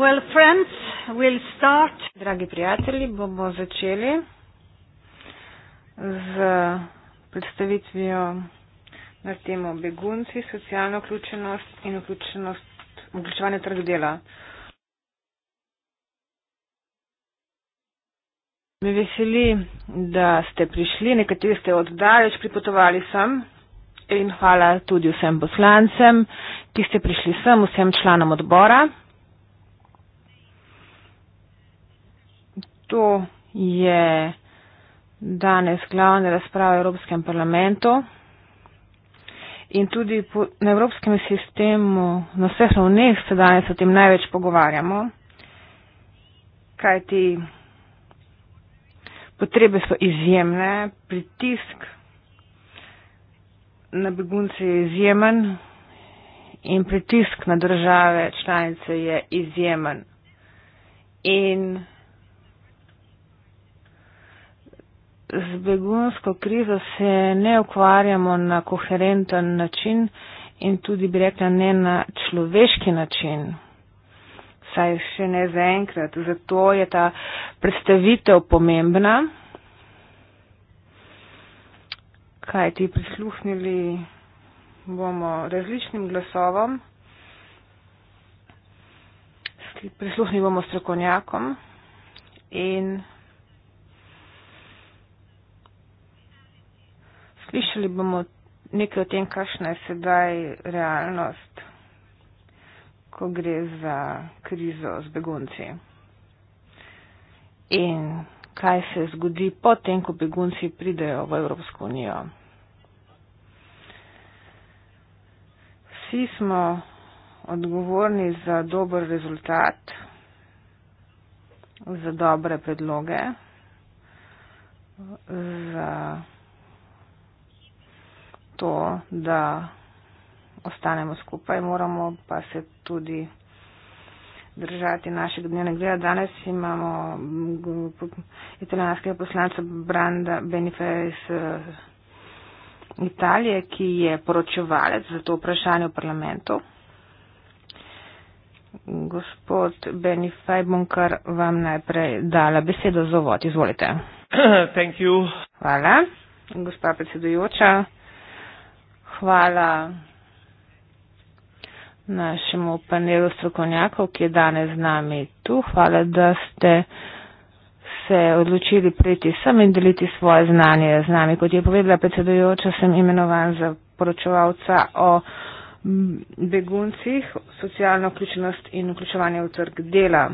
Well, friends, we'll start. Dragi prijatelji, bomo začeli z predstavitvijo na temo begunci, socialna vključenost in vključenost, vključevanje trg dela. Me veseli, da ste prišli, nekateri ste oddaleč pripotovali sem in hvala tudi vsem poslancem, ki ste prišli sem, vsem članom odbora. to je danes glavne razprave v Evropskem parlamentu in tudi po, na Evropskem sistemu, na vseh ravneh se danes o tem največ pogovarjamo, kajti potrebe so izjemne, pritisk na begunce je izjemen in pritisk na države članice je izjemen. In z begunsko krizo se ne ukvarjamo na koherenten način in tudi bi rekla ne na človeški način. Saj še ne zaenkrat. Zato je ta predstavitev pomembna. Kaj ti prisluhnili bomo različnim glasovom. Prisluhnili bomo strokovnjakom in. slišali bomo nekaj o tem, kakšna je sedaj realnost, ko gre za krizo z begunci. In kaj se zgodi potem, ko begunci pridejo v Evropsko unijo. Vsi smo odgovorni za dober rezultat, za dobre predloge, za to, da ostanemo skupaj, moramo pa se tudi držati našega dnevnega reda. Danes imamo mm, italijanskega poslanca Branda Benifez eh, Italije, ki je poročevalec za to vprašanje v parlamentu. Gospod Benifej, bom kar vam najprej dala besedo za vod. Izvolite. Hvala. Gospa predsedujoča, hvala našemu panelu strokovnjakov, ki je danes z nami tu. Hvala, da ste se odločili priti sem in deliti svoje znanje z nami. Kot je povedala predsedujoča, sem imenovan za poročevalca o beguncih, socialno vključenost in vključevanje v trg dela.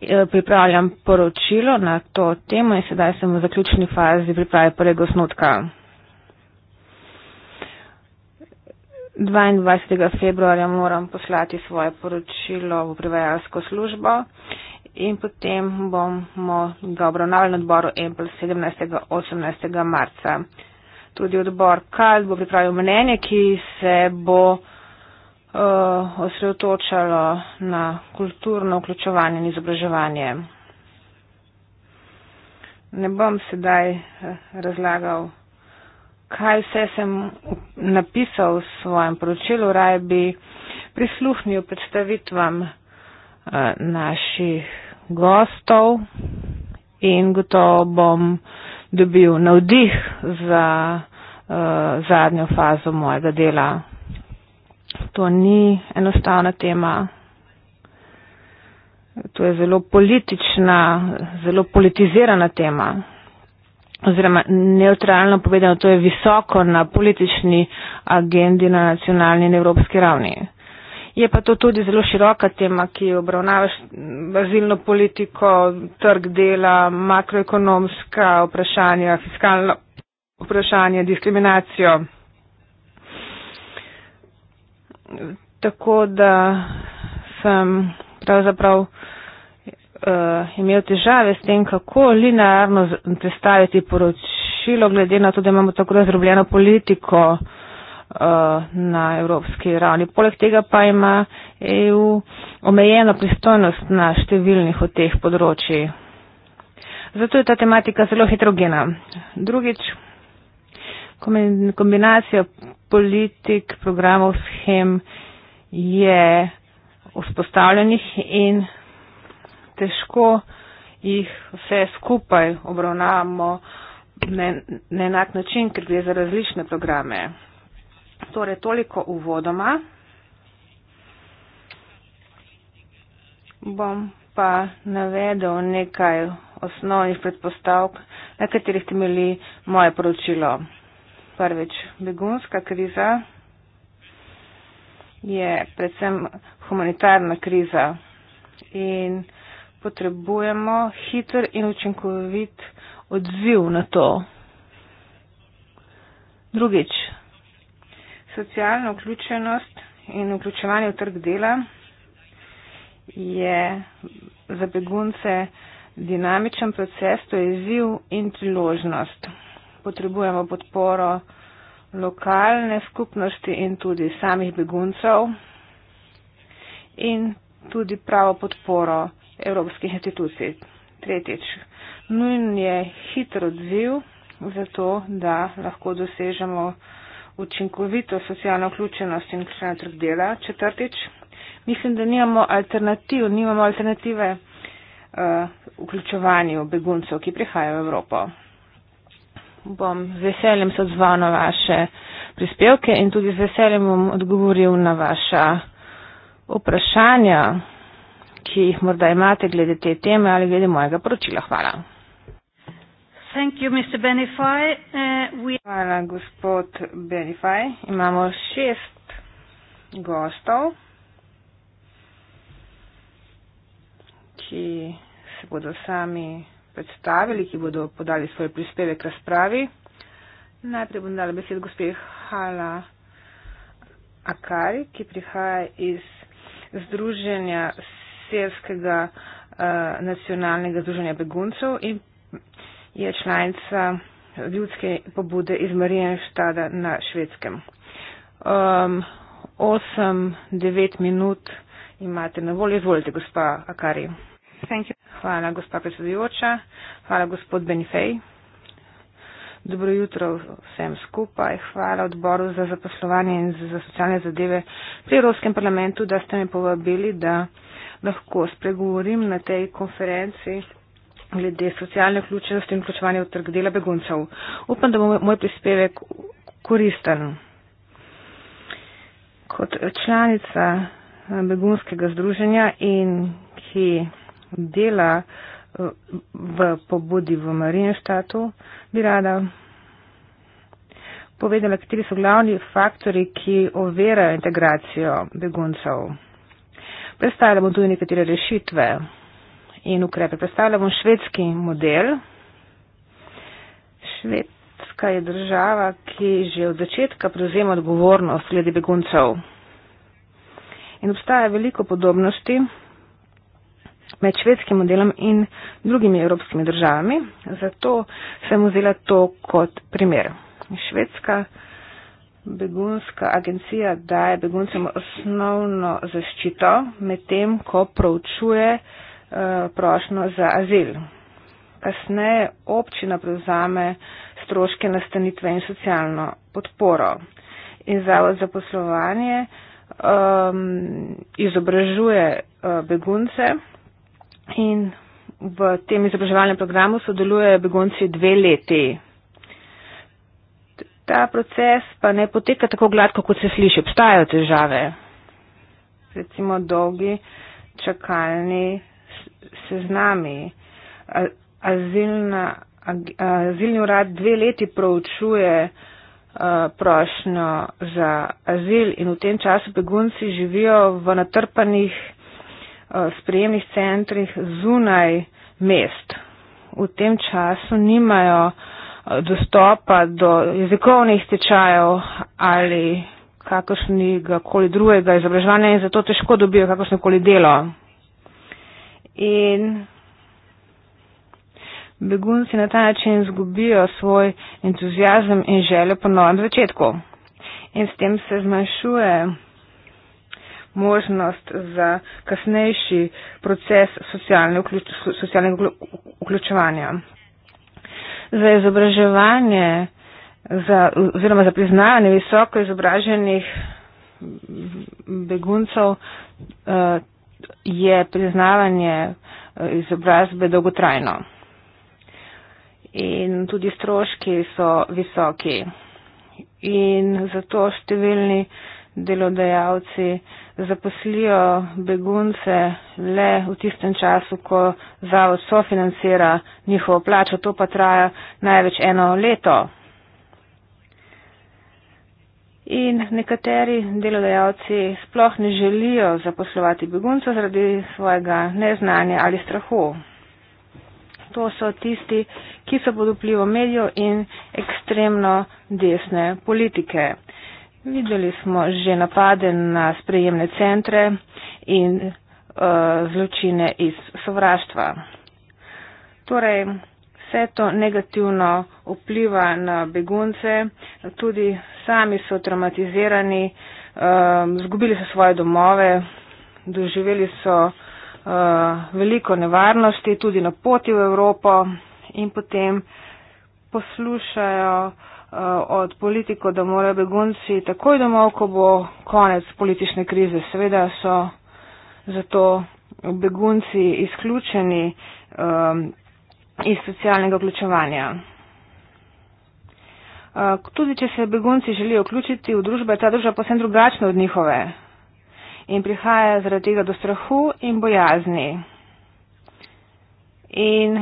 E, pripravljam poročilo na to temo in sedaj sem v zaključni fazi priprave prvega osnotka. 22. februarja moram poslati svoje poročilo v prevajalsko službo in potem bomo ga obravnavali na odboru Apple 17. 18. marca. Tudi odbor KALD bo pripravil mnenje, ki se bo uh, osredotočalo na kulturno vključevanje in izobraževanje. Ne bom sedaj eh, razlagal kaj vse sem napisal v svojem poročilu, raje bi prisluhnil predstavitvam eh, naših gostov in gotovo bom dobil navdih za uh, zadnjo fazo mojega dela. To ni enostavna tema. To je zelo politična, zelo politizirana tema oziroma neutralno povedano, to je visoko na politični agendi na nacionalni in evropski ravni. Je pa to tudi zelo široka tema, ki obravnava bazilno politiko, trg dela, makroekonomska vprašanja, fiskalno vprašanje, diskriminacijo. Tako da sem pravzaprav uh, imel težave s tem, kako linearno predstaviti poročilo, glede na to, da imamo tako razdrobljeno politiko uh, na evropski ravni. Poleg tega pa ima EU omejeno pristojnost na številnih od teh področji. Zato je ta tematika zelo heterogena. Drugič, kombinacija politik, programov, schem je vzpostavljenih in težko jih vse skupaj obravnavamo na enak način, ker gre za različne programe. Torej, toliko uvodoma. Bom pa navedel nekaj osnovnih predpostavk, na katerih temeli moje poročilo. Prvič, begunska kriza je predvsem humanitarna kriza in potrebujemo hiter in učinkovit odziv na to. Drugič, socialna vključenost in vključevanje v trg dela je za begunce dinamičen proces, to je izziv in priložnost. Potrebujemo podporo lokalne skupnosti in tudi samih beguncev in tudi pravo podporo evropskih institucij. Tretjič, nujen je hitro odziv zato, da lahko dosežemo učinkovito socialno vključenost in vključenost trg dela. Četrtič, mislim, da nimamo alternativ, nimamo alternative uh, vključevanju beguncev, ki prihajajo v Evropo. Bom z veseljem se odzval na vaše prispevke in tudi z veseljem bom odgovoril na vaša vprašanja ki jih morda imate glede te teme ali glede mojega poročila. Hvala. You, Benify. Uh, we... Hvala, gospod Benify. Imamo šest gostov, ki se bodo sami predstavili, ki bodo podali svoj prispevek k razpravi. Najprej bom dala besed gospod Hala Akari, ki prihaja iz Združenja Sirskega uh, eh, nacionalnega združenja beguncev in je članica ljudske pobude iz Marienštada na švedskem. Um, 8-9 minut imate na voljo. Izvolite, gospa Akari. Hvala, gospa predsedujoča. Hvala, gospod Benifej. Dobro jutro vsem skupaj. Hvala odboru za zaposlovanje in za socialne zadeve pri Evropskem parlamentu, da ste me povabili, da lahko spregovorim na tej konferenci glede socialne vključenosti in vključevanja v trg dela beguncev. Upam, da bo moj prispevek koristen. Kot članica eh, begunskega združenja in ki dela eh, v pobudi v Marinštatu, bi rada povedala, kateri so glavni faktori, ki overajo integracijo beguncev predstavila bom tudi nekatere rešitve in ukrepe. Predstavila bom švedski model. Švedska je država, ki že od začetka prevzema odgovornost glede beguncev. In obstaja veliko podobnosti med švedskim modelom in drugimi evropskimi državami. Zato sem vzela to kot primer. Švedska begunska agencija daje beguncem osnovno zaščito, medtem ko proučuje eh, prošno za azil. Kasneje občina prevzame stroške nastanitve in socialno podporo. In zavod za poslovanje um, izobražuje uh, begunce in v tem izobraževalnem programu sodelujejo begunci dve leti ta proces pa ne poteka tako gladko, kot se sliši. Obstajajo težave, recimo dolgi čakalni seznami. Azilni urad dve leti proučuje prošnjo za azil in v tem času begunci živijo v natrpanih sprejemnih centrih zunaj mest. V tem času nimajo uh, dostopa do jezikovnih tečajev ali kakršnega koli drugega izobraževanja in zato težko dobijo kakršne koli delo. In begunci na ta način izgubijo svoj entuzijazem in željo po novem začetku. In s tem se zmanjšuje možnost za kasnejši proces socialne vključ socialnega vključevanja za izobraževanje za, oziroma za priznanje visoko izobraženih beguncev eh, je priznavanje eh, izobrazbe dolgotrajno. In tudi stroški so visoki. In zato številni delodajalci uh, zaposlijo begunce le v tistem času, ko zavod sofinancira njihovo plačo, to pa traja največ eno leto. In nekateri delodajalci sploh ne želijo zaposlovati begunca zaradi svojega neznanja ali strahu. To so tisti, ki so pod vplivom medijev in ekstremno desne politike. Videli smo že napade na sprejemne centre in uh, zločine iz sovraštva. Torej, vse to negativno vpliva na begunce, tudi sami so traumatizirani, uh, eh, zgubili so svoje domove, doživeli so uh, veliko nevarnosti tudi na poti v Evropo in potem poslušajo. Uh, Eh, od politiko, da morajo begunci takoj domov, ko bo konec politične krize. Seveda so zato begunci izključeni eh, iz socialnega vključevanja. Eh, tudi, če se begunci želijo vključiti v družbo, je ta družba posem drugačna od njihove in prihaja zaradi tega do strahu in bojazni. In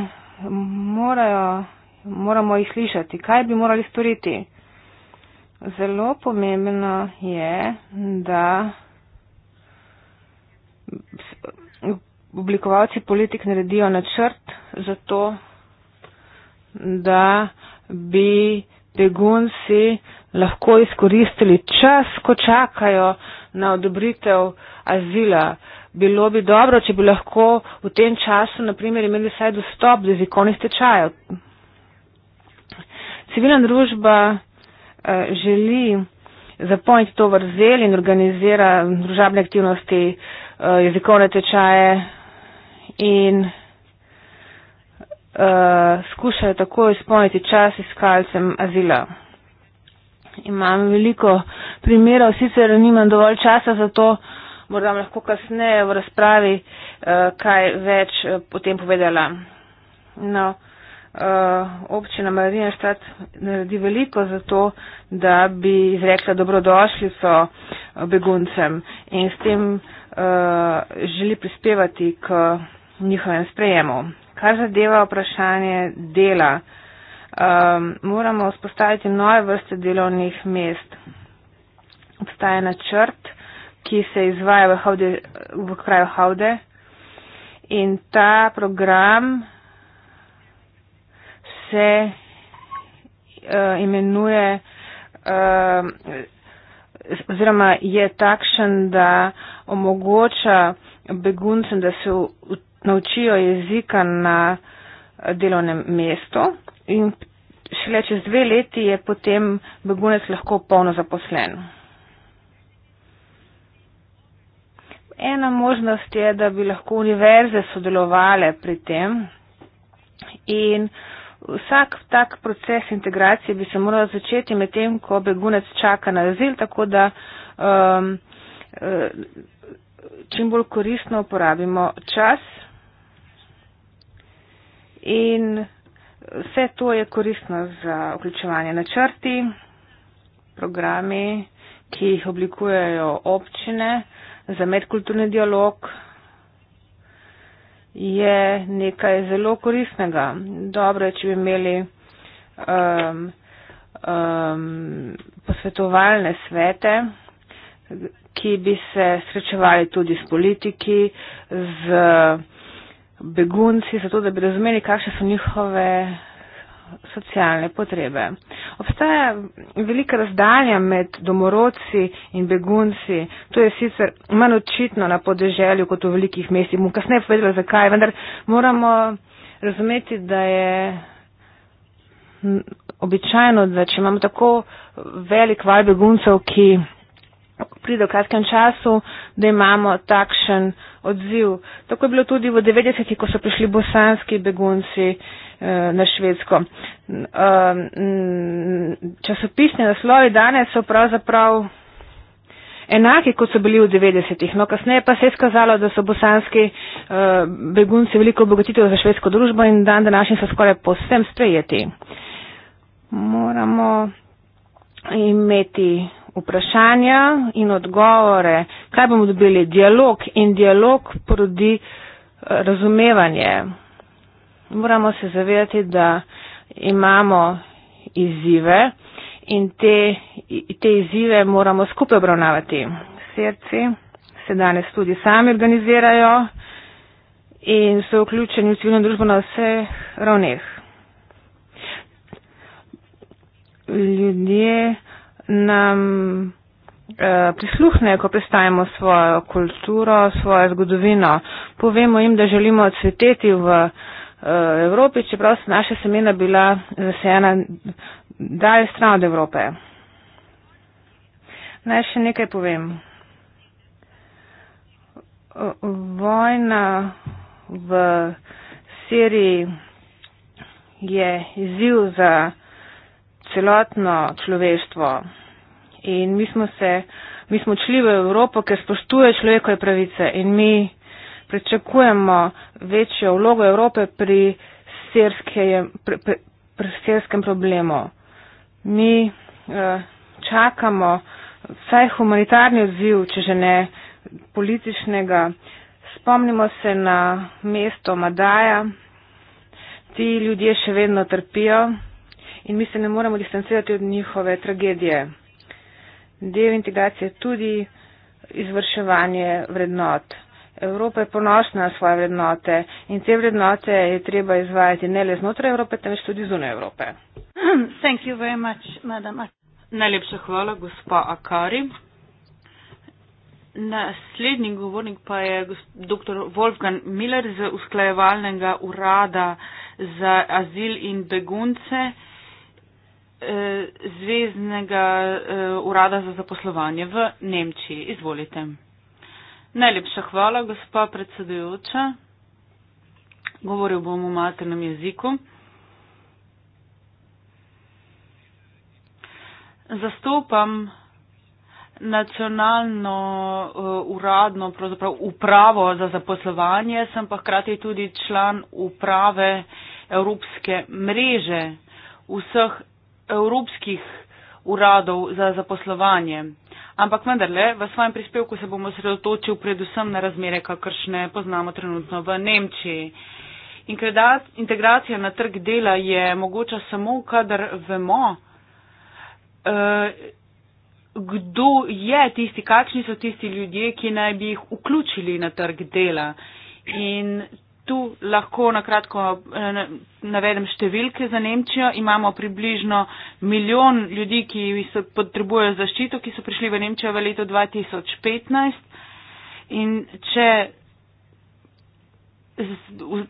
morajo moramo jih slišati, kaj bi morali storiti. Zelo pomembno je, da oblikovalci politik naredijo načrt za to, da bi begunci lahko izkoristili čas, ko čakajo na odobritev azila. Bilo bi dobro, če bi lahko v tem času, naprimer, imeli vsaj dostop do jezikovnih tečajev civilna družba eh, želi zapojiti to vrzel in organizira družabne aktivnosti, eh, jezikovne tečaje in eh, skušajo tako izpolniti čas iskalcem azila. Imam veliko primerov, sicer nimam dovolj časa za to, morda lahko kasneje v razpravi kaj več potem povedala. No. Eh, občina Marienstadt naredi veliko za to, da bi izrekla dobrodošljico eh, beguncem in s tem eh, želi prispevati k njihovem sprejemu. Kar zadeva vprašanje dela, moramo vzpostaviti nove vrste delovnih mest. Obstaja načrt, ki se izvaja v, Haude, v kraju Haude in ta program se uh, imenuje, uh, oziroma je takšen, da omogoča beguncem, da se v, naučijo jezika na delovnem mestu in šele čez dve leti je potem begunec lahko polno zaposlen. Ena možnost je, da bi lahko univerze sodelovale pri tem in uh, Vsak tak proces integracije bi se moral začeti med tem, ko begunec čaka na azil, tako da um, eh, čim bolj koristno uporabimo čas. In vse to je koristno za vključevanje načrti, programi, ki jih oblikujejo občine za medkulturni dialog, je nekaj zelo koristnega. Dobro je, če bi imeli um, um, posvetovalne svete, ki bi se srečevali tudi s politiki, z begunci, zato da bi razumeli, kakšne so njihove socialne potrebe. Obstaja velika razdalja med domorodci in begunci. To je sicer manj očitno na podeželju kot v velikih mestih. Bom kasneje povedala, zakaj, vendar moramo razumeti, da je običajno, da če imamo tako velik val beguncev, ki pride v kratkem času, da imamo takšen odziv. Tako je bilo tudi v 90-ih, ko so prišli bosanski begunci. Uh, Eh, na švedsko. Ehm, mm, Časopisne naslovi danes so pravzaprav enaki, kot so bili v 90-ih. No, kasneje pa se je skazalo, da so bosanski eh, begunci veliko obogatitev za švedsko družbo in dan današnji so skoraj povsem sprejeti. Moramo imeti vprašanja in odgovore, kaj bomo dobili. Dialog in dialog porodi eh, razumevanje. Moramo se zavedati, da imamo izzive in te, te izzive moramo skupaj obravnavati. Srci se danes tudi sami organizirajo in so vključeni v civilno družbo na vseh ravneh. Ljudje nam eh, prisluhne, ko predstavimo svojo kulturo, svojo zgodovino. Povemo jim, da želimo cveteti v Eh, Evropi, čeprav so naše semena bila zasejena eh, dalj stran od Evrope. Naj še nekaj povem. Eh, vojna v Siriji je izziv za celotno človeštvo in mi smo se, mi smo odšli v Evropo, ker spoštuje človekove pravice in mi pričakujemo večjo vlogo Evrope pri, sirske, pri, pri, pri sirskem problemu. Mi eh, čakamo vsaj humanitarni odziv, če že ne političnega. Spomnimo se na mesto Madaja. Ti ljudje še vedno trpijo in mi se ne moremo distancirati od njihove tragedije. Del integracije je tudi izvrševanje vrednot. Evropa je ponosna na svoje vrednote in te vrednote je treba izvajati ne le znotraj Evrope, temveč tudi zunaj Evrope. Much, Najlepša hvala, gospa Akari. Naslednji govornik pa je dr. Wolfgang Miller z usklajevalnega urada za azil in begunce eh, Zvezdnega eh, urada za zaposlovanje v Nemčiji. Izvolite. Najlepša hvala, gospa predsedujoča. Govoril bom o maternem jeziku. Zastopam nacionalno uh, uradno upravo za zaposlovanje, sem pa hkrati tudi član uprave Evropske mreže vseh evropskih uradov za zaposlovanje ampak vendarle v svojem prispevku se bomo sredotočil predvsem na razmere, kakršne poznamo trenutno v Nemčiji. Integracija na trg dela je mogoča samo, kadar vemo, eh, kdo je tisti, kakšni so tisti ljudje, ki naj bi jih vključili na trg dela. In tu lahko nakratko eh, navedem številke za Nemčijo. Imamo približno milijon ljudi, ki potrebujejo zaščito, ki so prišli v Nemčijo v letu 2015. In če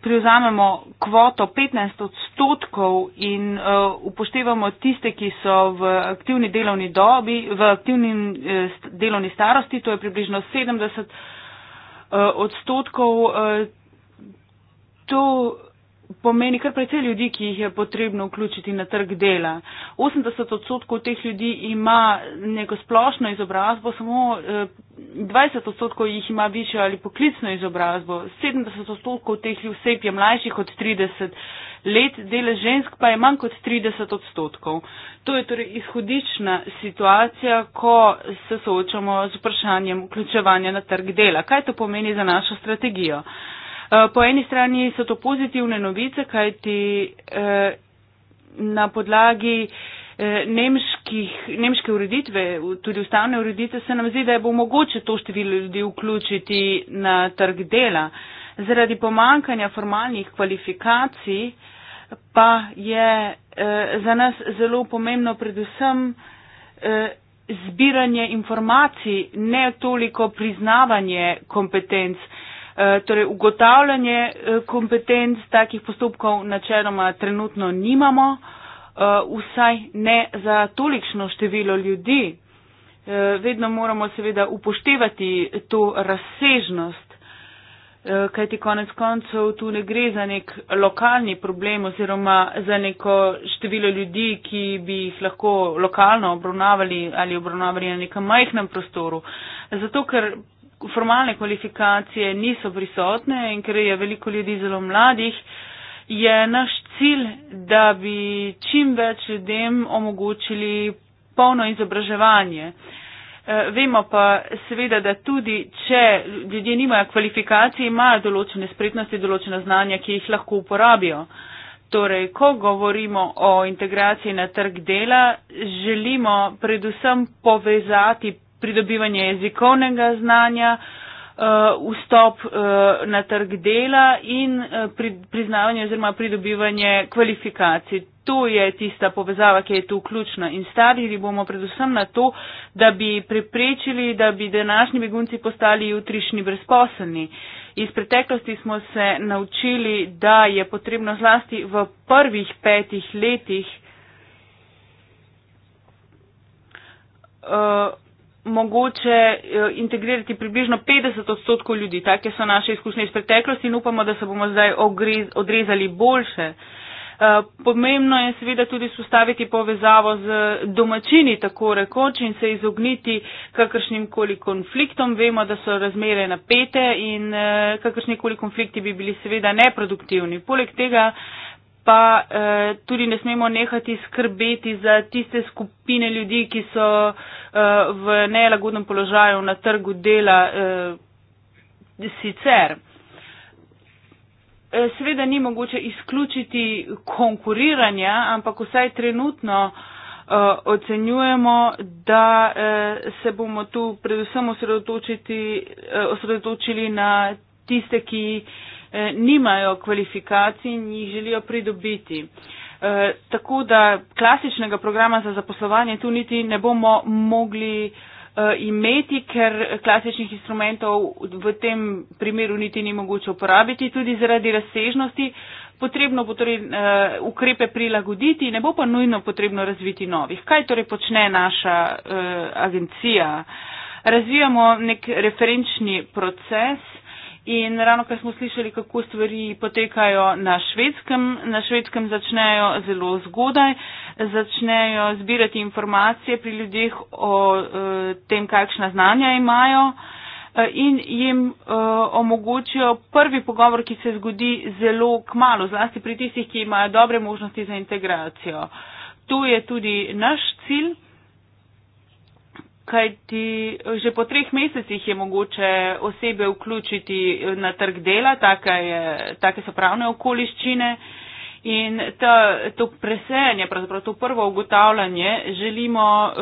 privzamemo kvoto 15 odstotkov in uh, upoštevamo tiste, ki so v aktivni delovni dobi, v aktivni uh, delovni starosti, to je približno 70 uh, odstotkov. Uh, to pomeni kar precej ljudi, ki jih je potrebno vključiti na trg dela. 80 odstotkov teh ljudi ima neko splošno izobrazbo, samo 20 eh, odstotkov jih ima višjo ali poklicno izobrazbo, 70 odstotkov teh oseb je mlajših od 30 let, delež žensk pa je manj kot 30 odstotkov. To je torej izhodična situacija, ko se soočamo z vprašanjem vključevanja na trg dela. Kaj to pomeni za našo strategijo? Uh, Eh, po eni strani so to pozitivne novice, kajti eh, na podlagi eh, nemških, nemške ureditve, tudi ustavne ureditve, se nam zdi, da je bo mogoče to število ljudi vključiti na trg dela. Zaradi pomankanja formalnih kvalifikacij pa je za nas zelo pomembno predvsem zbiranje informacij, ne toliko priznavanje kompetenc. Eh, torej ugotavljanje eh, kompetenc takih postopkov načeloma trenutno nimamo, eh, vsaj ne za tolikšno število ljudi. Vedno moramo seveda upoštevati to razsežnost. Kajti konec koncev tu ne gre za nek lokalni problem oziroma za neko število ljudi, ki bi jih lahko lokalno obravnavali ali obravnavali na nekem majhnem prostoru. Zato, ker formalne kvalifikacije niso prisotne in ker je veliko ljudi zelo mladih, je naš cilj, da bi čim več ljudem omogočili polno izobraževanje. Eh, vemo pa seveda, da tudi, če ljudje nimajo kvalifikacij, imajo določene spretnosti, določena znanja, ki jih lahko uporabijo. Torej, ko govorimo o integraciji na trg dela, želimo predvsem povezati pridobivanje jezikovnega znanja, eh, vstop eh, na trg dela in eh, priznavanje oziroma pridobivanje kvalifikacij. Tu je tista povezava, ki je tu ključna in stavili bomo predvsem na to, da bi preprečili, da bi današnji begunci postali jutrišnji brezposelni. Iz preteklosti smo se naučili, da je potrebno zlasti v prvih petih letih mogoče eh, integrirati približno 50 odstotkov ljudi. Take so naše izkušnje iz preteklosti in upamo, da se bomo zdaj odrezali boljše. Eh, pomembno je seveda tudi sustaviti povezavo z domačini, tako rekoč, in se izogniti kakršnim koli konfliktom. Vemo, da so razmere napete in eh, kakršni koli konflikti bi bili seveda neproduktivni. Poleg tega pa eh, tudi ne smemo nehati skrbeti za tiste skupine ljudi, ki so eh, v nelagodnem položaju na trgu dela eh, sicer. Eh, seveda ni mogoče izključiti konkuriranja, ampak vsaj trenutno uh, ocenjujemo, da uh, se bomo tu predvsem osredotočili, uh, osredotočili na tiste, ki uh, Eh, nimajo kvalifikacij in jih želijo pridobiti. E, tako da klasičnega programa za zaposlovanje tu niti ne bomo mogli e, imeti, ker klasičnih instrumentov v tem primeru niti ni mogoče uporabiti, tudi zaradi razsežnosti. Potrebno bo torej e, ukrepe prilagoditi, ne bo pa nujno potrebno razviti novih. Kaj torej počne naša e, agencija? Razvijamo nek referenčni proces, In ravno kar smo slišali, kako stvari potekajo na švedskem, na švedskem začnejo zelo zgodaj, začnejo zbirati informacije pri ljudeh o e, tem, kakšna znanja imajo e, in jim e, omogočijo prvi pogovor, ki se zgodi zelo kmalo, zlasti pri tistih, ki imajo dobre možnosti za integracijo. To je tudi naš cilj kajti že po treh mesecih je mogoče osebe vključiti na trg dela, take, je, take so pravne okoliščine. In ta, to presenje, pravzaprav to prvo ugotavljanje, želimo uh,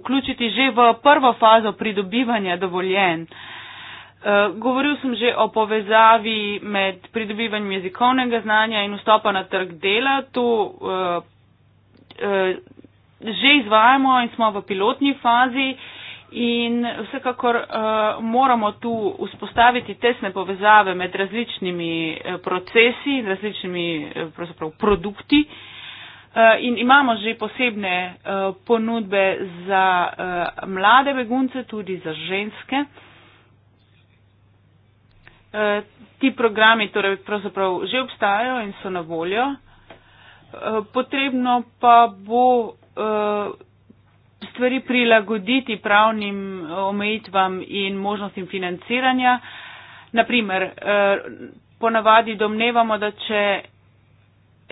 vključiti že v prvo fazo pridobivanja dovoljen. Eh, govoril sem že o povezavi med pridobivanjem jezikovnega znanja in vstopa na trg dela. Tu uh, eh, uh, že izvajamo in smo v pilotni fazi. In vsekakor uh, moramo tu vzpostaviti tesne povezave med različnimi uh, procesi in različnimi uh, produkti. Uh, in imamo že posebne uh, ponudbe za uh, mlade begunce, tudi za ženske. Uh, ti programi torej pravzaprav že obstajajo in so na voljo. Uh, potrebno pa bo. Eh, stvari prilagoditi pravnim omejitvam in možnostim financiranja. Naprimer, eh, ponavadi domnevamo, da če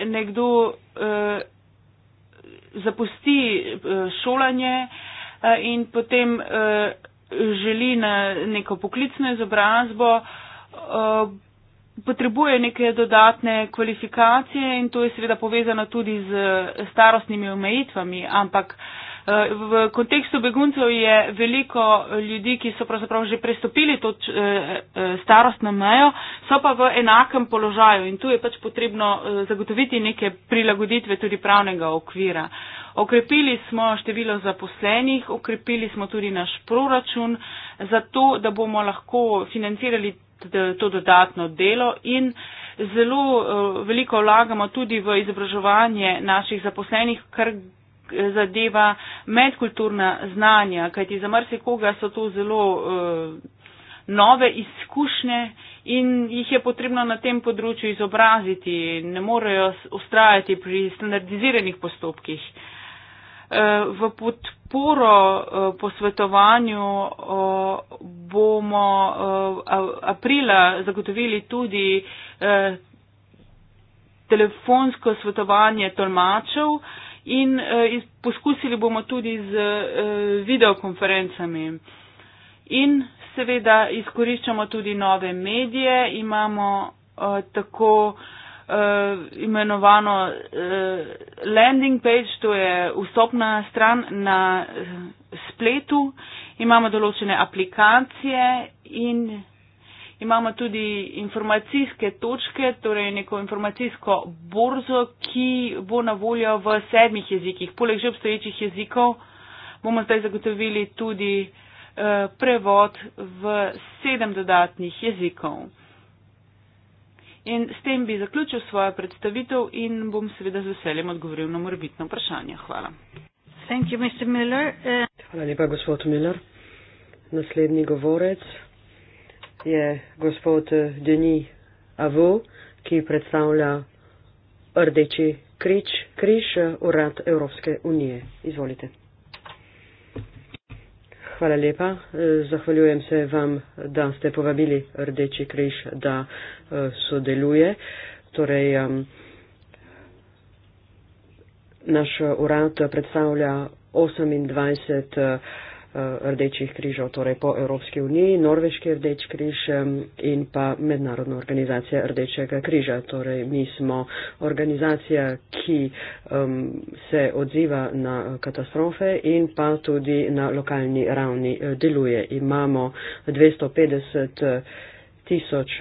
nekdo eh, zapusti šolanje in potem želi na neko poklicno izobrazbo, potrebuje neke dodatne kvalifikacije in to je seveda povezano tudi z starostnimi omejitvami, ampak eh, v kontekstu beguncev je veliko ljudi, ki so pravzaprav že prestopili to eh, eh, starostno mejo, so pa v enakem položaju in tu je pač potrebno zagotoviti neke prilagoditve tudi pravnega okvira. Okrepili smo število zaposlenih, okrepili smo tudi naš proračun, zato da bomo lahko financirali to dodatno delo in zelo eh, veliko vlagamo tudi v izobraževanje naših zaposlenih, kar zadeva medkulturna znanja, kajti za marsikoga so to zelo eh, nove izkušnje in jih je potrebno na tem področju izobraziti. Ne morejo ustrajati pri standardiziranih postopkih. V podporo eh, posvetovanju eh, bomo eh, aprila zagotovili tudi telefonsko svetovanje tolmačev in poskusili bomo tudi z videokonferencami. In seveda izkoriščamo tudi nove medije, imamo tako uh, imenovano uh, landing page, to je vstopna stran na eh, spletu, imamo določene aplikacije in imamo tudi informacijske točke, torej neko informacijsko borzo, ki bo na voljo v sedmih jezikih. Poleg že obstoječih jezikov bomo zdaj zagotovili tudi prevod v sedem dodatnih jezikov. In s tem bi zaključil svojo predstavitev in bom seveda z veseljem odgovoril na morbitno vprašanje. Hvala. You, eh, Hvala lepa, gospod Miller. Naslednji govorec je gospod eh, Denis Avu, ki predstavlja Rdeči križ, eh, urad Evropske unije. Izvolite. Hvala lepa. E, zahvaljujem se vam, da ste povabili Rdeči križ, da e, sodeluje. Torej, naš urad predstavlja 28 Eh, rdečih križov, torej po Evropski uniji, Norveški rdeč križ in pa Mednarodna organizacija rdečega križa. Torej, mi smo organizacija, ki um, se odziva na eh, katastrofe in pa tudi na lokalni ravni eh, deluje. Imamo 250 tisoč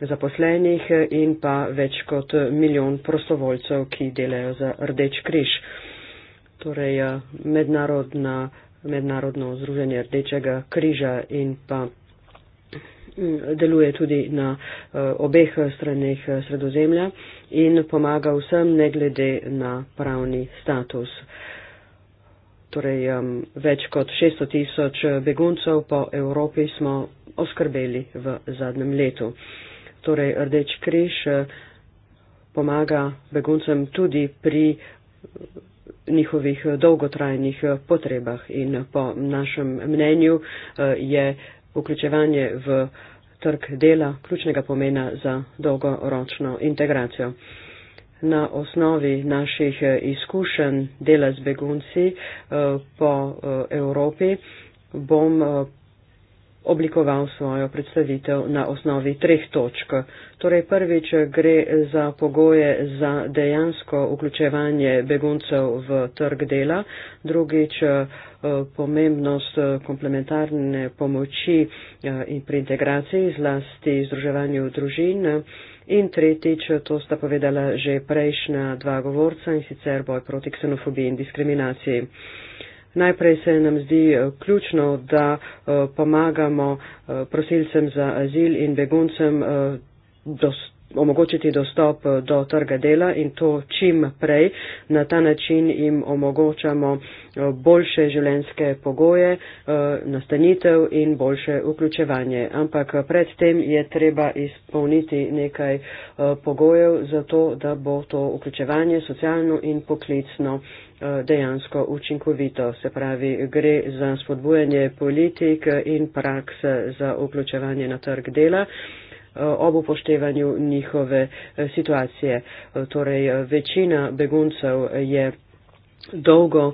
zaposlenih in pa več kot milijon prostovoljcev, ki delajo za Rdeč križ. Torej, mednarodna mednarodno združenje Rdečega križa in pa mm, deluje tudi na eh, obeh straneh eh, sredozemlja in pomaga vsem, ne glede na pravni status. Torej, več kot 600 tisoč eh, beguncev po Evropi smo oskrbeli v zadnjem letu. Torej, Rdeč križ pomaga beguncem tudi pri njihovih eh, dolgotrajnih eh, potrebah in eh, po našem mnenju je vključevanje v trg dela ključnega pomena za dolgoročno integracijo. Na osnovi naših izkušenj dela z begunci po Evropi bom oblikoval svojo predstavitev na osnovi treh točk. Torej prvič gre za pogoje za dejansko vključevanje beguncev v trg dela, drugič eh, pomembnost komplementarne pomoči eh, in pri integraciji zlasti združevanju družin. In tretjič, to sta povedala že prejšnja dva govorca in sicer boj proti ksenofobiji in diskriminaciji. Najprej se nam zdi eh, ključno, da eh, pomagamo eh, prosilcem za azil in beguncem omogočiti dostop do trga dela in to čim prej. Na ta način jim omogočamo boljše življenjske pogoje, nastanitev in boljše vključevanje. Ampak predtem je treba izpolniti nekaj pogojev za to, da bo to vključevanje socialno in poklicno dejansko učinkovito. Se pravi, gre za spodbujanje politik in praks za vključevanje na trg dela eh, ob upoštevanju njihove eh, situacije. Eh, torej, večina beguncev je dolgo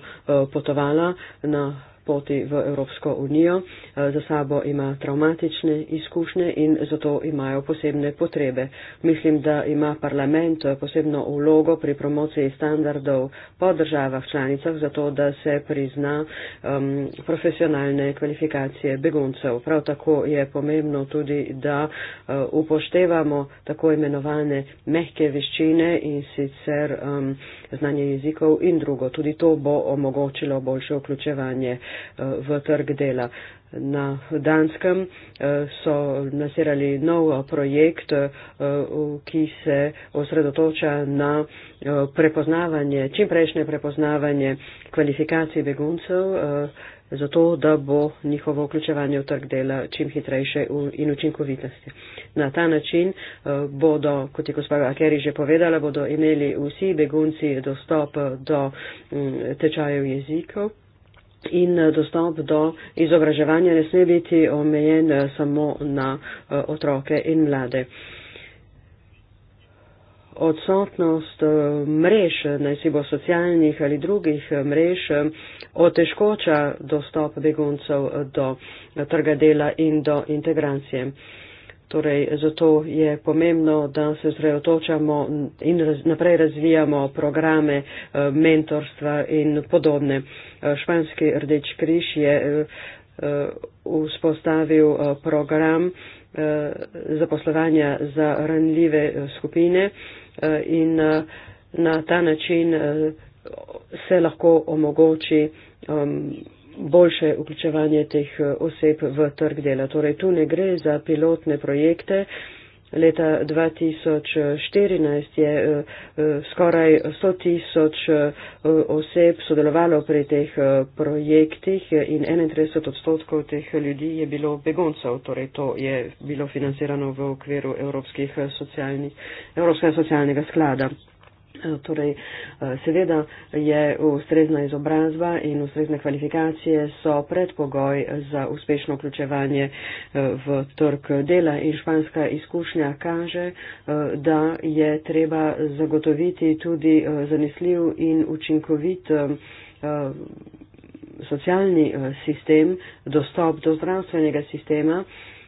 potovala na poti v Evropsko unijo, eh, za sabo ima traumatične izkušnje in zato imajo posebne potrebe. Mislim, da ima parlament eh, posebno ulogo pri promociji standardov po državah članicah, zato da se prizna um, profesionalne kvalifikacije beguncev. Prav tako je pomembno tudi, da uh, upoštevamo tako imenovane mehke veščine in sicer um, znanje jezikov in drugo. Tudi to bo omogočilo boljše vključevanje eh, v trg dela. Na Danskem eh, so nasirali nov projekt, eh, ki se osredotoča na prepoznavanje, čimprejšnje prepoznavanje kvalifikacij beguncev zato da bo njihovo vključevanje v trg dela čim hitrejše in učinkovitejše. Na ta način eh, bodo, kot je gospod Akeri že povedala, bodo imeli vsi begunci dostop do mm, tečajev jezikov. In eh, dostop do izobraževanja ne sme biti omejen eh, samo na otroke in mlade. Uh, odsotnost eh, mrež, eh, naj si bo socialnih ali drugih eh, mrež, otežkoča dostop beguncev do trga dela in do integracije. Torej, zato je pomembno, da se zreotočamo in raz, naprej razvijamo programe mentorstva in podobne. Španski Rdeč križ je vzpostavil program zaposlovanja za ranljive skupine. Eh, in eh, na ta način eh, se lahko omogoči um, boljše vključevanje teh oseb v trg dela. Torej, tu ne gre za pilotne projekte, Leta 2014 je eh, eh, skoraj 100 tisoč eh, oseb sodelovalo pri teh projektih in 31 odstotkov teh ljudi je bilo begoncev, torej to je bilo financirano v okviru Evropskega socialnega sklada. Torej, eh, seveda je ustrezna izobrazba in ustrezne kvalifikacije so predpogoj za uspešno vključevanje eh, v trg dela in španska izkušnja kaže, eh, da je treba zagotoviti tudi zanesljiv in učinkovit socialni sistem, dostop do zdravstvenega sistema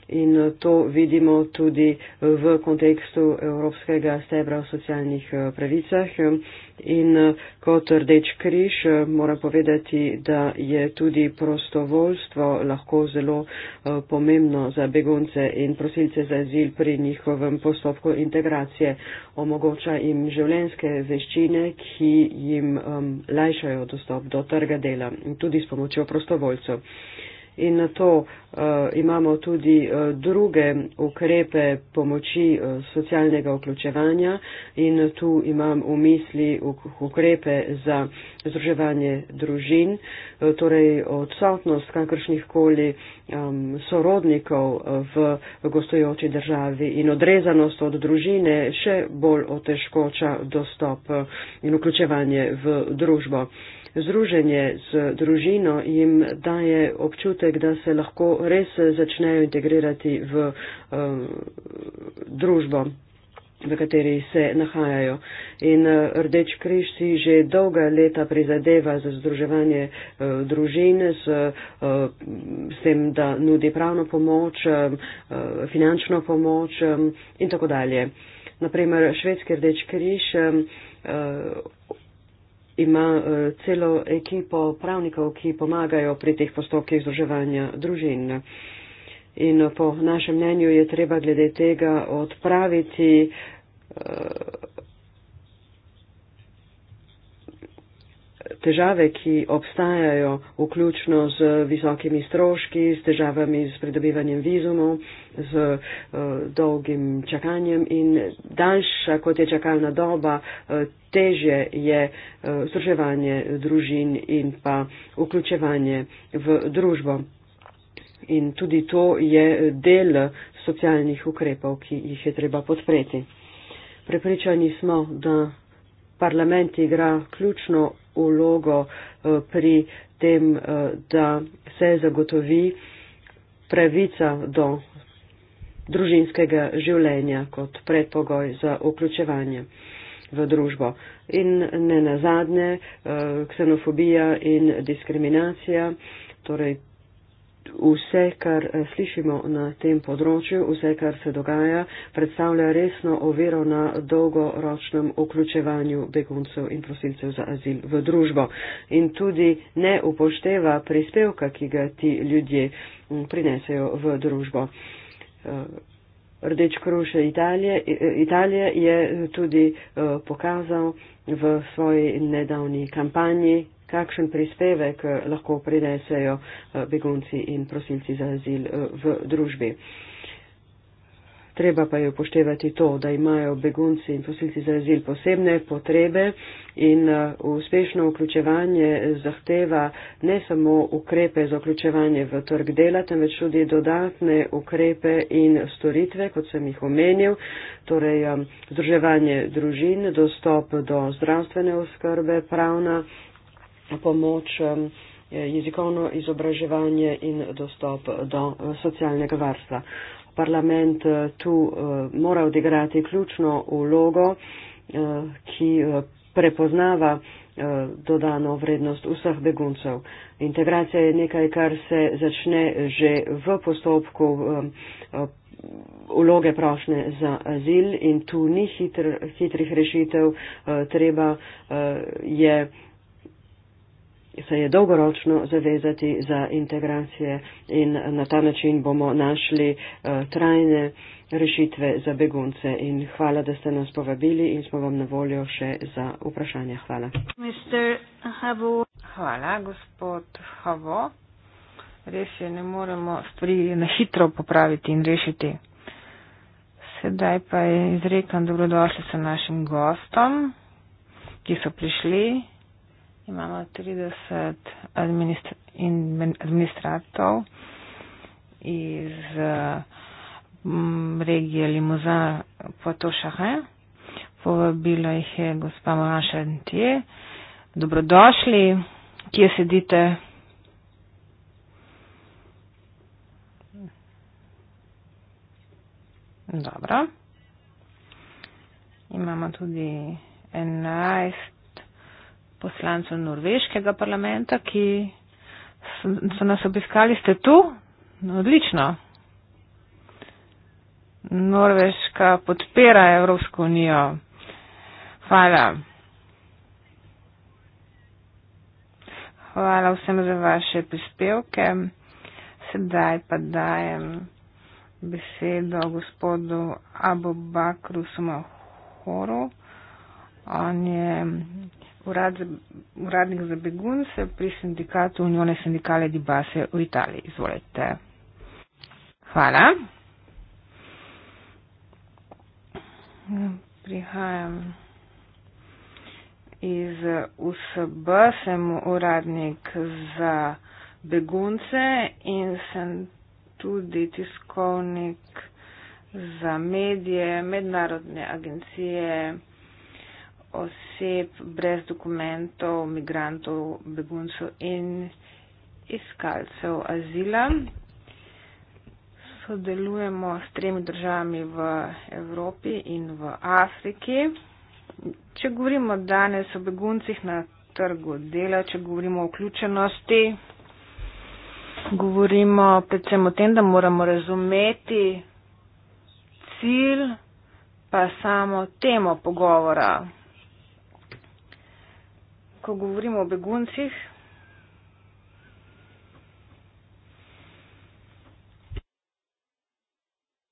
In to vidimo tudi v kontekstu Evropskega stebra o socialnih eh, pravicah. In eh, kot rdeč križ eh, moram povedati, da je tudi prostovoljstvo lahko zelo pomembno za begunce in prosilce za azil pri njihovem postopku integracije. Omogoča jim življenske veščine, ki jim um, lajšajo dostop do trga dela in tudi s pomočjo prostovoljcev in na to uh, imamo tudi uh, druge ukrepe pomoči uh, socialnega vključevanja in tu imam v misli ukrepe za združevanje družin, uh, torej odsotnost kakršnih koli um, sorodnikov v gostujoči državi in odrezanost od družine še bolj otežkoča dostop uh, in vključevanje v družbo. Uh, Združenje z družino jim daje občutek, da se lahko res začnejo integrirati v um, družbo, v kateri se nahajajo. In uh, Rdeč križ si že dolga leta prizadeva za združevanje uh, družin s, uh, s tem, da nudi pravno pomoč, um, uh, finančno pomoč um, in tako dalje. Naprimer, švedski Rdeč križ. Um, uh, ima uh, celo ekipo pravnikov, ki pomagajo pri teh postopkih združevanja družin. In eh, po našem mnenju je treba glede tega odpraviti uh, težave, ki obstajajo, vključno z visokimi stroški, s težavami s pridobivanjem vizumov, z eh, dolgim čakanjem in daljša kot je čakalna doba, eh, težje je eh, združevanje družin in pa vključevanje v družbo. In tudi to je del socialnih ukrepov, ki jih je treba podpreti. Prepričani smo, da parlament igra ključno vlogo eh, pri tem, eh, da se zagotovi pravica do družinskega življenja kot predpogoj za vključevanje v družbo. In ne nazadnje, eh, ksenofobija in diskriminacija, torej vse, kar eh, slišimo na tem področju, vse, kar se dogaja, predstavlja resno oviro na dolgoročnem vključevanju beguncev in prosilcev za azil v družbo in tudi ne upošteva prispevka, ki ga ti ljudje mm, prinesejo v družbo. Eh, Rdeč kruž Italije, eh, Italije je tudi pokazal v svoji nedavni kampanji kakšen prispevek eh, lahko prinesejo eh, begunci in prosilci za azil eh, v družbi. Treba pa je upoštevati to, da imajo begunci in prosilci za azil posebne potrebe in uspešno vključevanje zahteva ne samo ukrepe za vključevanje v trg dela, temveč tudi dodatne ukrepe in storitve, kot sem jih omenil, torej združevanje družin, dostop do zdravstvene oskrbe, pravna pomoč, jezikovno izobraževanje in dostop do eh, socialnega varstva. Parlament eh, tu eh, mora odigrati ključno vlogo, ki prepoznava dodano vrednost vseh beguncev. Integracija je nekaj, kar se začne že v postopku vloge prošnje za azil in tu ni hitr, hitrih rešitev, treba je se je dolgoročno zavezati za integracije in na ta način bomo našli eh, trajne rešitve za begunce. In hvala, da ste nas povabili in smo vam na voljo še za vprašanje. Hvala. Hvala, gospod Havo. Res je, ne moremo stvari na hitro popraviti in rešiti. Sedaj pa je izrekam dobrodošlico našim gostom, ki so prišli imamo 30 administratov iz mm, regije Limuza Potošahe. Povabila jih je gospa Maša Ntje. Dobrodošli, kje sedite? Dobro. Imamo tudi 11 poslancev norveškega parlamenta, ki so nas obiskali. Ste tu? No, odlično. Norveška podpira Evropsko unijo. Hvala. Hvala vsem za vaše prispevke. Sedaj pa dajem besedo gospodu Abu Bakru Sumahoru. On je urad za, uradnik za begunce pri sindikatu Unione Sindikale di Base v Italiji. Izvolite. Hvala. Prihajam iz USB, sem uradnik za begunce in sem tudi tiskovnik za medije, mednarodne agencije oseb brez dokumentov, migrantov, beguncev in iskalcev azila. Sodelujemo s tremi državami v Evropi in v Afriki. Če govorimo danes o beguncih na trgu dela, če govorimo o vključenosti, govorimo predvsem o tem, da moramo razumeti cilj pa samo temo pogovora ko govorimo o beguncih.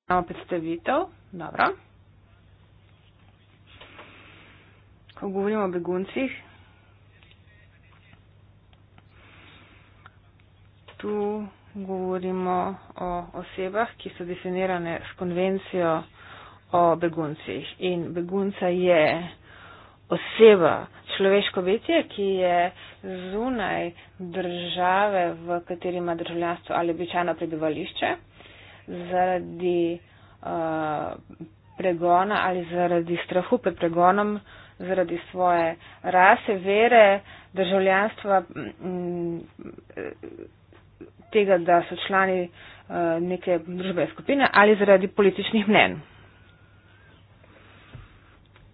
Imamo predstavitev, dobro. Ko govorimo o beguncih, tu govorimo o osebah, ki so definirane s konvencijo o beguncih. In begunca je oseba, človeško bitje, ki je zunaj države, v kateri ima državljanstvo ali običajno prebivališče, zaradi uh, pregona ali zaradi strahu pred pregonom, zaradi svoje rase, vere, državljanstva, m, mm, mm, tega, da so člani uh, neke družbe skupine ali zaradi političnih mnen.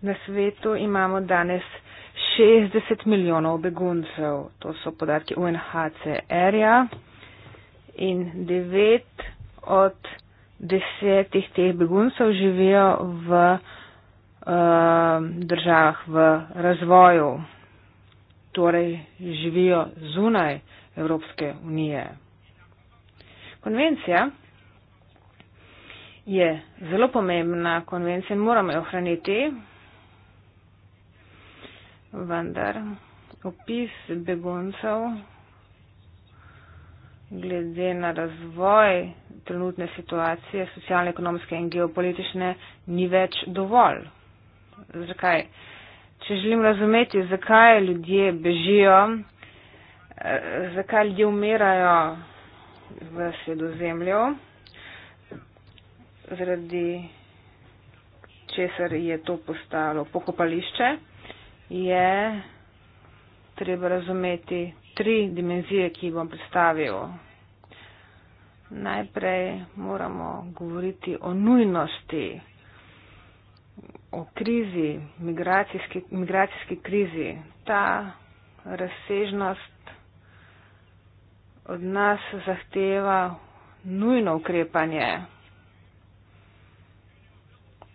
Na svetu imamo danes 60 milijonov beguncev, to so podatki UNHCR-ja in 9 od 10 teh beguncev živijo v uh, državah v razvoju, torej živijo zunaj Evropske unije. Konvencija je zelo pomembna konvencija in moramo jo ohraniti vendar opis beguncev glede na razvoj trenutne situacije, socialne, ekonomske in geopolitične, ni več dovolj. Zakaj? Če želim razumeti, zakaj ljudje bežijo, eh, zakaj ljudje umirajo v sredozemlju, zaradi česar je to postalo pokopališče, je treba razumeti tri dimenzije, ki jih bom predstavil. Najprej moramo govoriti o nujnosti, o krizi, migracijski, migracijski krizi. Ta razsežnost od nas zahteva nujno ukrepanje.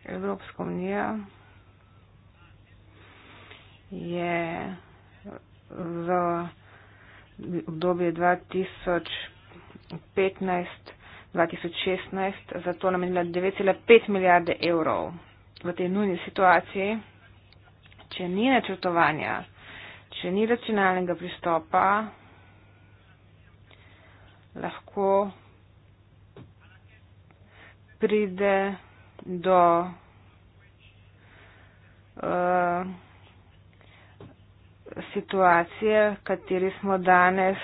Evropska unija je v obdobje 2015-2016 za to namenila 9,5 milijarde evrov v tej nujni situaciji. Če ni načrtovanja, če ni racionalnega pristopa, lahko pride do uh, situacije, kateri smo danes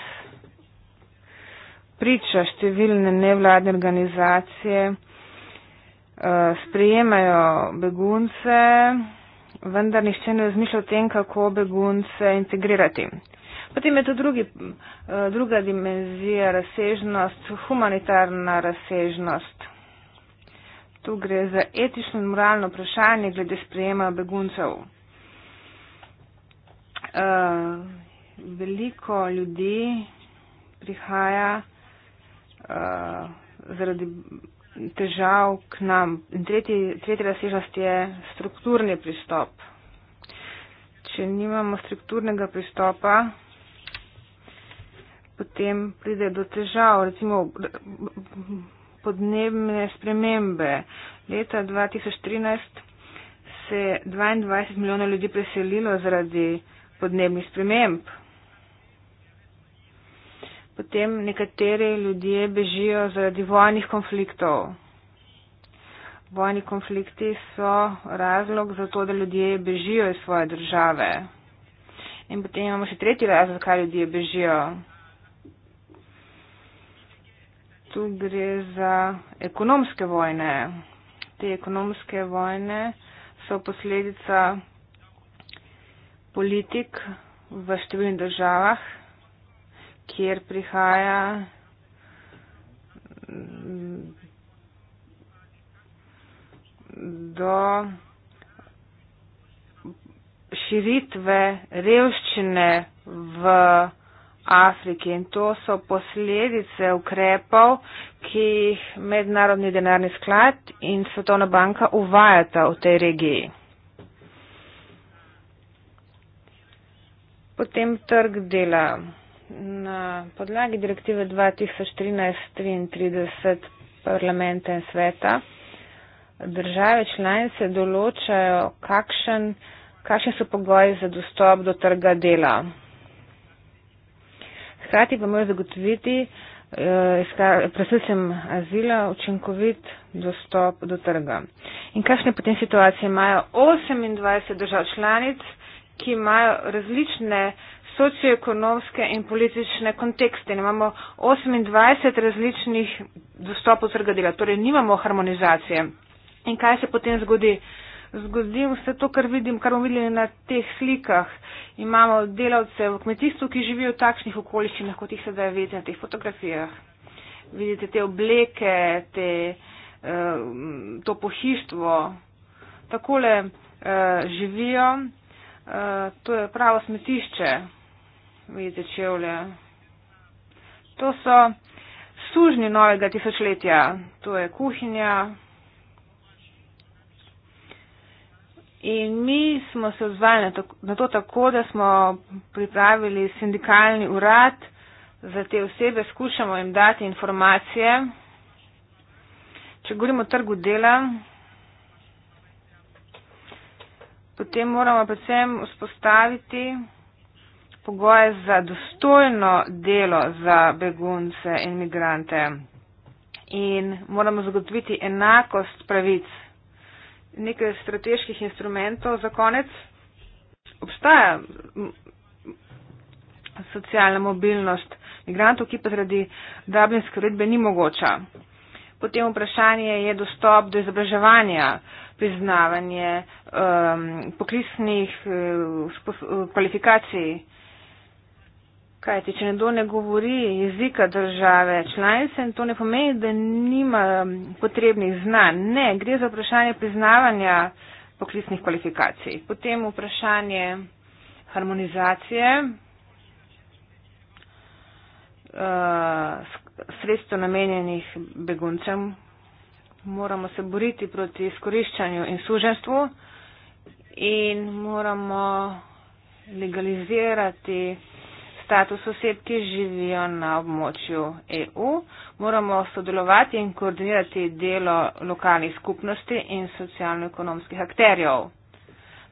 priča številne nevladne organizacije, eh, sprejemajo begunce, vendar nišče ne razmišlja o tem, kako begunce integrirati. Potem je tu drugi, eh, druga dimenzija, razsežnost, humanitarna razsežnost. Tu gre za etično in moralno vprašanje glede sprejema beguncev uh, veliko ljudi prihaja uh, zaradi težav k nam. Tretji, tretja razsežnost je strukturni pristop. Če nimamo strukturnega pristopa, potem pride do težav, recimo podnebne spremembe. Leta 2013 se je 22 milijona ljudi preselilo zaradi uh, podnebnih sprememb. Potem nekateri ljudje bežijo zaradi vojnih konfliktov. Vojni konflikti so razlog za to, da ljudje bežijo iz svoje države. In potem imamo še tretji razlog, zakaj ljudje bežijo. Tu gre za ekonomske vojne. Te ekonomske vojne so posledica politik v številnih državah, kjer prihaja mm, do širitve revščine v Afriki in to so posledice ukrepov, ki jih Mednarodni denarni sklad in Svetovna banka uvajata v tej regiji. Potem trg dela. Na podlagi direktive 2013-33 parlamenta in sveta države članice določajo, kakšen, kakšen so pogoji za dostop do trga dela. Hkrati pa morajo zagotoviti eh, prosilcem azila učinkovit dostop do trga. In kakšne potem situacije imajo 28 držav članic, ki imajo različne socioekonomske in politične kontekste. Imamo 28 različnih dostopov trga dela, torej nimamo harmonizacije. In kaj se potem zgodi? Zgodi se to, kar, vidim, kar bomo videli na teh slikah. Imamo delavce v kmetijstvu, ki živijo v takšnih okoliščinah, kot jih sedaj vidite na teh fotografijah. Vidite te obleke, te, eh, to pohištvo, takole eh, živijo. Eh, to je pravo smetišče, vidite čevlje. To so sužnji novega tisočletja, to je kuhinja. In mi smo se odzvali na to tako, da smo pripravili sindikalni urad za te osebe, skušamo jim dati informacije. Če govorimo o trgu dela, potem moramo predvsem vzpostaviti pogoje za dostojno delo za begunce in migrante in moramo zagotoviti enakost pravic. Nekaj strateških instrumentov za konec. Obstaja socialna mobilnost migrantov, ki pa zaradi Dublinske uredbe ni mogoča potem vprašanje je dostop do izobraževanja, priznavanje um, poklicnih um, kvalifikacij. Kaj ti, če nekdo ne govori jezika države članice in to ne pomeni, da nima potrebnih znanj. Ne, gre za vprašanje priznavanja poklicnih kvalifikacij. Potem vprašanje harmonizacije uh, eh, s sredstev namenjenih beguncem. Moramo se boriti proti izkoriščanju in suženstvu in moramo legalizirati status oseb, ki živijo na območju EU. Moramo sodelovati in koordinirati delo lokalnih skupnosti in socialno-ekonomskih akterjev.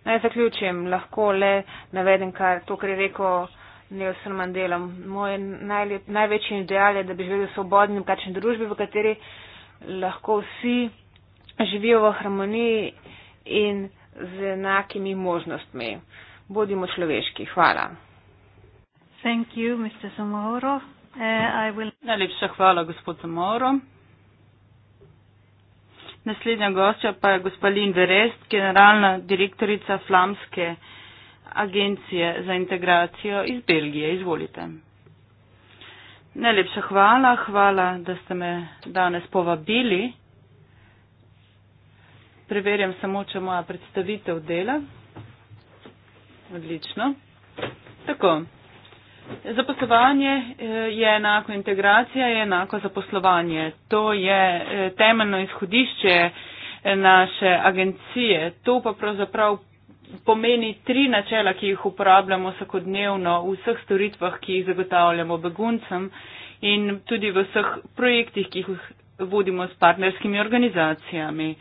Naj zaključim, lahko le navedem kar to, kar je rekel Nelson Mandela. Moj najlep, največji ideal je, da bi živeli v svobodni in kakšni družbi, v kateri lahko vsi živijo v harmoniji in z enakimi možnostmi. Bodimo človeški. Hvala. Thank you, Mr. Zamoro. Uh, will... Najlepša hvala, gospod Zamoro. Naslednja gostja pa je gospa Lynn Verest, generalna direktorica flamske agencije za integracijo iz Belgije. Izvolite. Najlepša hvala, hvala, da ste me danes povabili. Preverjam samo, če moja predstavitev dela. Odlično. Tako. Zaposlovanje eh, je enako, integracija je enako zaposlovanje. To je eh, temeljno izhodišče eh, naše agencije. To pa pravzaprav pomeni tri načela, ki jih uporabljamo vsakodnevno v vseh storitvah, ki jih zagotavljamo beguncem in tudi v vseh projektih, ki jih vodimo s partnerskimi organizacijami.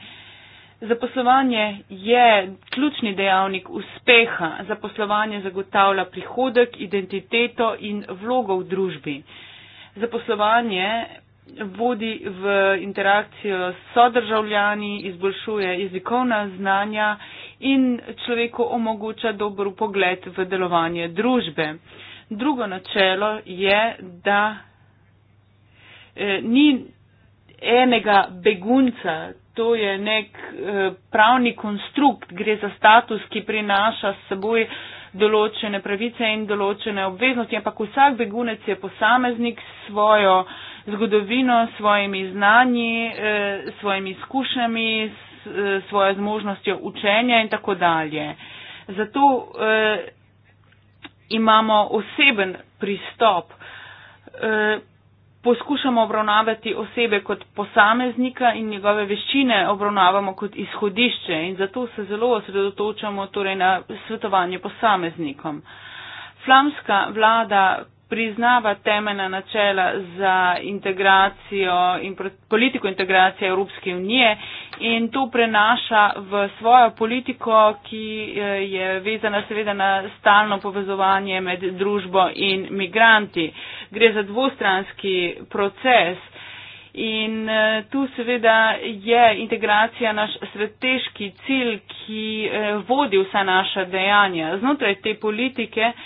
Zaposlovanje je ključni dejavnik uspeha. Zaposlovanje zagotavlja prihodek, identiteto in vlogo v družbi. Zaposlovanje vodi v interakcijo s sodržavljani, izboljšuje jezikovna znanja in človeku omogoča dober pogled v delovanje družbe. Drugo načelo je, da eh, ni enega begunca, to je nek eh, pravni konstrukt, gre za status, ki prinaša s seboj določene pravice in določene obveznosti, ampak vsak begunec je posameznik s svojo zgodovino, s svojimi znanji, eh, s eh, svojimi izkušnjami, s Eh, svojo zmožnostjo učenja in tako dalje. Zato eh, imamo oseben pristop. Eh, poskušamo obravnavati osebe kot posameznika in njegove veščine obravnavamo kot izhodišče in zato se zelo osredotočamo torej, na svetovanje posameznikom. Flamska vlada priznava temena načela za integracijo in politiko integracije Evropske unije in to prenaša v svojo politiko, ki eh, je vezana seveda na stalno povezovanje med družbo in migranti. Gre za dvostranski proces. In eh, tu seveda je integracija naš strateški cilj, ki eh, vodi vsa naša dejanja. Znotraj te politike eh,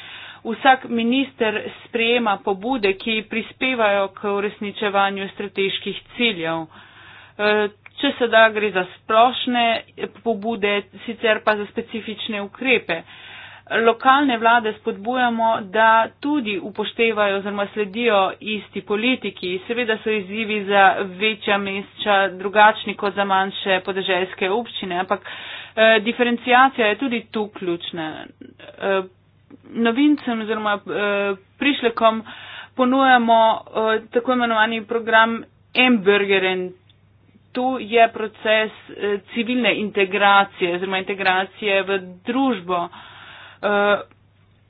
vsak minister sprejema pobude, ki prispevajo k uresničevanju strateških ciljev. E, če se da, gre za splošne pobude, sicer pa za specifične ukrepe. Lokalne vlade spodbujamo, da tudi upoštevajo oziroma sledijo isti politiki. Seveda so izzivi za večja mesta drugačni kot za manjše podeželske občine, ampak eh, diferencijacija je tudi tu ključna. Eh, novincem oziroma uh, prišlekom ponujamo uh, tako imenovani program Embergeren. Tu je proces uh, civilne integracije oziroma integracije v družbo. Uh,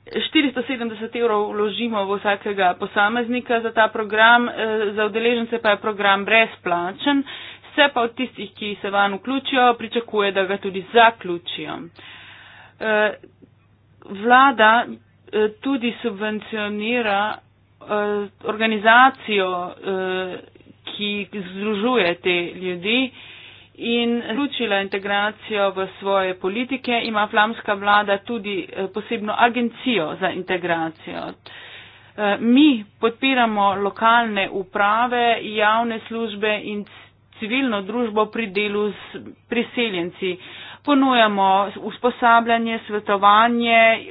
470 evrov vložimo v vsakega posameznika za ta program, za udeležence pa je program brezplačen, vse pa od tistih, ki se van vključijo, pričakuje, da ga tudi zaključijo vlada eh, tudi subvencionira eh, organizacijo, eh, ki združuje te ljudi in zaključila integracijo v svoje politike, ima flamska vlada tudi posebno agencijo za integracijo. Mi podpiramo lokalne uprave, javne službe in civilno družbo pri delu s priseljenci ponujamo usposabljanje, svetovanje,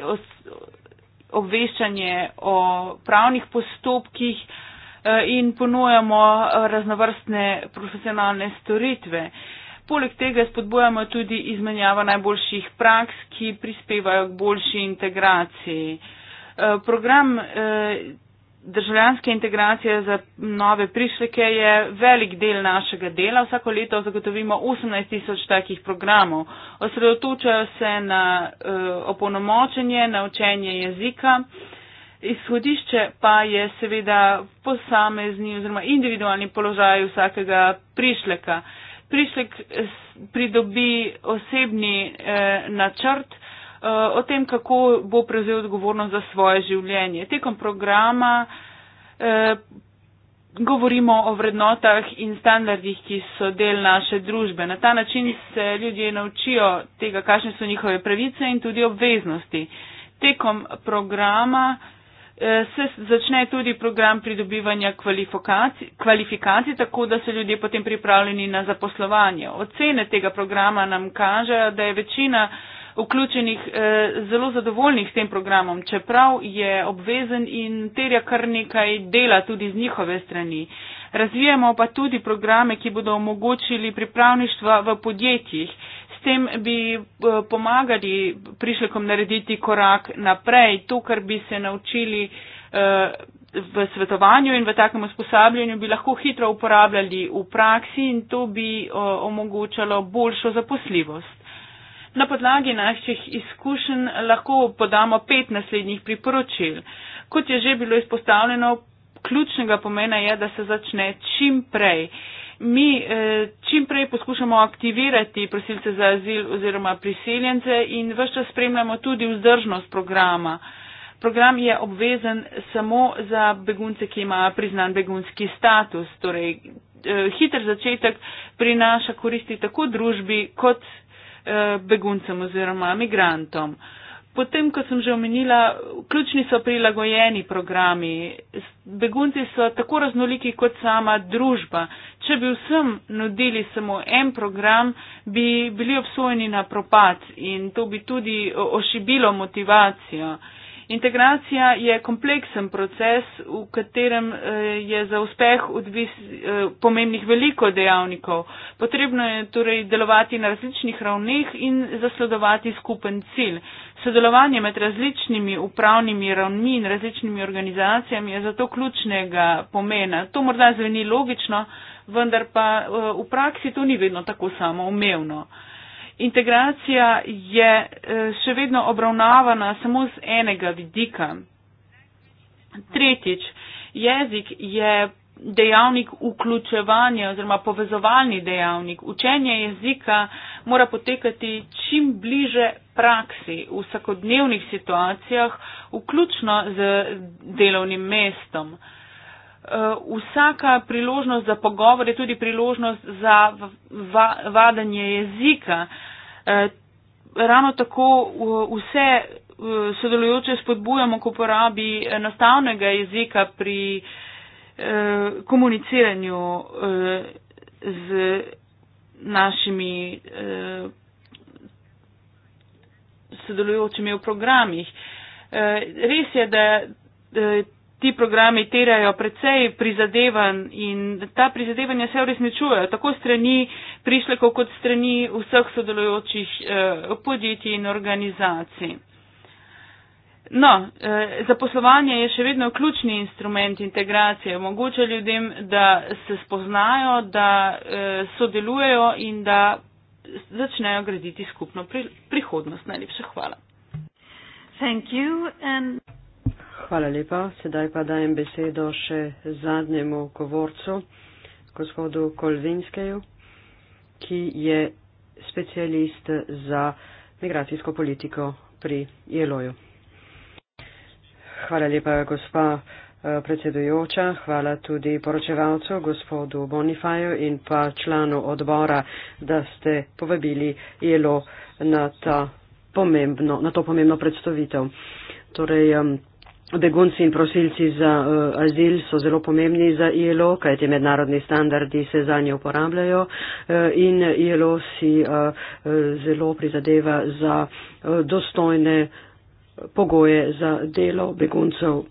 obveščanje o pravnih postopkih eh, in ponujamo eh, raznovrstne profesionalne storitve. Poleg tega spodbujamo tudi izmenjava najboljših praks, ki prispevajo k boljši integraciji. Eh, program državljanske integracije za nove prišleke je velik del našega dela. Vsako leto zagotovimo 18 tisoč takih programov. Osredotočajo se na uh, opolnomočenje, na učenje jezika. Izhodišče pa je seveda posamezni oziroma individualni položaj vsakega prišleka. Prišlek pridobi osebni eh, načrt, Eh, o tem, kako bo prevzel odgovornost za svoje življenje. Tekom programa eh, govorimo o vrednotah in standardih, ki so del naše družbe. Na ta način se ljudje naučijo tega, kakšne so njihove pravice in tudi obveznosti. Tekom programa eh, se začne tudi program pridobivanja kvalifikacij, kvalifikacij, tako da so ljudje potem pripravljeni na zaposlovanje. Ocene tega programa nam kažejo, da je večina vključenih eh, zelo zadovoljnih s tem programom, čeprav je obvezen in terja kar nekaj dela tudi z njihove strani. Razvijamo pa tudi programe, ki bodo omogočili pripravništva v podjetjih. S tem bi eh, pomagali prišlekom narediti korak naprej, to, kar bi se naučili. Eh, v svetovanju in v takem usposabljanju bi lahko hitro uporabljali v praksi in to bi o, eh, omogočalo boljšo zaposljivost. Na podlagi naših izkušenj lahko podamo pet naslednjih priporočil. Kot je že bilo izpostavljeno, ključnega pomena je, da se začne čim prej. Mi eh, čim prej poskušamo aktivirati prosilce za azil oziroma priseljence in vse čas spremljamo tudi vzdržnost programa. Program je obvezen samo za begunce, ki imajo priznan begunski status. Torej, eh, hiter začetek prinaša koristi tako družbi kot Eh, beguncem oziroma migrantom. Potem, ko sem že omenila, ključni so prilagojeni programi. Begunci so tako raznoliki kot sama družba. Če bi vsem nudili samo en program, bi bili obsojeni na propad in to bi tudi ošibilo motivacijo. Uh, Integracija je kompleksen proces, v katerem eh, je za uspeh odvis, eh, pomembnih veliko dejavnikov. Potrebno je torej delovati na različnih ravneh in zasledovati skupen cilj. Sodelovanje med različnimi upravnimi ravni in različnimi organizacijami je zato ključnega pomena. To morda zveni logično, vendar pa eh, v praksi to ni vedno tako samoumevno integracija je eh, še vedno obravnavana samo z enega vidika. Tretjič, jezik je dejavnik vključevanja oziroma povezovalni dejavnik. Učenje jezika mora potekati čim bliže praksi v vsakodnevnih situacijah, vključno z delovnim mestom. Eh, vsaka priložnost za pogovor je tudi priložnost za va vadanje jezika. Eh, ravno tako vse eh, sodelujoče spodbujamo k uporabi enostavnega jezika pri komuniciranju z našimi sodelujočimi v programih. Res je, da ti programi terajo precej prizadevanj in ta prizadevanja se uresničujejo tako strani prišlekov kot strani vseh sodelujočih eh, podjetij in organizacij. No, eh, zaposlovanje je še vedno ključni instrument integracije, omogoča ljudem, da se spoznajo, da eh, sodelujejo in da začnejo graditi skupno pri, prihodnost. Najlepša hvala. Thank you and Hvala lepa. Sedaj pa dajem besedo še zadnjemu govorcu, gospodu Kolvinskeju, ki je specialist za migracijsko politiko pri Jeloju. Hvala lepa, gospa eh, predsedujoča. Hvala tudi poročevalcu, gospodu Bonifaju in pa članu odbora, da ste povabili Jelo na, na to pomembno predstavitev. Torej, Begunci in prosilci za uh, azil so zelo pomembni za ILO, kajti mednarodni standardi se za nje uporabljajo uh, in ILO si uh, zelo prizadeva za uh, dostojne pogoje za delo beguncev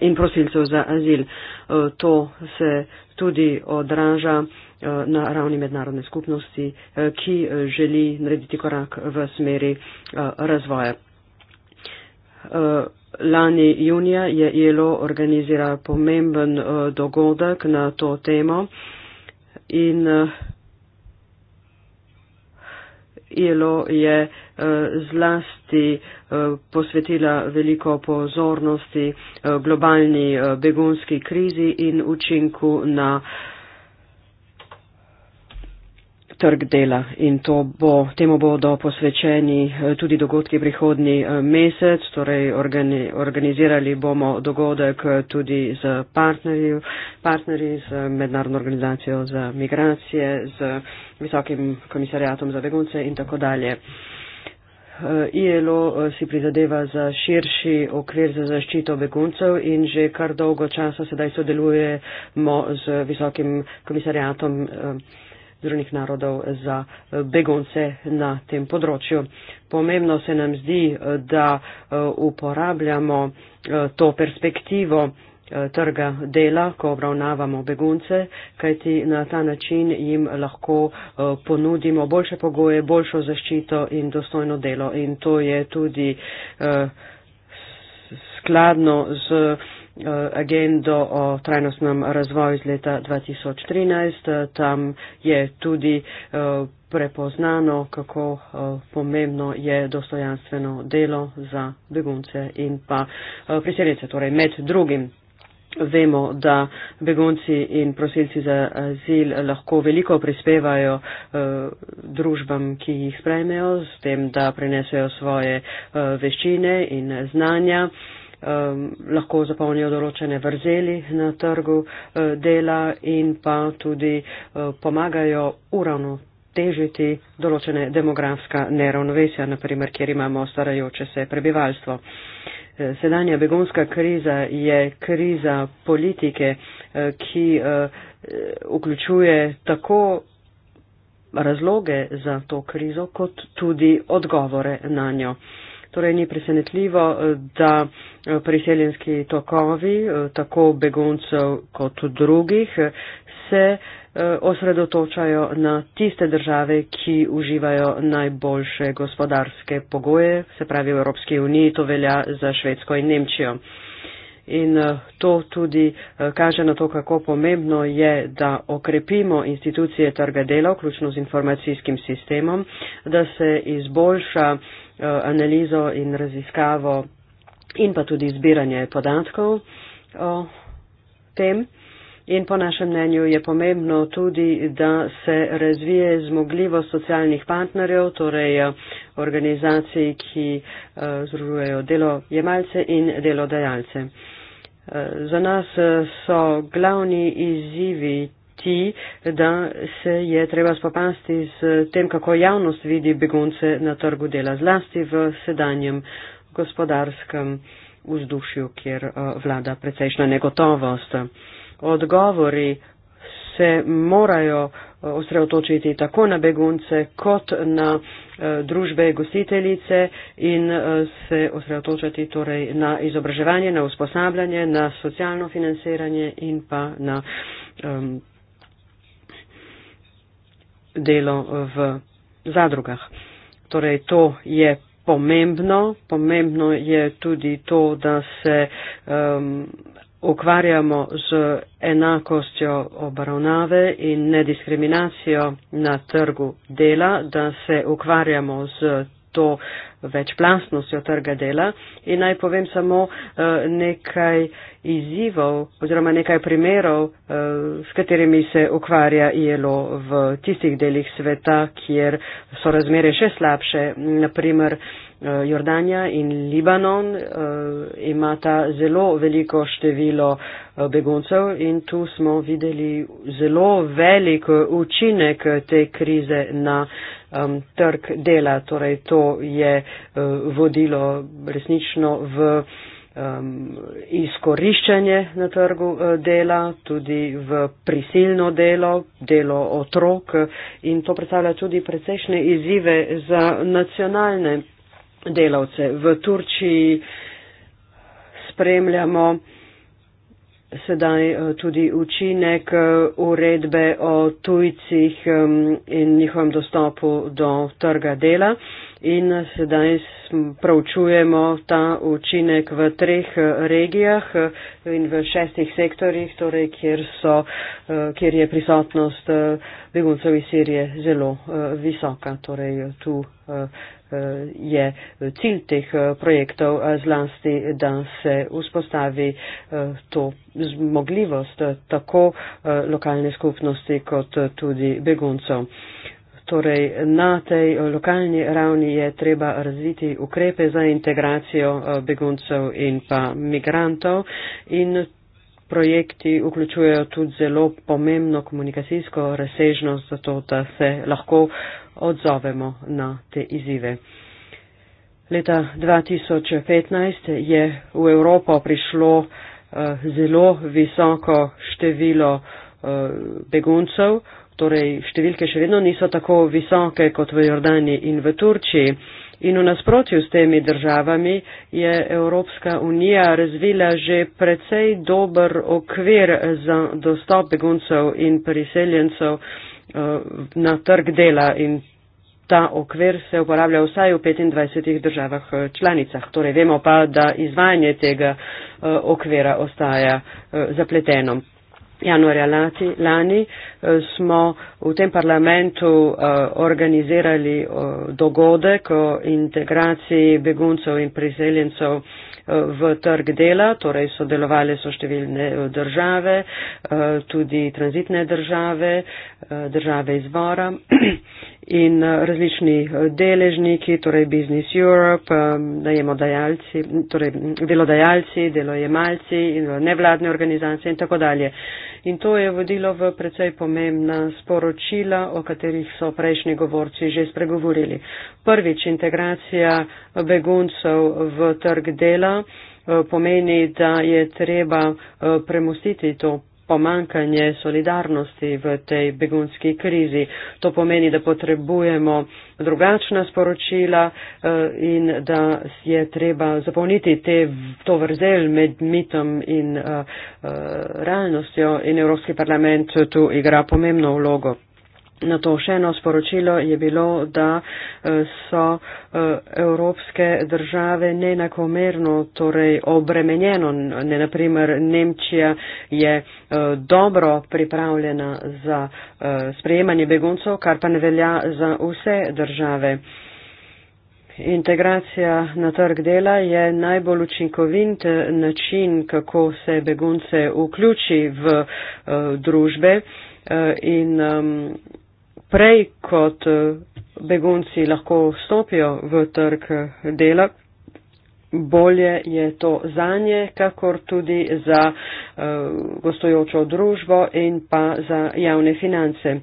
in prosilcev za azil. Uh, to se tudi odraža uh, na ravni mednarodne skupnosti, uh, ki želi narediti korak v smeri uh, razvoja. Uh, Lani junija je ILO organiziral pomemben uh, dogodek na to temo in uh, eh, ILO je uh, zlasti uh, posvetila veliko pozornosti uh, globalni uh, begunski krizi in učinku na uh, trg dela in to bo, temu bodo posvečeni eh, tudi dogodki prihodnji eh, mesec, torej organizirali bomo dogodek eh, tudi z partnerji, partnerji z mednarodno organizacijo za migracije, z visokim komisarjatom za begunce in tako dalje. ILO si prizadeva za širši okvir za zaščito beguncev in že kar dolgo časa sedaj sodelujemo z visokim komisarjatom zrnih narodov za eh, begonce na tem področju. Pomembno se nam zdi, eh, da eh, uporabljamo to perspektivo trga dela, ko obravnavamo begunce, kajti na ta način jim lahko ponudimo boljše pogoje, boljšo zaščito in dostojno delo. In to je tudi skladno z Eh, agendo o trajnostnem razvoju iz leta 2013. Tam je tudi eh, prepoznano, kako eh, pomembno je dostojanstveno delo za begunce in pa priseljence, torej med drugim. Vemo, da begunci in prosilci za azil lahko veliko prispevajo eh, družbam, ki jih sprejmejo, s tem, da prinesejo svoje eh, veščine in znanja. Eh, um, lahko zapolnijo določene vrzeli na trgu uh, dela in pa tudi uh, pomagajo uravno težiti določene demografska neravnovesja, naprimer, kjer imamo starajoče se prebivalstvo. Uh, sedanja begonska kriza je kriza politike, uh, ki uh, vključuje tako razloge za to krizo, kot tudi odgovore na njo. Torej ni presenetljivo, eh, da eh, priseljenski tokovi, eh, tako beguncev kot drugih, se osredotočajo na tiste države, ki uživajo najboljše gospodarske pogoje, se pravi v Evropski uniji, to velja za Švedsko in Nemčijo. In to tudi kaže na to, kako pomembno je, da okrepimo institucije trga dela, vključno z informacijskim sistemom, da se izboljša Eh, analizo in raziskavo in pa tudi zbiranje podatkov o tem. In po našem mnenju je pomembno tudi, da se razvije zmogljivost socialnih partnerjev, torej eh, organizacij, ki eh, združujejo delojemalce in delodajalce. Za nas so glavni izzivi ti, da se je treba spopasti s tem, kako javnost vidi begunce na trgu dela, zlasti v sedanjem gospodarskem vzdušju, kjer eh, vlada precejšna negotovost. Odgovori se morajo eh, osredotočiti tako na begunce kot na eh, družbe gostiteljice in se osredotočati torej na izobraževanje, na usposabljanje, na socialno financiranje in pa na um, delo v zadrugah. Torej, to je pomembno. Pomembno je tudi to, da se um, ukvarjamo z enakostjo obravnave in nediskriminacijo na trgu dela, da se ukvarjamo z to večplastnostjo trga dela. In naj povem samo eh, nekaj izzivov oziroma nekaj primerov, eh, s katerimi se ukvarja ILO v tistih delih sveta, kjer so razmere še slabše. Naprimer, eh, Jordanija in Libanon imata zelo veliko število beguncev in tu smo videli zelo velik učinek te krize na um, trg dela. Torej, to je uh, vodilo resnično v um, izkoriščanje na trgu uh, dela, tudi v prisilno delo, delo otrok in to predstavlja tudi precejšnje izzive za nacionalne delavce. V Turčiji spremljamo sedaj eh, tudi učinek eh, uredbe o tujcih in njihovem dostopu do trga dela. In eh, sedaj pravčujemo ta učinek v treh regijah in v šestih sektorjih, torej kjer, so, kjer je prisotnost beguncev iz Sirije zelo visoka. Torej tu Eh, je cilj teh eh, projektov zlasti, da se vzpostavi eh, to zmogljivost tako lokalne skupnosti kot tudi beguncov. Torej, na tej lokalni ravni je treba razviti ukrepe za integracijo beguncev in pa migrantov in projekti vključujejo tudi zelo pomembno komunikacijsko razsežnost, zato da se lahko odzovemo na te izzive. Leta 2015 je v Evropo prišlo eh, zelo visoko število eh, beguncev, torej številke še vedno niso tako visoke kot v Jordani in v Turčiji. In v nasprotju s temi državami je Evropska unija razvila že precej dober okvir za dostop beguncev in priseljencev eh, na trg dela in ta okvir se uporablja vsaj v 25 državah eh, članicah. Torej vemo pa, da izvajanje tega eh, okvira ostaja zapleteno januarja lati, lani eh, smo v tem parlamentu uh, organizirali uh, dogodek o integraciji beguncev in priseljencev uh, v trg dela, torej sodelovali so številne države, uh, tudi tranzitne države, uh, države izvora in uh, različni deležniki, torej Business Europe, um, torej delodajalci, delojemalci, nevladne organizacije in tako dalje in to je vodilo v precej pomembna sporočila, o katerih so prejšnji govorci že spregovorili. Prvič, integracija beguncev v trg dela eh, pomeni, da je treba eh, premustiti to pomankanje solidarnosti v tej begunski krizi. To pomeni, da potrebujemo drugačna sporočila eh, in da je treba zapolniti te, to vrzel med mitom in eh, eh, realnostjo in Evropski parlament tu igra pomembno vlogo. Na to še eno sporočilo je bilo, da eh, so eh, evropske države nenakomerno, torej obremenjeno. Ne, naprimer, Nemčija je eh, dobro pripravljena za sprejemanje beguncov, kar pa ne velja za vse države. Integracija na trg dela je najbolj učinkovit način, kako se begunce vključi v družbe. In, prej kot eh, begunci lahko vstopijo v trg eh, dela, bolje je to zanje, kakor tudi za eh, gostujočo družbo in pa za javne finance.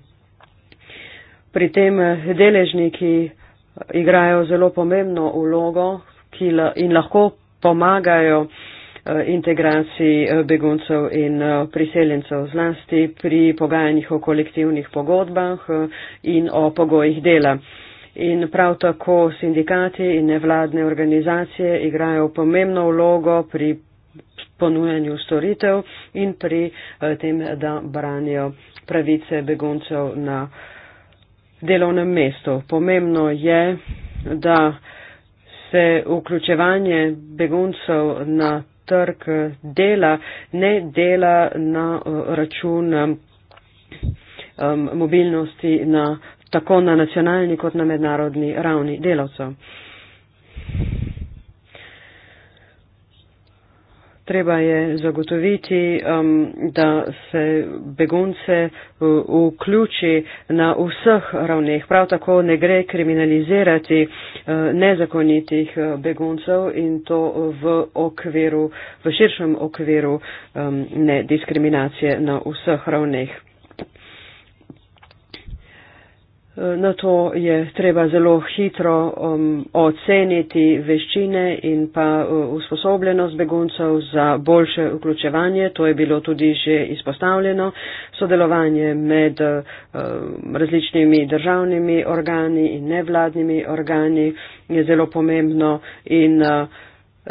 Pri tem deležniki igrajo zelo pomembno ulogo in lahko pomagajo uh, Eh, integraciji eh, beguncev in eh, priseljencev zlasti pri pogajanjih o kolektivnih pogodbah in o pogojih dela. In prav tako sindikati in nevladne organizacije igrajo pomembno vlogo pri ponujanju storitev in pri tem, da branijo pravice beguncev na delovnem mestu. Pomembno je, da se vključevanje beguncev na trg dela, ne dela na eh, račun um, mobilnosti na, tako na nacionalni kot na mednarodni ravni delavcev. Treba je zagotoviti, um, da se begunce uh, vključi na vseh ravneh. Prav tako ne gre kriminalizirati uh, nezakonitih uh, beguncev in to v, okviru, v širšem okviru um, nediskriminacije na vseh ravneh. Na to je treba zelo hitro um, oceniti veščine in pa uh, usposobljenost beguncev za boljše vključevanje. To je bilo tudi že izpostavljeno. Sodelovanje med uh, um, različnimi državnimi organi in nevladnimi organi je zelo pomembno in uh,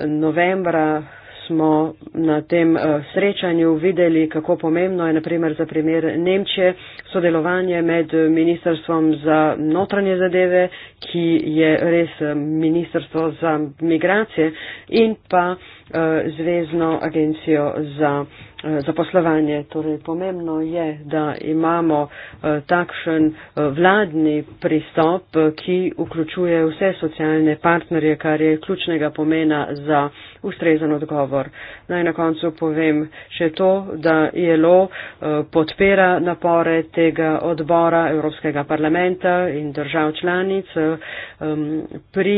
novembra smo na tem eh, srečanju videli, kako pomembno je naprimer za primer Nemčije sodelovanje med eh, Ministrstvom za notranje zadeve, ki je res eh, Ministrstvo za migracije in pa Zvezno agencijo za migracije. Eh, zaposlovanje. Torej, pomembno je, da imamo eh, takšen eh, vladni pristop, ki vključuje vse socialne partnerje, kar je ključnega pomena za ustrezen odgovor. Naj na koncu povem še to, da ILO podpira napore tega odbora Evropskega parlamenta in držav članic pri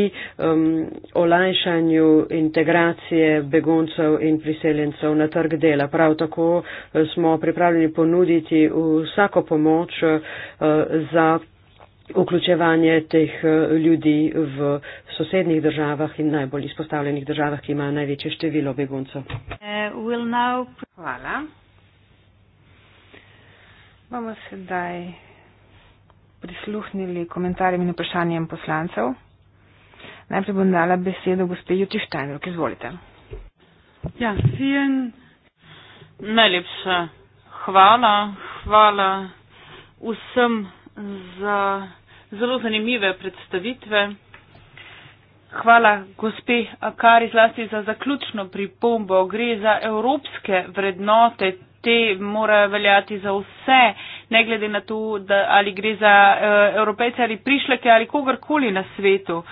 olajšanju integracije beguncev in priseljencev na trg dela. Prav tako eh, smo pripravljeni ponuditi vsako pomoč eh, za vključevanje teh eh, ljudi v sosednjih državah in najbolj izpostavljenih državah, ki imajo največje število beguncev. Hvala. Bomo sedaj prisluhnili komentarjem in vprašanjem poslancev. Najprej bom dala besedo gospe Juti Štajnerk. Izvolite. Ja, vielen. Najlepša hvala, hvala vsem za zelo zanimive predstavitve. Hvala, gospe Akari, zlasti za zaključno pripombo. Gre za evropske vrednote, te morajo veljati za vse, ne glede na to, da, ali gre za uh, evropejce ali prišleke ali kogarkoli na svetu.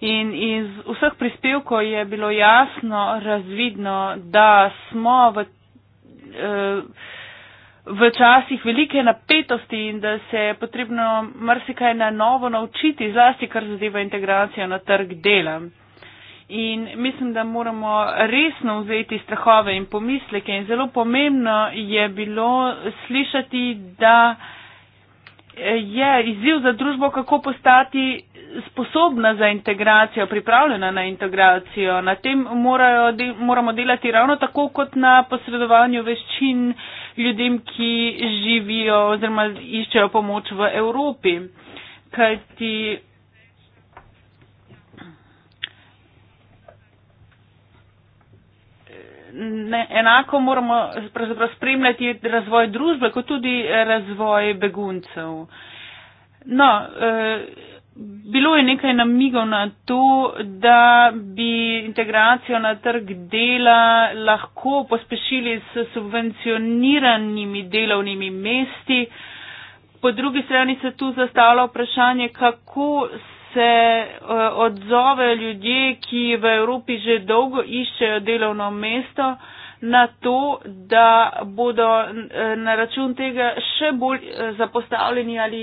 In iz vseh prispevkov je bilo jasno, razvidno, da smo v Eh, v časih velike napetosti in da se je potrebno marsikaj na novo naučiti, zlasti kar zadeva integracijo na trg dela. In mislim, da moramo resno vzeti strahove in pomisleke in zelo pomembno je bilo slišati, da je izziv za družbo, kako postati sposobna za integracijo, pripravljena na integracijo. Na tem morajo, de, moramo delati ravno tako, kot na posredovanju veščin ljudem, ki živijo oziroma iščejo pomoč v Evropi. Kajti ne, enako moramo spremljati razvoj družbe, kot tudi razvoj beguncev. No, eh, bilo je nekaj namigov na to, da bi integracijo na trg dela lahko pospešili s subvencioniranimi delovnimi mesti. Po drugi strani se tu zastavlja vprašanje, kako se eh, odzovejo ljudje, ki v Evropi že dolgo iščejo delovno mesto, na to, da bodo eh, na račun tega še bolj eh, zapostavljeni ali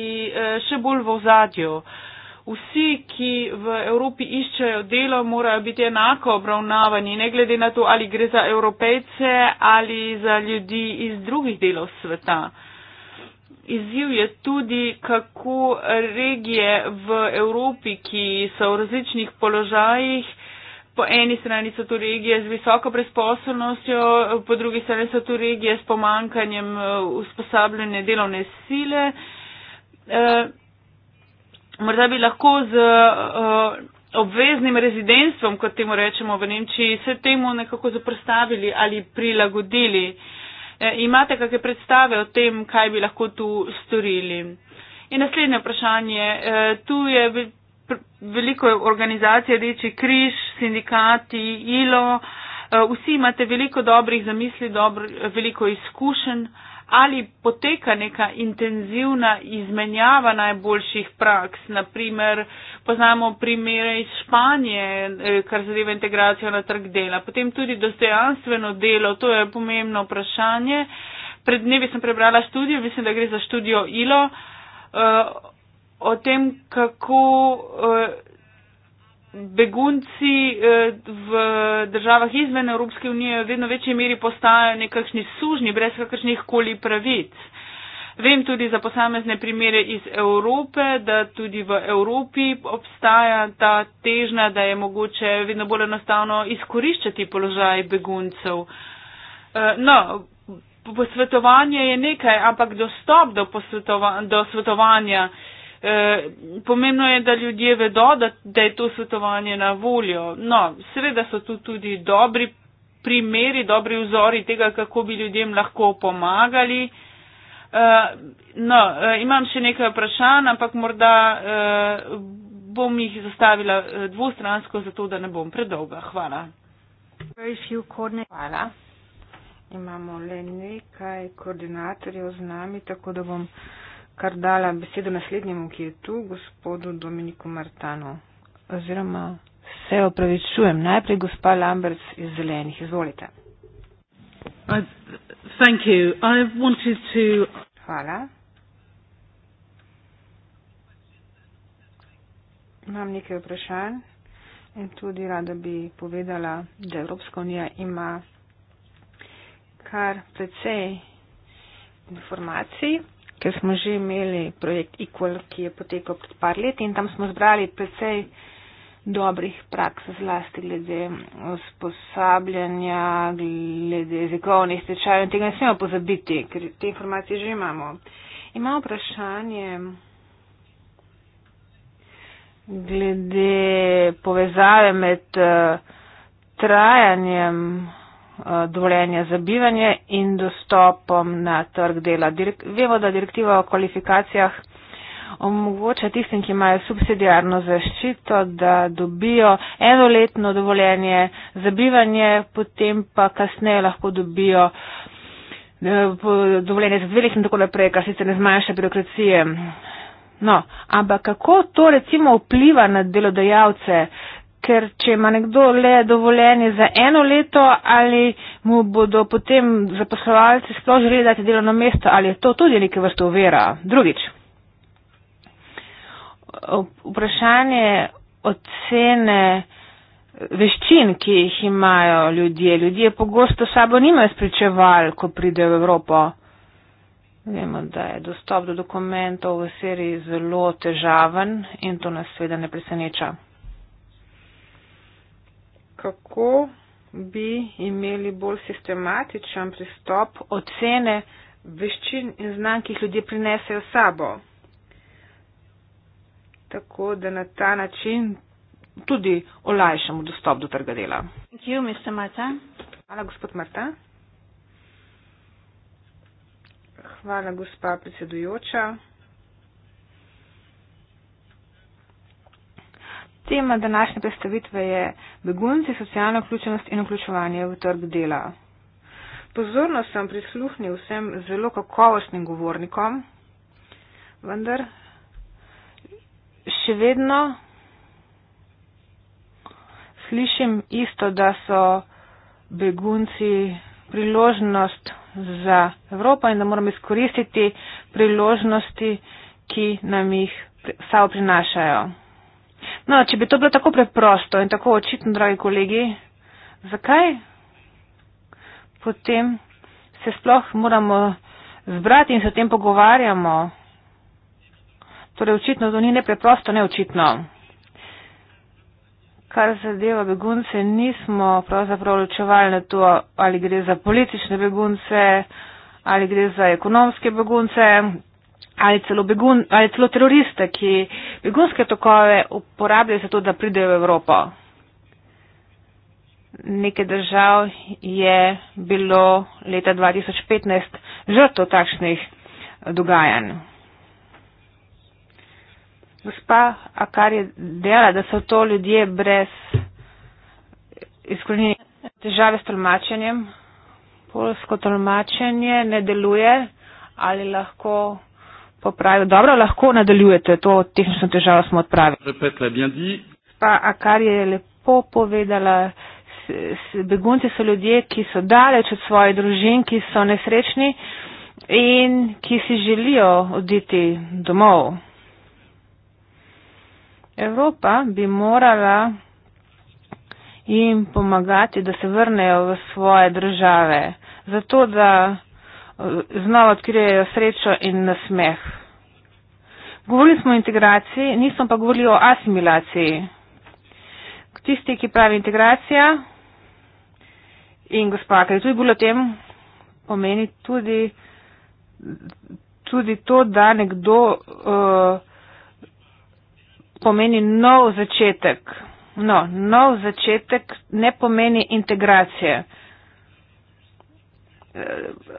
še bolj v ozadju. Vsi, ki v Evropi iščejo delo, morajo biti enako obravnavani, ne glede na to, ali gre za evropejce ali za ljudi iz drugih delov sveta. Izziv je tudi, kako regije v Evropi, ki so v različnih položajih, po eni strani so tu regije z visoko presposobnostjo, po drugi strani so tu regije s pomankanjem eh, usposabljene delovne sile. E, morda bi lahko z e, obveznim rezidentstvom, kot temu rečemo v Nemčiji, se temu nekako zaprstavili ali prilagodili. E, E, imate kakšne predstave o tem, kaj bi lahko tu storili? In naslednje vprašanje. E, tu je veliko organizacij, Reči Križ, sindikati, ILO. E, vsi imate veliko dobrih zamisli, dobro, veliko izkušenj ali poteka neka intenzivna izmenjava najboljših praks. Naprimer, poznamo primere iz Španije, eh, kar zadeva integracijo na trg dela. Potem tudi dostojanstveno delo, to je pomembno vprašanje. Pred dnevi sem prebrala študijo, mislim, da gre za študijo ILO, eh, o tem, kako eh, begunci eh, v državah izven Evropske unije v vedno večji meri postajajo nekakšni sužnji brez kakršnih koli pravic. Vem tudi za posamezne primere iz Evrope, da tudi v Evropi obstaja ta težna, da je mogoče vedno bolj enostavno izkoriščati položaj beguncev. Eh, no, posvetovanje je nekaj, ampak dostop do, do svetovanja. Eh, pomembno je, da ljudje vedo, da, da je to svetovanje na voljo. No, seveda so tu tudi dobri primeri, dobri vzori tega, kako bi ljudem lahko pomagali. Eh, no, eh, imam še nekaj vprašanj, ampak morda bom jih zastavila dvostransko, zato da ne bom predolga. Hvala. Hvala. Imamo le nekaj koordinatorjev z nami, tako da bom kar dala besedo naslednjemu, ki je tu, gospodu Dominiku Martanu. Oziroma se opravičujem, najprej gospa Lamberts iz Zelenih. Izvolite. Hvala. Imam nekaj vprašanj in tudi rada bi povedala, da Evropska unija ima kar precej informacij ker smo že imeli projekt Equal, ki je potekal pred par leti in tam smo zbrali precej dobrih praks, zlasti glede usposabljanja, glede jezikovnih tečajev in tega ne smemo pozabiti, ker te informacije že imamo. Ima vprašanje glede povezave med uh, trajanjem Eh, dovoljenje za bivanje in dostopom na trg dela. Direk vemo, da direktiva o kvalifikacijah omogoča tistim, ki imajo subsidijarno zaščito, da dobijo enoletno dovoljenje za bivanje, potem pa kasneje lahko dobijo eh, dovoljenje za dve leti in tako naprej, kar sicer ne zmanjša birokracije. No, ampak kako to recimo vpliva na delodajalce? ker če ima nekdo le dovoljenje za eno leto, ali mu bodo potem zaposlovalci sploh želeli dati delovno mesto, ali je to tudi neke vrste uvera. Drugič, vprašanje ocene veščin, ki jih imajo ljudje. Ljudje pogosto sabo nimajo spričeval, ko pridejo v Evropo. Vemo, da je dostop do dokumentov v seriji zelo težaven in to nas seveda ne preseneča kako bi imeli bolj sistematičen pristop ocene veščin in znanj, ki jih ljudje prinesejo sabo. Tako da na ta način tudi olajšamo dostop do trga dela. You, Hvala, gospod Marta. Hvala, gospa predsedujoča. Tema današnje predstavitve je begunci, socialna vključenost in vključovanje v trg dela. Pozorno sem prisluhnil vsem zelo kakovostnim govornikom, vendar še vedno slišim isto, da so begunci priložnost za Evropo in da moramo izkoristiti priložnosti, ki nam jih sav prinašajo. No, če bi to bilo tako preprosto in tako očitno, dragi kolegi, zakaj potem se sploh moramo zbrati in se o tem pogovarjamo? Torej, očitno to ni nepreprosto, neočitno. Kar zadeva begunce, nismo pravzaprav ločevali na to, ali gre za politične begunce, ali gre za ekonomske begunce, ali celo, begun, ali celo teroriste, ki begunske tokove uporabljajo za to, da pridejo v Evropo. Nekaj držav je bilo leta 2015 žrtov takšnih eh, dogajanj. Gospa Akar je dejala, da so to ljudje brez izkoljenja težave s tolmačenjem. Polsko tolmačenje ne deluje ali lahko popravil. Dobro, lahko nadaljujete, to tehnično težavo smo odpravili. Pa, a kar je lepo povedala, begunci so ljudje, ki so daleč od svoje družin, ki so nesrečni in ki si želijo oditi domov. Evropa bi morala jim pomagati, da se vrnejo v svoje države, zato da znova odkrijejo srečo in nasmeh. Govorili smo o integraciji, nismo pa govorili o asimilaciji. Tisti, ki pravi integracija in gospa, ker je tudi bilo tem, pomeni tudi, tudi to, da nekdo uh, pomeni nov začetek. No, nov začetek ne pomeni integracije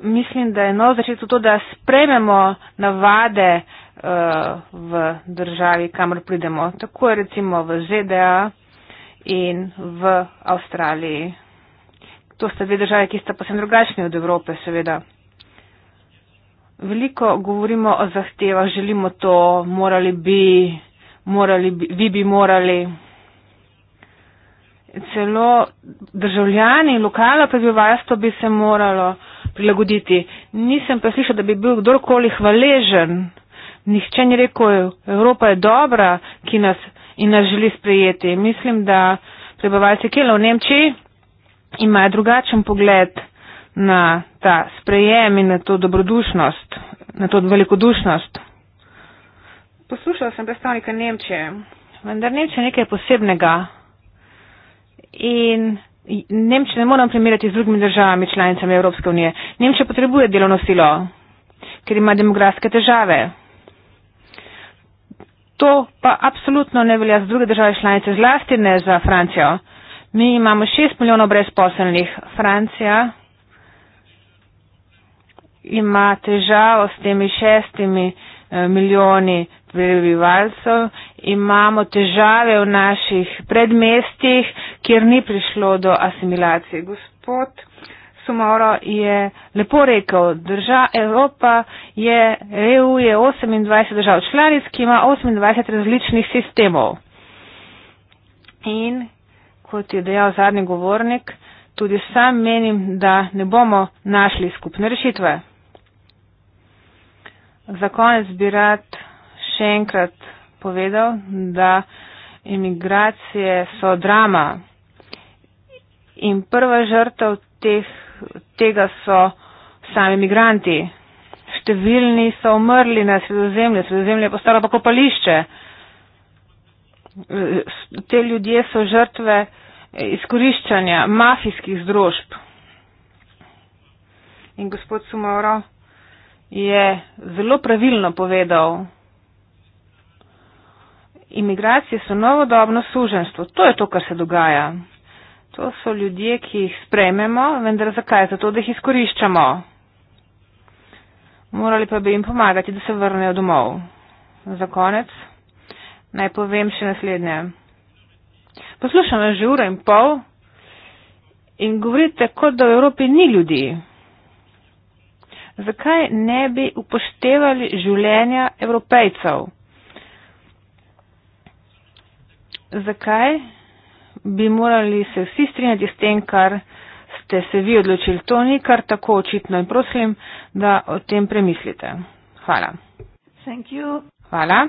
mislim, da je nov začetek to, da sprememo navade eh, v državi, kamor pridemo. Tako je recimo v ZDA in v Avstraliji. To sta dve države, ki sta posebno drugačni od Evrope, seveda. Veliko govorimo o zahtevah, želimo to, morali bi, morali bi, vi bi morali. Celo državljani, lokalno prebivalstvo bi se moralo prilagoditi. Nisem pa slišal, da bi bil kdorkoli hvaležen. Nihče ni rekel, Evropa je dobra nas, in nas želi sprejeti. Mislim, da prebivalci Kela v Nemčiji imajo drugačen pogled na ta sprejem in na to dobrodušnost, na to velikodušnost. Poslušal sem predstavnika Nemčije, vendar Nemčija je nekaj posebnega. In Nemčije ne moram primerjati z drugimi državami članicami Evropske unije. Nemčija potrebuje delovno silo, ker ima demografske težave. To pa absolutno ne velja za druge države članice, zlasti ne za Francijo. Mi imamo 6 milijonov brezposelnih. Francija ima težavo s temi šestimi eh, milijoni prebivalcev, imamo težave v naših predmestih, kjer ni prišlo do asimilacije. Gospod Sumoro je lepo rekel, da Evropa je, EU je 28 držav članic, ki ima 28 različnih sistemov. In kot je dejal zadnji govornik, tudi sam menim, da ne bomo našli skupne rešitve. Za konec bi rad še enkrat povedal, da imigracije so drama. In prva žrtev teh, tega so sami migranti. Številni so umrli na sredozemlje, sredozemlje je postalo pokopališče. Te ljudje so žrtve izkoriščanja mafijskih združb. In gospod Sumoro je zelo pravilno povedal, imigracije so novodobno suženstvo. To je to, kar se dogaja. To so ljudje, ki jih sprememo, vendar zakaj? Zato, da jih izkoriščamo. Morali pa bi jim pomagati, da se vrnejo domov. Za konec naj povem še naslednje. Poslušam vas že uro in pol in govorite, kot da v Evropi ni ljudi. Zakaj ne bi upoštevali življenja evropejcev? Zakaj? bi morali se vsi strinjati s tem, kar ste se vi odločili. To ni kar tako očitno in prosim, da o tem premislite. Hvala. Hvala.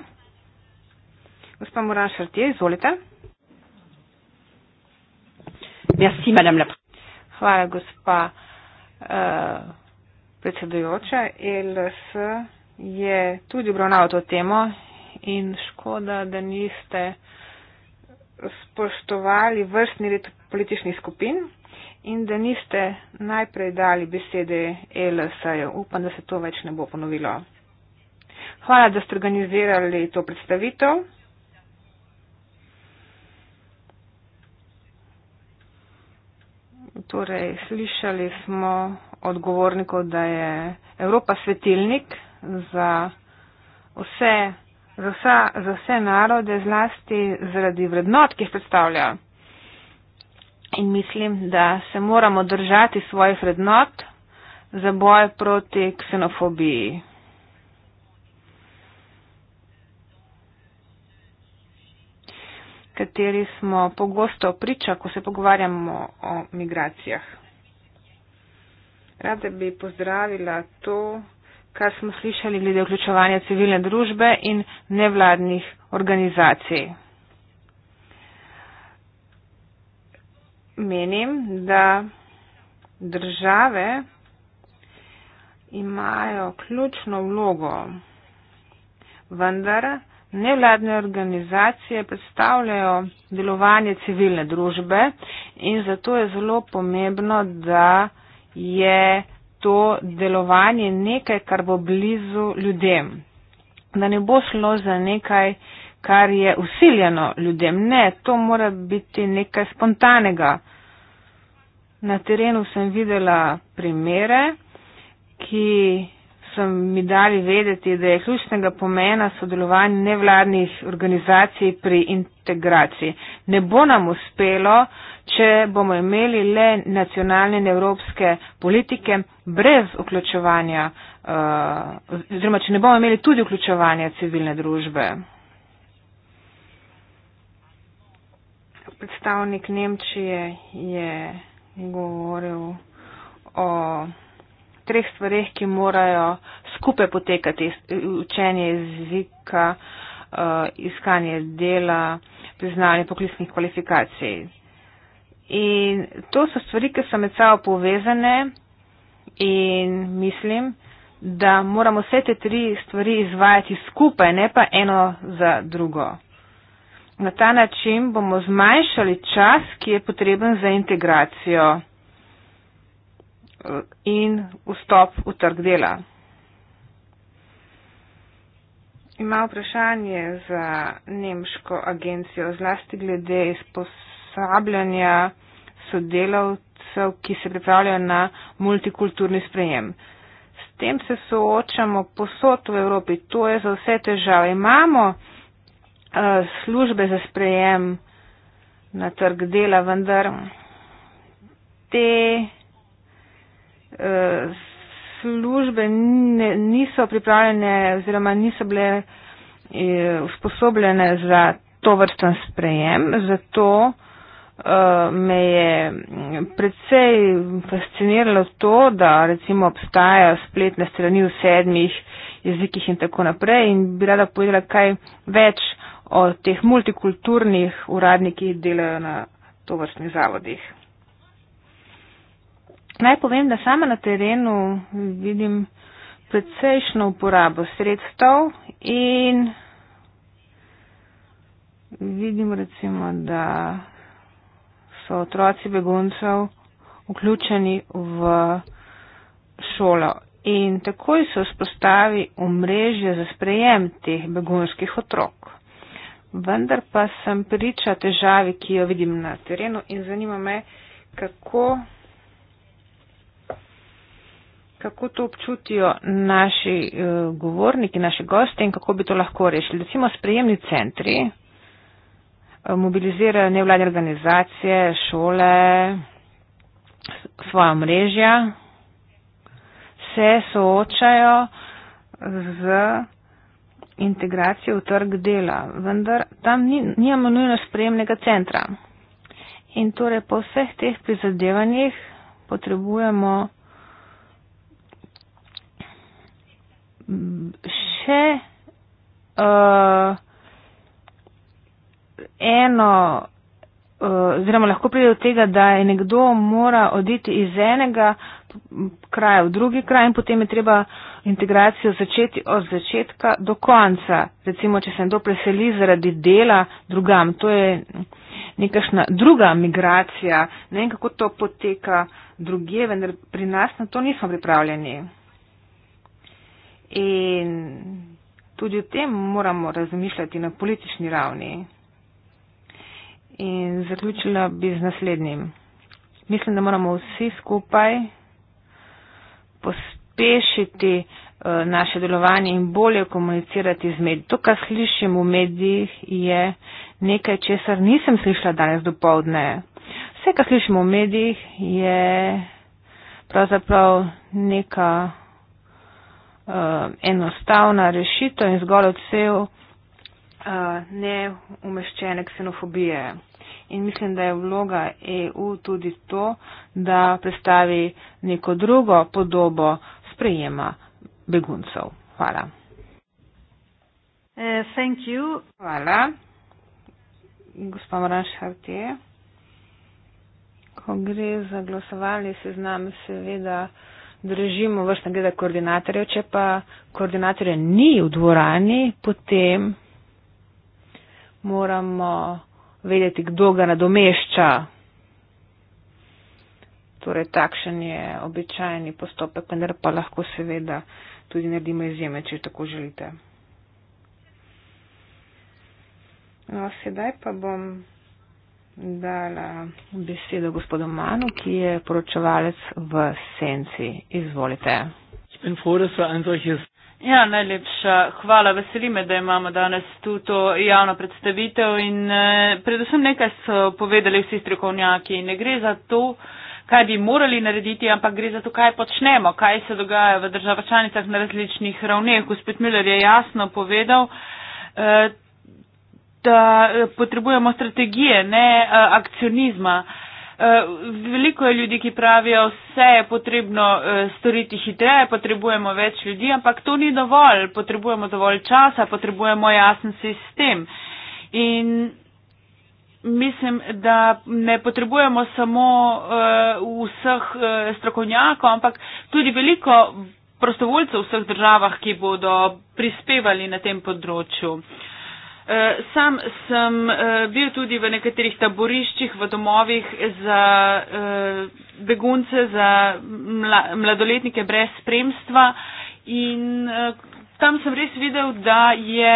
Gospa Moran Šartje, izvolite. Merci, Hvala, gospa uh, predsedujoča. E LS je tudi obravnaval to temo in škoda, da niste spoštovali vrstni red političnih skupin in da niste najprej dali besede e LSA-ju. Upam, da se to več ne bo ponovilo. Hvala, da ste organizirali to predstavitev. Torej, slišali smo odgovornikov, da je Evropa svetilnik za vse za, vsa, za vse narode, zlasti zaradi vrednot, ki jih predstavlja. In mislim, da se moramo držati svojih vrednot za boj proti ksenofobiji. kateri smo pogosto priča, ko se pogovarjamo o migracijah. Rada bi pozdravila to kar smo slišali glede vključevanja civilne družbe in nevladnih organizacij. Menim, da države imajo ključno vlogo, vendar nevladne organizacije predstavljajo delovanje civilne družbe in zato je zelo pomembno, da je to delovanje nekaj, kar bo blizu ljudem. Da ne bo šlo za nekaj, kar je usiljeno ljudem. Ne, to mora biti nekaj spontanega. Na terenu sem videla primere, ki so mi dali vedeti, da je ključnega pomena sodelovanje nevladnih organizacij pri integraciji. Ne bo nam uspelo, če bomo imeli le nacionalne in evropske politike brez vključevanja, eh, oziroma če ne bomo imeli tudi vključevanja civilne družbe. Predstavnik Nemčije je govoril o treh stvareh, ki morajo skupaj potekati, učenje jezika, eh, iskanje dela, priznanje poklicnih kvalifikacij. In to so stvari, ki so med sabo povezane in mislim, da moramo vse te tri stvari izvajati skupaj, ne pa eno za drugo. Na ta način bomo zmanjšali čas, ki je potreben za integracijo eh, in vstop v trg dela. Ima vprašanje za nemško agencijo, zlasti glede izposobljenosti usposabljanja sodelavcev, ki se pripravljajo na multikulturni sprejem. S tem se soočamo posod v Evropi, to je za vse težave. Imamo uh, službe za sprejem na trg dela, vendar te uh, službe ne, niso pripravljene oziroma niso bile eh, usposobljene za to vrstven sprejem, zato uh, me je predvsej fasciniralo to, da recimo obstajajo spletne strani v sedmih jezikih in tako naprej in bi rada povedala kaj več o teh multikulturnih uradnikih, ki delajo na tovrstnih zavodih. Naj povem, da sama na terenu vidim precejšno uporabo sredstev in vidim recimo, da so otroci beguncev vključeni v šolo. In takoj se vzpostavi omrežje za sprejem teh begunskih otrok. Vendar pa sem priča težavi, ki jo vidim na terenu in zanima me, kako, kako to občutijo naši uh, govorniki, naši gosti in kako bi to lahko rešili. Recimo sprejemni centri, Eh, mobilizirajo nevladne organizacije, šole, svoja mrežja, se soočajo z integracijo v trg dela, vendar tam nimamo ni, nujno spremnega centra. In torej po vseh teh prizadevanjih potrebujemo še uh, eno, eh, oziroma lahko pride do tega, da je nekdo mora oditi iz enega kraja v drugi kraj in potem je treba integracijo začeti od začetka do konca. Recimo, če se nekdo preseli zaradi dela drugam, to je nekašna druga migracija, ne vem, kako to poteka druge, vendar pri nas na to nismo pripravljeni. In tudi o tem moramo razmišljati na politični ravni. In zaključila bi z naslednjim. Mislim, da moramo vsi skupaj pospešiti uh, naše delovanje in bolje komunicirati z mediji. To, kar slišim v medijih, je nekaj, česar nisem slišala danes do povdne. Vse, kar slišim v medijih, je pravzaprav neka uh, enostavna rešitev in zgolj odsev uh, neumeščene ksenofobije. In mislim, da je vloga EU tudi to, da predstavi neko drugo podobo sprejema beguncev. Hvala. Uh, thank you. Hvala. Gospa Moranš Hartje. Ko gre za glasovalni seznam, seveda držimo vrstne glede koordinatorjev. Če pa koordinatorja ni v dvorani, potem moramo vedeti, kdo ga nadomešča. Torej, takšen je običajni postopek, vendar pa lahko seveda tudi naredimo izjeme, če tako želite. No, sedaj pa bom dala besedo gospodu Manu, ki je poročevalec v Senci. Izvolite. Ich bin froh, dass wir ein solches Ja, najlepša hvala. Veseli me, da imamo danes tu to javno predstavitev in eh, predvsem nekaj so povedali vsi strokovnjaki. Ne gre za to, kaj bi morali narediti, ampak gre za to, kaj počnemo, kaj se dogaja v državah članicah na različnih ravneh. Gospod Miller je jasno povedal, eh, da eh, potrebujemo strategije, ne eh, akcionizma. Eh, Eh, veliko je ljudi, ki pravijo, vse je potrebno eh, storiti hitreje, potrebujemo več ljudi, ampak to ni dovolj, potrebujemo dovolj časa, potrebujemo jasen sistem. In mislim, da ne potrebujemo samo eh, vseh strokovnjakov, ampak tudi veliko prostovoljcev v vseh državah, ki bodo prispevali na tem področju. Eh, sam sem eh, bil tudi v nekaterih taboriščih, v domovih za eh, begunce, za mladoletnike brez spremstva in tam sem res videl, da je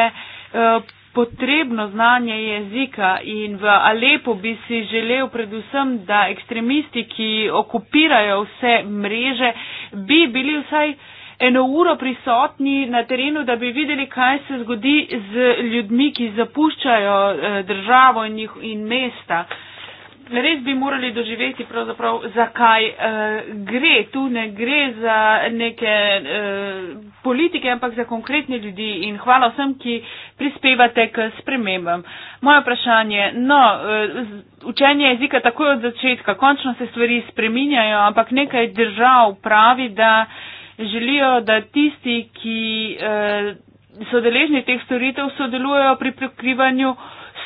potrebno znanje jezika in v Alepo bi si želel predvsem, da ekstremisti, ki okupirajo vse mreže, bi bili vsaj eno uro prisotni na terenu, da bi videli, kaj se zgodi z ljudmi, ki zapuščajo eh, državo in, jih, in mesta. Res bi morali doživeti, zakaj eh, gre. Tu ne gre za neke eh, politike, ampak za konkretne ljudi. In hvala vsem, ki prispevate k spremembam. Moje vprašanje, no, eh, učenje jezika takoj od začetka, končno se stvari spreminjajo, ampak nekaj držav pravi, da eh, želijo, da tisti, ki eh, so deležni teh storitev, sodelujo pri prikrivanju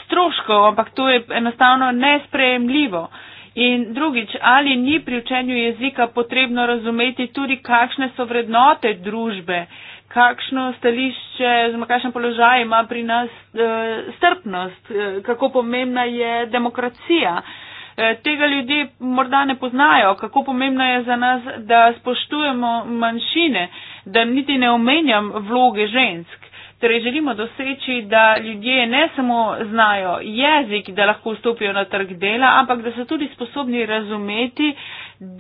stroškov, ampak to je enostavno nesprejemljivo. In drugič, ali ni pri učenju jezika potrebno razumeti tudi, kakšne so vrednote družbe, kakšno stališče, oziroma kakšen položaj ima pri nas e, strpnost, e, kako pomembna je demokracija. E, Eh, tega ljudje morda ne poznajo, kako pomembno je za nas, da spoštujemo manjšine, da niti ne omenjam vloge žensk. Torej želimo doseči, da ljudje ne samo znajo jezik, da lahko vstopijo na trg dela, ampak da so tudi sposobni razumeti,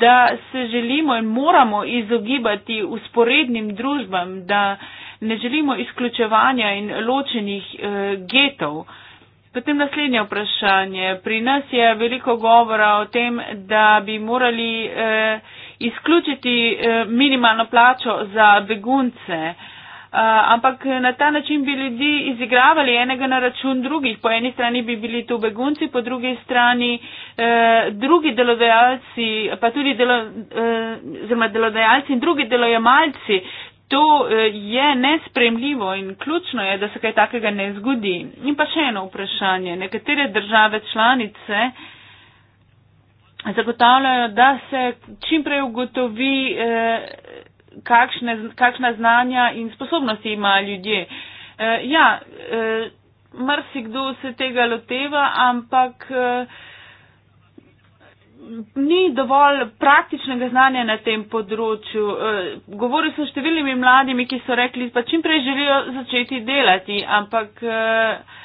da se želimo in moramo izogibati usporednim družbam, da ne želimo izključevanja in ločenih eh, getov. Potem naslednje vprašanje. Pri nas je veliko govora o tem, da bi morali eh, izključiti eh, minimalno plačo za begunce. Uh, ampak na ta način bi ljudi izigravali enega na račun drugih. Po eni strani bi bili tu begunci, po drugi strani uh, drugi delodajalci, pa tudi delo, uh, delodajalci in drugi delojemalci. Uh, To eh, je nespremljivo in ključno je, da se kaj takega ne zgodi. In pa še eno vprašanje. Nekatere države članice zagotavljajo, da se čimprej ugotovi, eh, kakšne, kakšna znanja in sposobnosti ima ljudje. Eh, ja, mrsikdo se tega loteva, ampak ni dovolj praktičnega znanja na tem področju. Eh, govoril sem številnimi mladimi, ki so rekli, pa čimprej želijo začeti delati, ampak eh,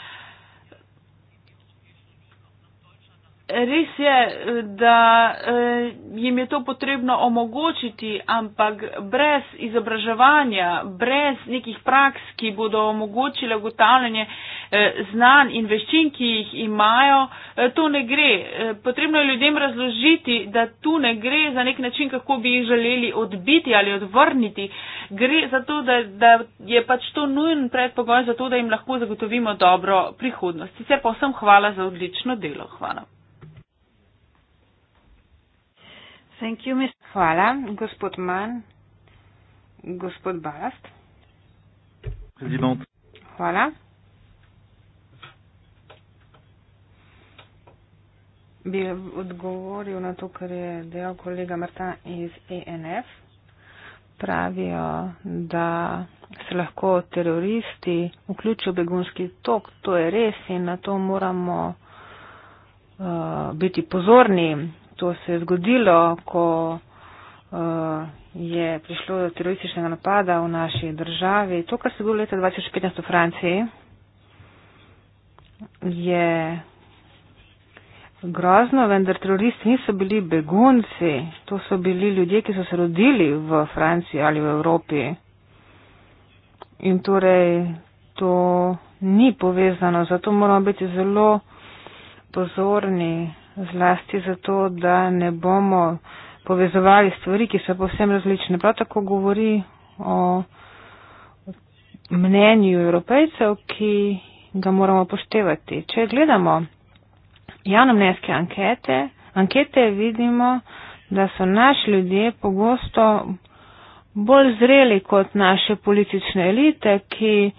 res je, da eh, jim je to potrebno omogočiti, ampak brez izobraževanja, brez nekih praks, ki bodo omogočile ugotavljanje eh, znanj in veščin, ki jih imajo, eh, to ne gre. Potrebno je ljudem razložiti, da tu ne gre za nek način, kako bi jih želeli odbiti ali odvrniti. Gre za to, da, da je pač to nujen predpogoj za to, da jim lahko zagotovimo dobro prihodnost. Sicer pa vsem hvala za odlično delo. Hvala. Thank you, Ms. Hvala. Gospod Mann. Gospod Balast. President. Hvala. Bi odgovoril na to, kar je dejal kolega Marta iz ENF. Pravijo, da se lahko teroristi vključijo v begunski tok. To je res in na to moramo uh, biti pozorni to se je zgodilo, ko uh, je prišlo do terorističnega napada v naši državi. To, kar se je bilo leta 2015 v Franciji, je grozno, vendar teroristi niso bili begunci, to so bili ljudje, ki so se rodili v Franciji ali v Evropi. In torej to ni povezano, zato moramo biti zelo pozorni zlasti zato, da ne bomo povezovali stvari, ki so povsem različne. Prav tako govori o mnenju evropejcev, ki ga moramo poštevati. Če gledamo javnomnenjske ankete, ankete vidimo, da so naši ljudje pogosto bolj zreli kot naše politične elite, ki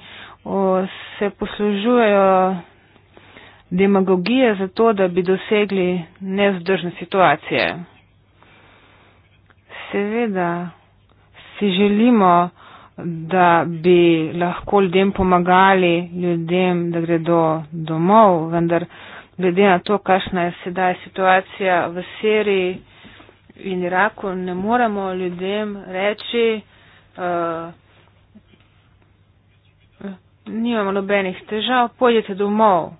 o, se poslužujejo demagogije za to, da bi dosegli nezdržne situacije. Seveda si želimo, da bi lahko ljudem pomagali, ljudem, da gredo domov, vendar glede na to, kakšna je sedaj situacija v Siriji in Iraku, ne moremo ljudem reči, uh, nimamo nobenih težav, pojdite domov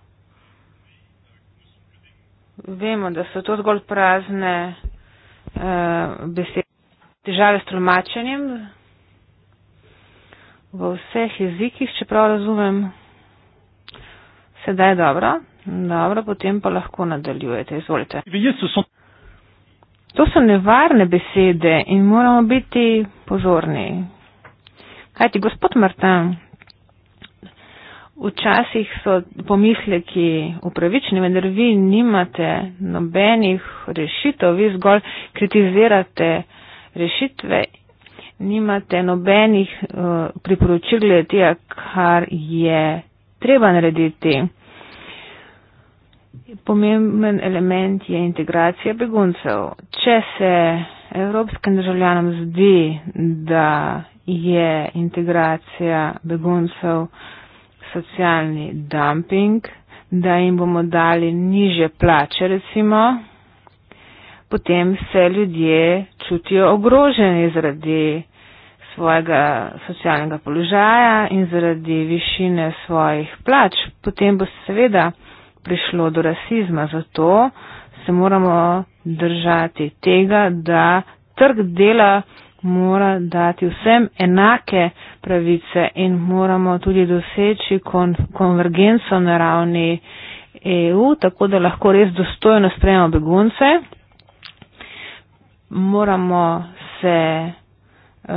vemo, da so to zgolj prazne uh, besede, težave s tlumačenjem v vseh jezikih, čeprav razumem, sedaj dobro. Dobro, potem pa lahko nadaljujete. Izvolite. To so nevarne besede in moramo biti pozorni. Kajti, gospod Martin, Včasih so pomisleki upravični, vendar vi nimate nobenih rešitev, vi zgolj kritizirate rešitve, nimate nobenih uh, priporočil glede, kar je treba narediti. Pomemben element je integracija beguncev. Če se evropskim državljanom zdi, da je integracija beguncev, uh, socialni dumping, da jim bomo dali niže plače, recimo, potem se ljudje čutijo ogroženi zaradi svojega socialnega položaja in zaradi višine svojih plač, potem bo seveda prišlo do rasizma. Zato se moramo držati tega, da trg dela mora dati vsem enake pravice in moramo tudi doseči kon konvergenco na ravni EU, tako da lahko res dostojno sprejemamo begunce. Moramo se uh,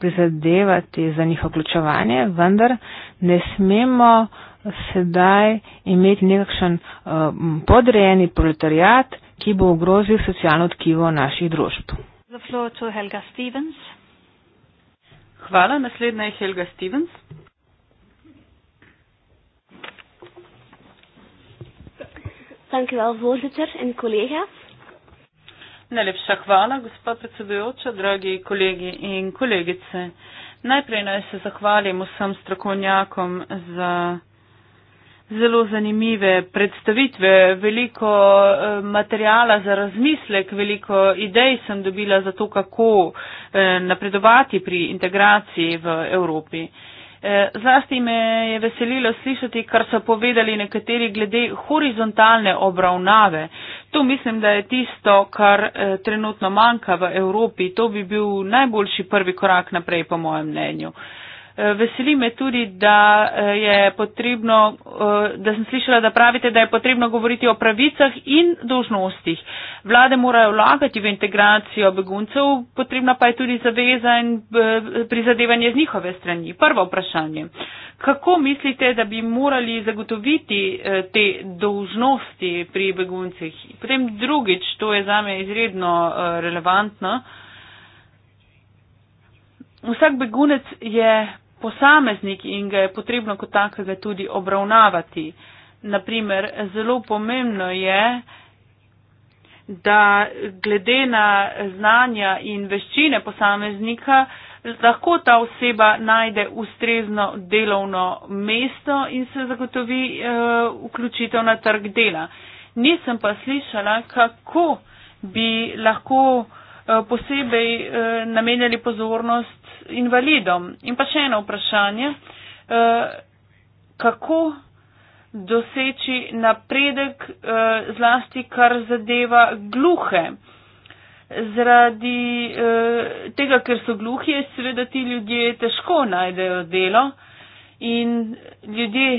prizadevati za njih vključevanje, vendar ne smemo sedaj imeti nekakšen uh, podrejeni proletariat, ki bo ogrozil socialno tkivo naših družb the floor to Helga Stevens. Hvala, naslednja je Helga Stevens. Thank you, Alvoziter in kolega. Najlepša hvala, gospod predsedujoča, dragi kolegi in kolegice. Najprej naj se zahvalim vsem strokovnjakom za zelo zanimive predstavitve, veliko eh, materijala za razmislek, veliko idej sem dobila za to, kako eh, napredovati pri integraciji v Evropi. Eh, zlasti me je veselilo slišati, kar so povedali nekateri glede horizontalne obravnave. To mislim, da je tisto, kar trenutno manjka v Evropi. To bi bil najboljši prvi korak naprej, po mojem mnenju. Veseli me tudi, da eh, je potrebno, eh, da sem slišala, da pravite, da je potrebno govoriti o pravicah in dožnostih. Vlade morajo vlagati v integracijo beguncev, potrebna pa je tudi zaveza in eh, prizadevanje z njihove strani. Prvo vprašanje. Kako mislite, da bi morali zagotoviti te dožnosti pri beguncih? Potem drugič, to je zame izredno relevantno. Vsak begunec je posameznik in ga je potrebno kot takega tudi obravnavati. Naprimer, zelo pomembno je, da glede na znanja in veščine posameznika lahko ta oseba najde ustrezno delovno mesto in se zagotovi uh, vključitev na trg dela. Nisem pa slišala, kako bi lahko uh, posebej uh, namenjali pozornost invalidom. In pa še eno vprašanje, eh, kako doseči napredek eh, zlasti, kar zadeva gluhe. Zradi eh, tega, ker so gluhi, seveda ti ljudje težko najdejo delo in ljudje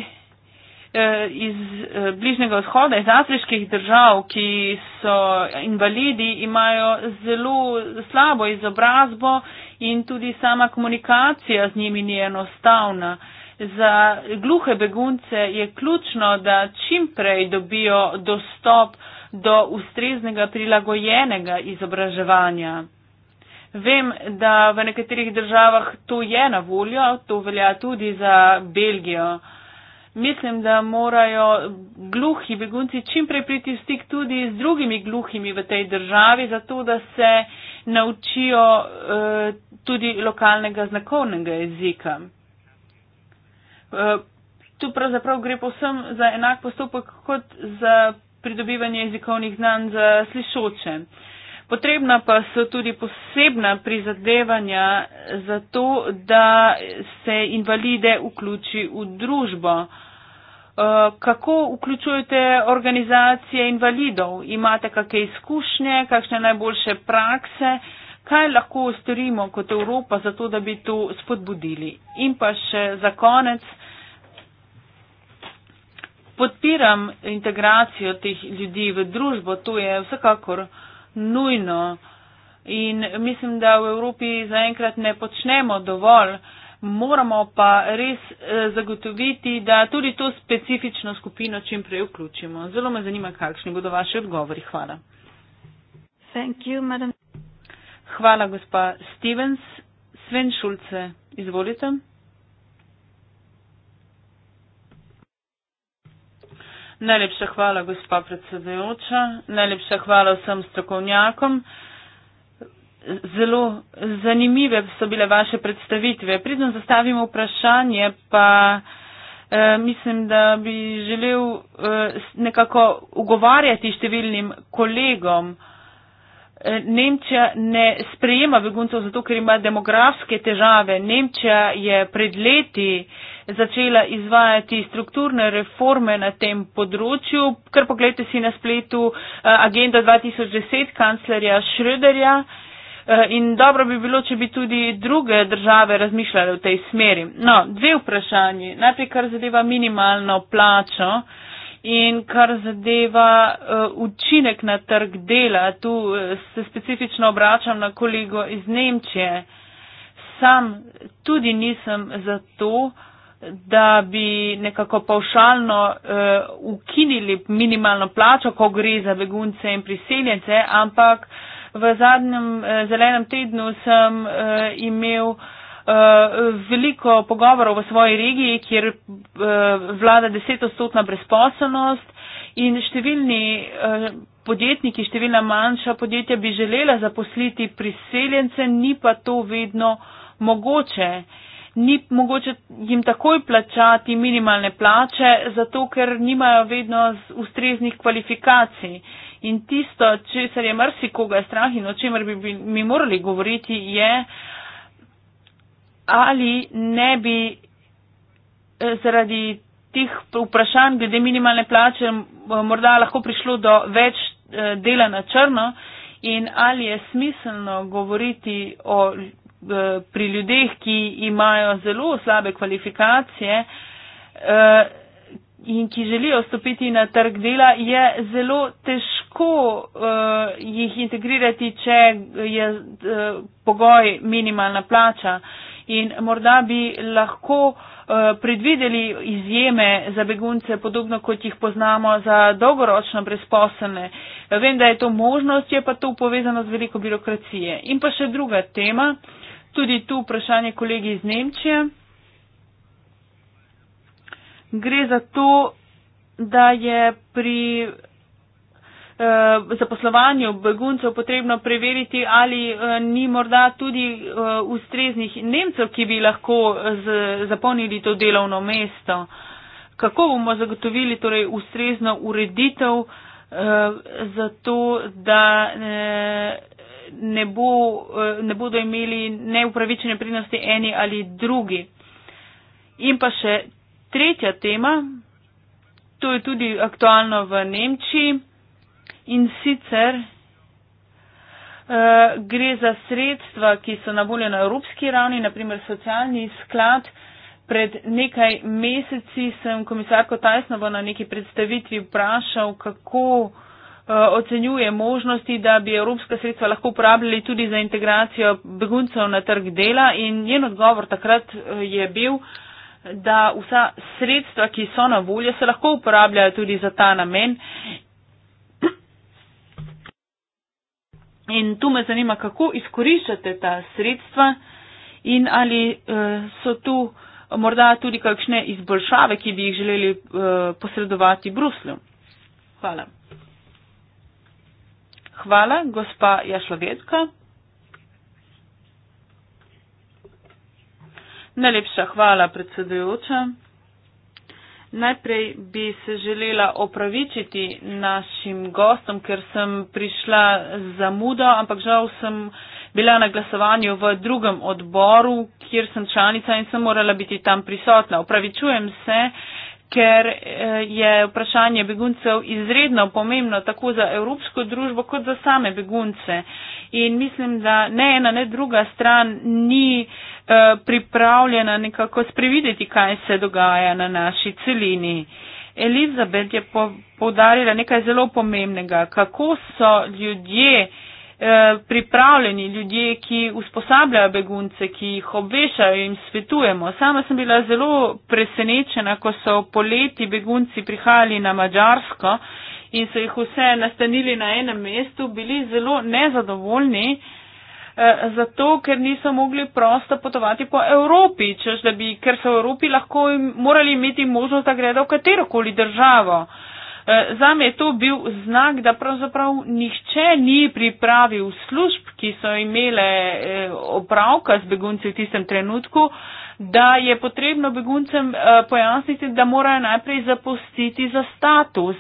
Eh, iz eh, bližnjega vzhoda, iz afriških držav, ki so invalidi, imajo zelo slabo izobrazbo in tudi sama komunikacija z njimi ni enostavna. Za gluhe begunce je ključno, da čim prej dobijo dostop do ustreznega prilagojenega izobraževanja. Vem, da v nekaterih državah to je na voljo, to velja tudi za Belgijo. Mislim, da morajo gluhi begunci čim prej priti v stik tudi z drugimi gluhimi v tej državi, zato da se naučijo eh, tudi lokalnega znakovnega jezika. Eh, tu pravzaprav gre povsem za enak postopek kot za pridobivanje jezikovnih znanj za slišoče. Uh, Potrebna pa so tudi posebna prizadevanja za to, da se invalide vključi v družbo. Uh, kako vključujete organizacije invalidov? Imate kakšne izkušnje, kakšne najboljše prakse? Kaj lahko storimo kot Evropa za to, da bi to spodbudili? In pa še za konec. Podpiram integracijo teh ljudi v družbo, to je vsekakor nujno. In mislim, da v Evropi zaenkrat ne počnemo dovolj. Moramo pa res eh, zagotoviti, da tudi to specifično skupino čim prej vključimo. Zelo me zanima, kakšni bodo vaši odgovori. Hvala. You, Hvala, gospa Stevens. Sven Šulce, izvolite. Najlepša hvala, gospa predsedajoča. Najlepša hvala vsem strokovnjakom. Zelo zanimive so bile vaše predstavitve. Pridno zastavim vprašanje, pa eh, mislim, da bi želel eh, nekako ugovarjati številnim kolegom. Eh, Nemčija ne sprejema beguncev zato, ker ima demografske težave. Nemčija je pred leti eh, začela izvajati strukturne reforme na tem področju. Kar pogledajte si na spletu eh, Agenda 2010 kanclerja Schröderja. Eh, in dobro bi bilo, če bi tudi druge države razmišljale v tej smeri. No, dve vprašanji. Najprej, kar zadeva minimalno plačo in kar zadeva uh, učinek na trg dela. Tu se specifično obračam na kolego iz Nemčije. Sam tudi nisem za to, uh, da bi nekako pavšalno uh, ukinili minimalno plačo, ko gre za begunce in priseljence, ampak v zadnjem uh, zelenem tednu sem uh, imel veliko pogovorov v svoji regiji, kjer vlada desetostotna brezposobnost in številni podjetniki, številna manjša podjetja bi želela zaposliti priseljence, ni pa to vedno mogoče ni mogoče jim takoj plačati minimalne plače, zato ker nimajo vedno ustreznih kvalifikacij. In tisto, česar je mrsikoga strah in o čemer bi, bi mi morali govoriti, je, ali ne bi eh, zaradi tih vprašanj glede minimalne plače morda lahko prišlo do več eh, dela na črno. In ali je smiselno govoriti o pri ljudeh, ki imajo zelo slabe kvalifikacije eh, in ki želijo stopiti na trg dela, je zelo težko eh, jih integrirati, če je eh, pogoj minimalna plača. In morda bi lahko predvideli izjeme za begunce, podobno kot jih poznamo za dolgoročno brezposelne. Vem, da je to možnost, je pa to povezano z veliko birokracije. In pa še druga tema, Tudi tu vprašanje kolegi iz Nemčije. Gre za to, da je pri eh, zaposlovanju beguncev potrebno preveriti, ali eh, ni morda tudi eh, ustreznih Nemcev, ki bi lahko eh, z, zapolnili to delovno mesto. Kako bomo zagotovili torej, ustrezno ureditev eh, za to, da. Eh, ne, bo, eh, ne bodo imeli neupravičene prednosti eni ali drugi. In pa še tretja tema, to je tudi aktualno v Nemčiji in sicer eh, gre za sredstva, ki so na voljo na evropski ravni, naprimer socialni sklad. Pred nekaj meseci sem komisarko Tajsnovo na neki predstavitvi vprašal, kako uh, Eh, ocenjuje možnosti, da bi evropska sredstva lahko uporabljali tudi za integracijo beguncev na trg dela in njen odgovor takrat eh, je bil, da vsa sredstva, ki so na voljo, se lahko uporabljajo tudi za ta namen. In tu me zanima, kako izkoriščate ta sredstva in ali eh, so tu morda tudi kakšne izboljšave, ki bi jih želeli posredovati Bruslju. Hvala. Hvala, gospa Jašlovetka. Najlepša hvala, predsedujoča. Najprej bi se želela opravičiti našim gostom, ker sem prišla z zamudo, ampak žal sem bila na glasovanju v drugem odboru, kjer sem članica in sem morala biti tam prisotna. Opravičujem se. Uh, ker eh, je vprašanje beguncev izredno pomembno tako za evropsko družbo kot za same begunce. In mislim, da ne ena, ne druga stran ni eh, pripravljena nekako sprevideti, kaj se dogaja na naši celini. Elizabet je po, povdarila nekaj zelo pomembnega, kako so ljudje, Eh, pripravljeni ljudje, ki usposabljajo begunce, ki jih obvešajo in svetujemo. Sama sem bila zelo presenečena, ko so poleti begunci prihajali na Mačarsko in so jih vse nastanili na enem mestu, bili zelo nezadovoljni, eh, zato ker niso mogli prosto potovati po Evropi, čež da bi, ker so v Evropi lahko morali imeti možnost, da gredo v katerokoli državo. Eh, za me je to bil znak, da pravzaprav nihče ni pripravil služb, ki so imele eh, opravka z begunci v tistem trenutku, da je potrebno beguncem eh, pojasniti, da morajo najprej zapustiti za status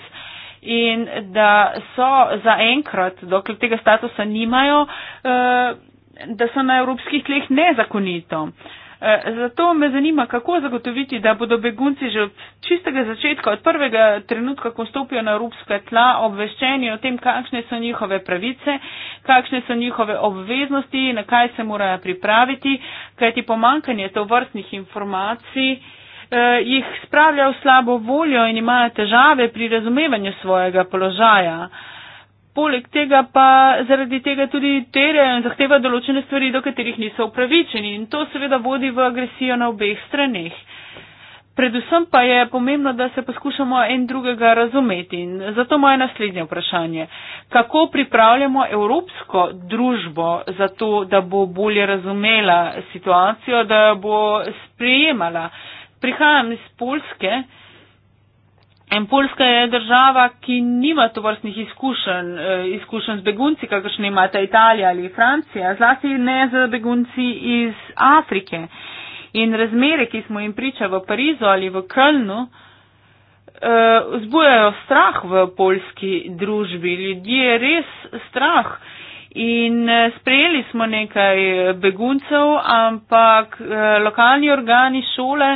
in da so zaenkrat, dokler tega statusa nimajo, da so na evropskih tleh nezakonito. Eh, zato me zanima, kako zagotoviti, da bodo begunci že od čistega začetka, od prvega trenutka, ko stopijo na rubska tla, obveščeni o tem, kakšne so njihove pravice, kakšne so njihove obveznosti, na kaj se morajo pripraviti, kajti pomankanje to vrstnih informacij eh, jih spravlja v slabo voljo in imajo težave pri razumevanju svojega položaja poleg tega pa zaradi tega tudi terejo in zahteva določene stvari, do katerih niso upravičeni. In to seveda vodi v agresijo na obeh straneh. Predvsem pa je pomembno, da se poskušamo en drugega razumeti. In zato moje naslednje vprašanje. Kako pripravljamo evropsko družbo za to, da bo bolje razumela situacijo, da bo sprejemala? Prihajam iz Polske. En Poljska je država, ki nima tovrstnih izkušenj, eh, izkušenj z begunci, kakršne imata Italija ali Francija, zlasti ne z begunci iz Afrike. In razmere, ki smo jim priča v Parizu ali v Kölnu, eh, vzbujajo strah v polski družbi. Ljudje je res strah. In eh, sprejeli smo nekaj beguncev, ampak lokalni organi šole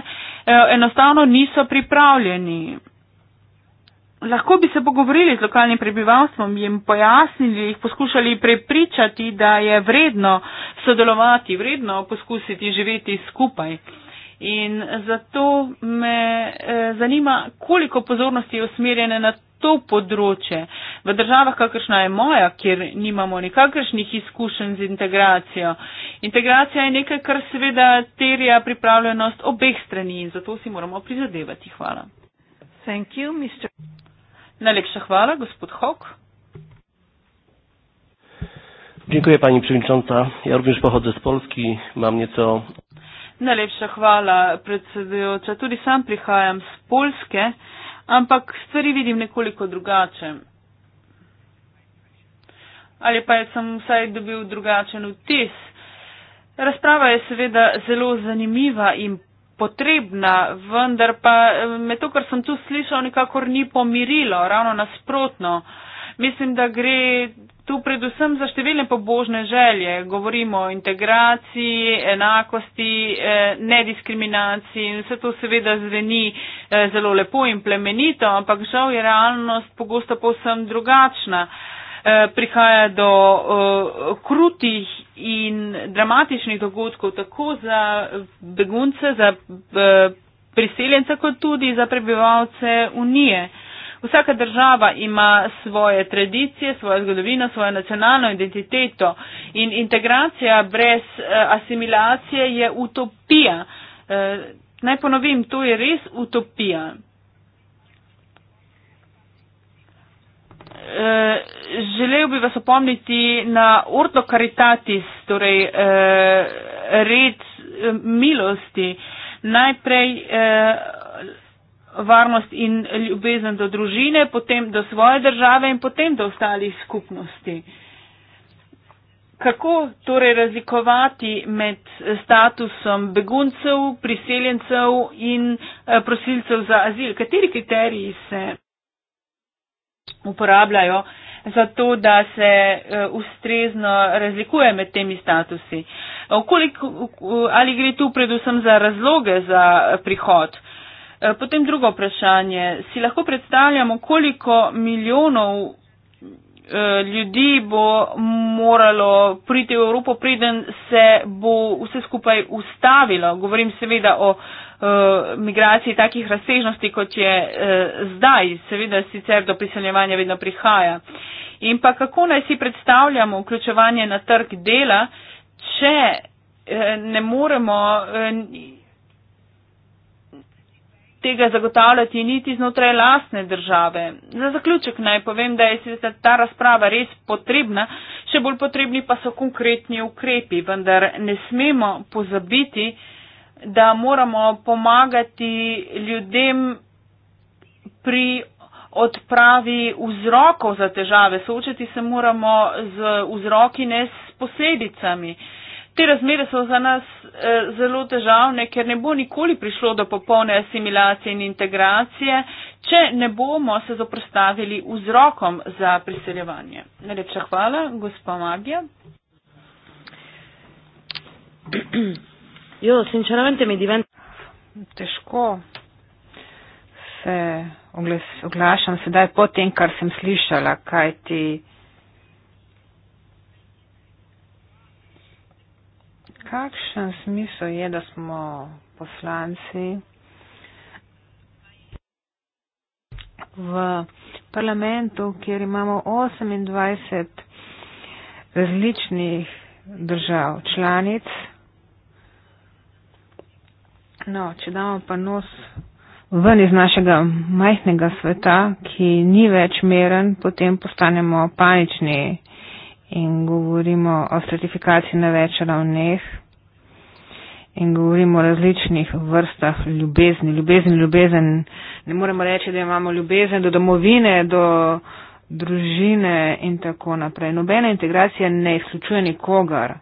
enostavno niso pripravljeni. Lahko bi se pogovorili z lokalnim prebivalstvom, jim pojasnili, jih poskušali prepričati, da je vredno sodelovati, vredno poskusiti živeti skupaj. In zato me eh, zanima, koliko pozornosti je usmerjene na to področje. V državah, kakršna je moja, kjer nimamo nikakršnih izkušenj z integracijo. Integracija je nekaj, kar seveda terja pripravljenost obeh strani in zato si moramo prizadevati. Hvala. Thank you, Mr. Najlepsza chwała, gospod Hock. Dziękuję pani przewodnicząca. Ja również pochodzę z Polski, mam nieco. Najlepsza chwała, przewodnicząca. Tudi sam przychajam z Polski, ampak stvari vidim nekoliko drugače. Ali pa je sem vsaj dobil drugačen vtis. Razprava je seveda zelo zanimiva in potrebna, vendar pa me to, kar sem tu slišal, nikakor ni pomirilo, ravno nasprotno. Mislim, da gre tu predvsem za številne pobožne želje. Govorimo o integraciji, enakosti, eh, nediskriminaciji in vse to seveda zveni eh, zelo lepo in plemenito, ampak žal je realnost pogosto povsem drugačna. Eh, prihaja do krutih in dramatičnih dogodkov tako za begunce, za eh, priseljence, kot tudi za prebivalce Unije. Vsaka država ima svoje tradicije, svojo zgodovino, svojo nacionalno identiteto in integracija brez eh, asimilacije je utopija. Eh, naj ponovim, to je res utopija. Eh, želel bi vas opomniti na ordo caritatis, torej eh, red eh, milosti. Najprej eh, varnost in ljubezen do družine, potem do svoje države in potem do ostalih skupnosti. Kako torej razlikovati med statusom beguncev, priseljencev in eh, prosilcev za azil? Kateri kriteriji se uporabljajo, zato da se e, ustrezno razlikuje med temi statusi. Koliko, ali gre tu predvsem za razloge za prihod? E, potem drugo vprašanje. Si lahko predstavljamo, koliko milijonov Eh, ljudi bo moralo priti v Evropo, preden se bo vse skupaj ustavilo. Govorim seveda o eh, migraciji takih razsežnosti, kot je eh, zdaj, seveda sicer do priseljevanja vedno prihaja. In pa kako naj si predstavljamo vključevanje na trg dela, če ne moremo tega zagotavljati niti znotraj lastne države. Za zaključek naj povem, da je ta razprava res potrebna, še bolj potrebni pa so konkretni ukrepi, vendar ne smemo pozabiti, da moramo pomagati ljudem pri odpravi vzrokov za težave. Soočati se moramo z vzroki, ne s posledicami. Uh, te razmere so za nas eh, zelo težavne, ker ne bo nikoli prišlo do popolne asimilacije in integracije, če ne bomo se zoprostavili vzrokom za priseljevanje. Najlepša hvala, gospa Magija. Jo, sinceramente mi diventa. Težko se oglašam sedaj po tem, kar sem slišala, kaj ti. kakšen smisel je, da smo poslanci v parlamentu, kjer imamo 28 različnih držav članic. No, če damo pa nos ven iz našega majhnega sveta, ki ni več meren, potem postanemo panični in govorimo o certifikaciji na več ravneh in govorimo o različnih vrstah ljubezni, ljubezni, ljubezen. Ne moremo reči, da imamo ljubezen do domovine, do družine in tako naprej. Nobena integracija ne izključuje nikogar.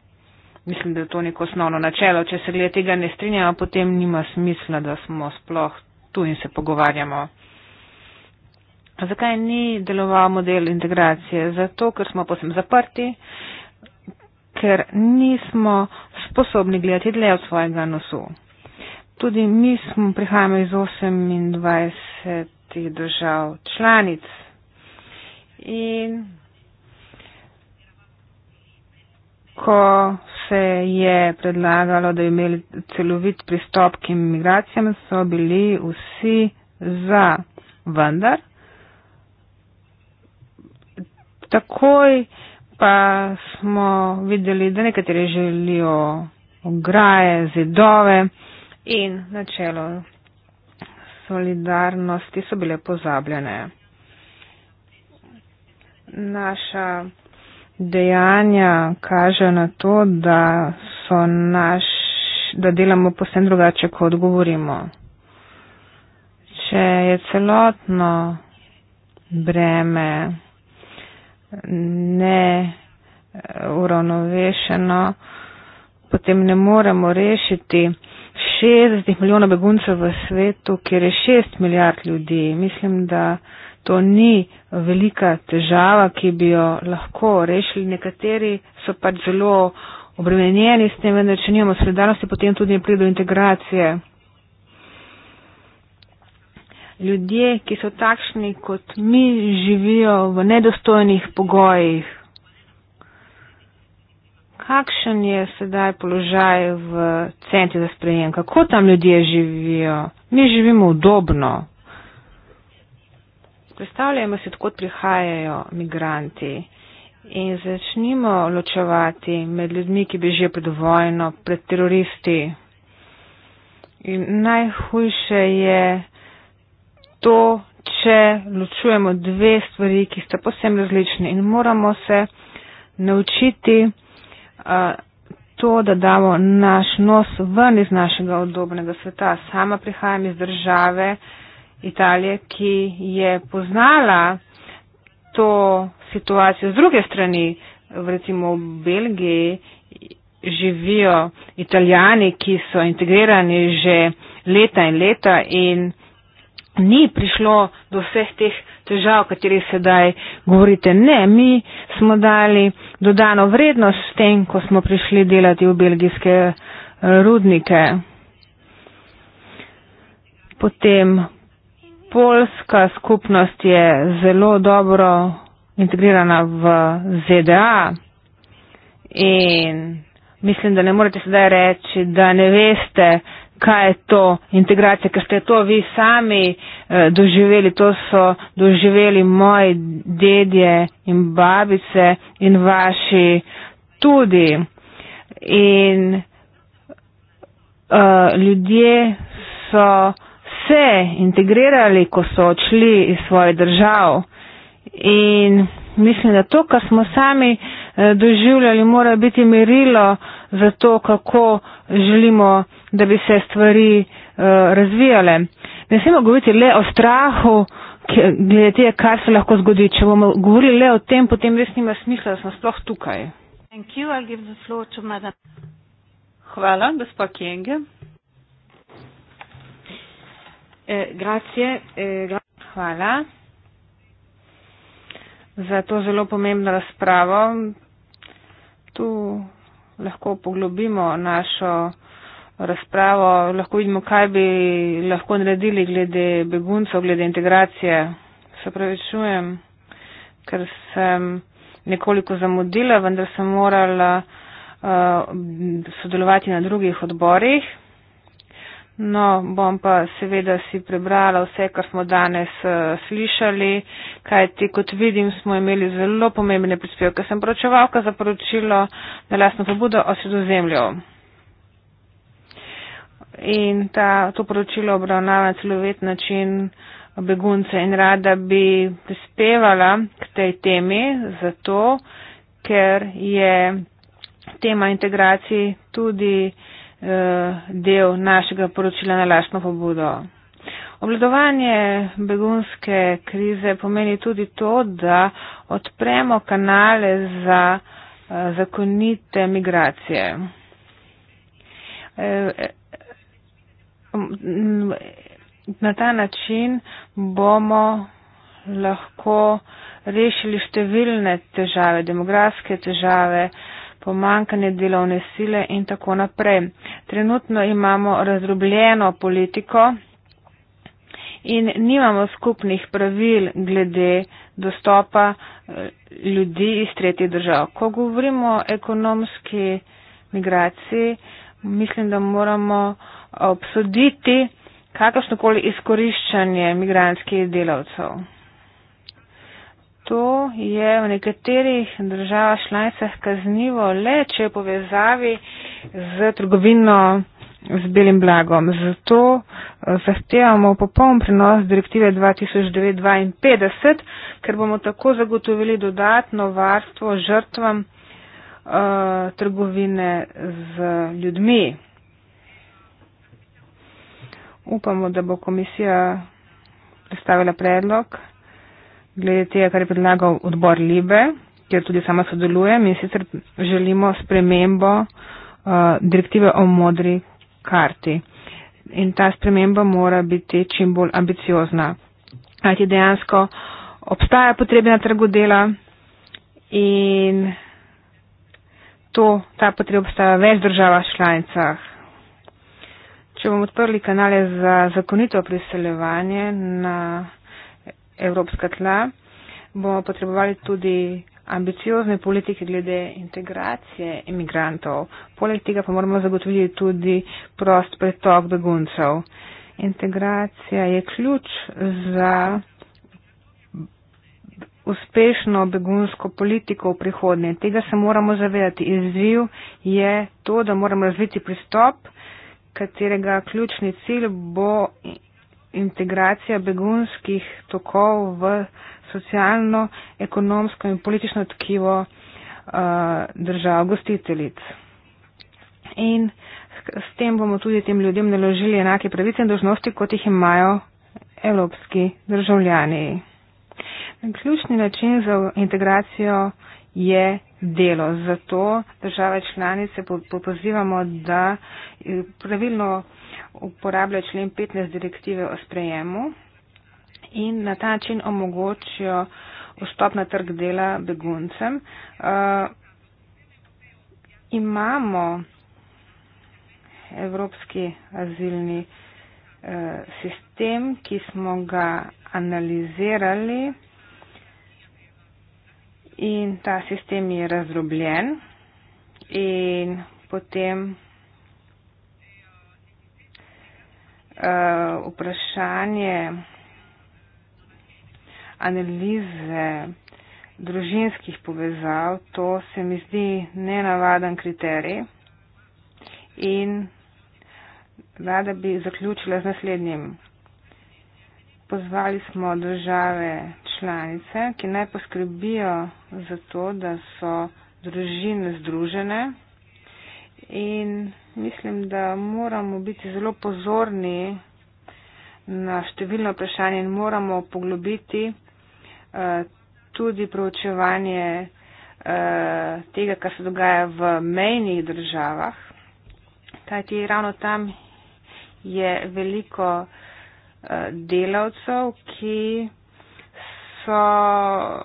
Mislim, da je to neko osnovno načelo. Če se glede tega ne strinjamo, potem nima smisla, da smo sploh tu in se pogovarjamo. Zakaj ni deloval model integracije? Zato, ker smo posem zaprti, ker nismo sposobni gledati dlje od svojega nosu. Tudi mi smo prihajamo iz 28 držav članic in ko se je predlagalo, da bi imeli celovit pristop k imigracijam, so bili vsi za. Vendar, takoj pa smo videli, da nekateri želijo ograje, zidove in načelo solidarnosti so bile pozabljene. Naša dejanja kaže na to, da, naš, da delamo posebno drugače, kot govorimo. Če je celotno breme neuravnovešeno, eh, potem ne moremo rešiti 60 milijonov beguncev v svetu, kjer je 6 milijard ljudi. Mislim, da to ni velika težava, ki bi jo lahko rešili. Nekateri so pač zelo obremenjeni s tem, vendar če nimamo solidarnosti, potem tudi ne pride do integracije ljudje, ki so takšni kot mi, živijo v nedostojnih pogojih. Kakšen je sedaj položaj v centru za sprejem? Kako tam ljudje živijo? Mi živimo udobno. Predstavljajmo si, odkot prihajajo migranti in začnimo ločevati med ljudmi, ki bežijo pred vojno, pred teroristi. In najhujše je to, če ločujemo dve stvari, ki sta posebno različni in moramo se naučiti a, to, da damo naš nos ven iz našega odobnega sveta. Sama prihajam iz države Italije, ki je poznala to situacijo z druge strani, recimo v Belgiji živijo italijani, ki so integrirani že leta in leta in ni prišlo do vseh teh težav, o katerih sedaj govorite. Ne, mi smo dali dodano vrednost s tem, ko smo prišli delati v belgijske eh, rudnike. Potem polska skupnost je zelo dobro integrirana v ZDA in mislim, da ne morete sedaj reči, da ne veste, kaj je to integracija, ker ste to vi sami eh, doživeli, to so doživeli moji dedje in babice in vaši tudi. In eh, ljudje so se integrirali, ko so odšli iz svojih držav. In mislim, da to, kar smo sami eh, doživljali, mora biti merilo za to, kako želimo da bi se stvari eh, razvijale. Ne smemo govoriti le o strahu, glede tega, kar se lahko zgodi. Če bomo govorili le o tem, potem res nima smisla, da smo sploh tukaj. You, Hvala, gospod Kenge. Eh, grazie, eh, gra Hvala za to zelo pomembno razpravo. Tu lahko poglobimo našo razpravo, lahko vidimo, kaj bi lahko naredili glede beguncev, glede integracije. Se pravi, čujem, ker sem nekoliko zamudila, vendar sem morala uh, sodelovati na drugih odborih. No, bom pa seveda si prebrala vse, kar smo danes uh, slišali, kajti kot vidim, smo imeli zelo pomembne prispevke. Sem poročevalka za poročilo na lastno pobudo o sredozemlju in ta, to poročilo obravnava celovit način begunce in rada bi prispevala k tej temi zato, ker je tema integracije tudi eh, del našega poročila na lašno pobudo. Obladovanje begunske krize pomeni tudi to, da odpremo kanale za eh, zakonite migracije. Eh, na ta način bomo lahko rešili številne težave, demografske težave, pomankanje delovne sile in tako naprej. Trenutno imamo razdrobljeno politiko in nimamo skupnih pravil glede dostopa eh, ljudi iz tretjih držav. Ko govorimo o ekonomski migraciji, mislim, da moramo obsoditi kakršnokoli izkoriščanje migranskih delavcev. To je v nekaterih državah šlajcah kaznivo le, če je povezavi z trgovino z belim blagom. Zato eh, zahtevamo popoln prenos direktive 2009-52, ker bomo tako zagotovili dodatno varstvo žrtvam uh, trgovine z ljudmi upamo, da bo komisija predstavila predlog glede tega, kar je predlagal odbor Libe, kjer tudi sama sodelujem in sicer želimo spremembo uh, direktive o modri karti. In ta sprememba mora biti čim bolj ambiciozna. Kajti dejansko obstaja potrebna trgu dela in to, ta potreba obstaja v več državah članicah. Če bomo odprli kanale za zakonito priseljevanje na evropska tla, bomo potrebovali tudi ambiciozne politike glede integracije imigrantov. Poleg tega pa moramo zagotoviti tudi prost pretok beguncev. Integracija je ključ za uspešno begunsko politiko v prihodnje. Tega se moramo zavedati. Izziv je to, da moramo razviti pristop, katerega ključni cilj bo integracija begunskih tokov v socialno, ekonomsko in politično tkivo eh, držav gostiteljic. In s tem bomo tudi tem ljudem naložili enake pravice in dožnosti, kot jih imajo evropski državljani. Ključni način za integracijo je delo. Zato države članice pozivamo, da pravilno uporabljajo člen 15 direktive o sprejemu in na ta način omogočijo vstop na trg dela beguncem. Uh, imamo evropski azilni uh, sistem, ki smo ga analizirali in ta sistem je razdrobljen in potem uh, vprašanje analize družinskih povezav, to se mi zdi nenavaden kriterij in rada bi zaključila z naslednjim. Pozvali smo države članice, ki naj poskrbijo za to, da so družine združene. In mislim, da moramo biti zelo pozorni na številno vprašanje in moramo poglobiti eh, tudi proučevanje eh, tega, kar se dogaja v mejnih državah. Kajti ravno tam je veliko eh, delavcev, ki so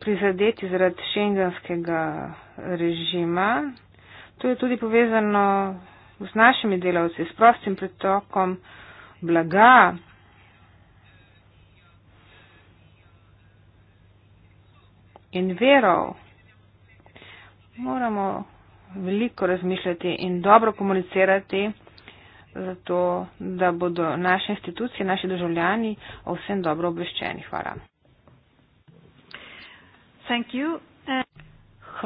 prizadeti zaradi šengenskega režima. To je tudi povezano z našimi delavci, s prostim pritokom blaga. In verov moramo veliko razmišljati in dobro komunicirati, zato da bodo naše institucije, naši državljani o vsem dobro obveščeni. Hvala. Thank you. Uh,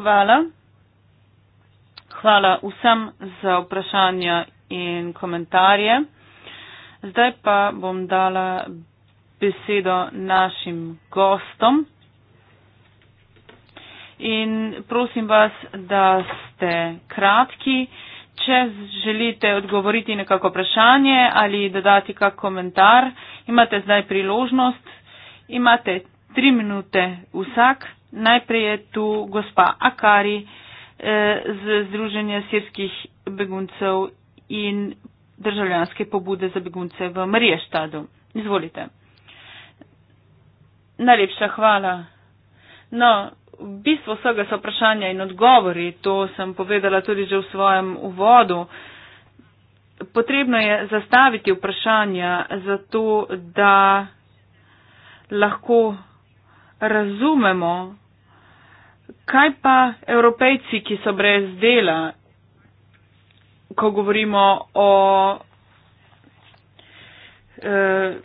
Hvala. Hvala vsem za vprašanja in komentarje. Zdaj pa bom dala besedo našim gostom. In prosim vas, da ste kratki. Če želite odgovoriti na kako vprašanje ali dodati kak komentar, imate zdaj priložnost. Imate tri minute vsak. Najprej je tu gospa Akari eh, z Združenja sirskih beguncev in državljanske pobude za begunce v Mariještadu. Izvolite. Najlepša hvala. No, v bistvu vsega so vprašanja in odgovori, to sem povedala tudi že v svojem uvodu. Potrebno je zastaviti vprašanja zato, da lahko razumemo Kaj pa evropejci, ki so brez dela, ko govorimo o eh,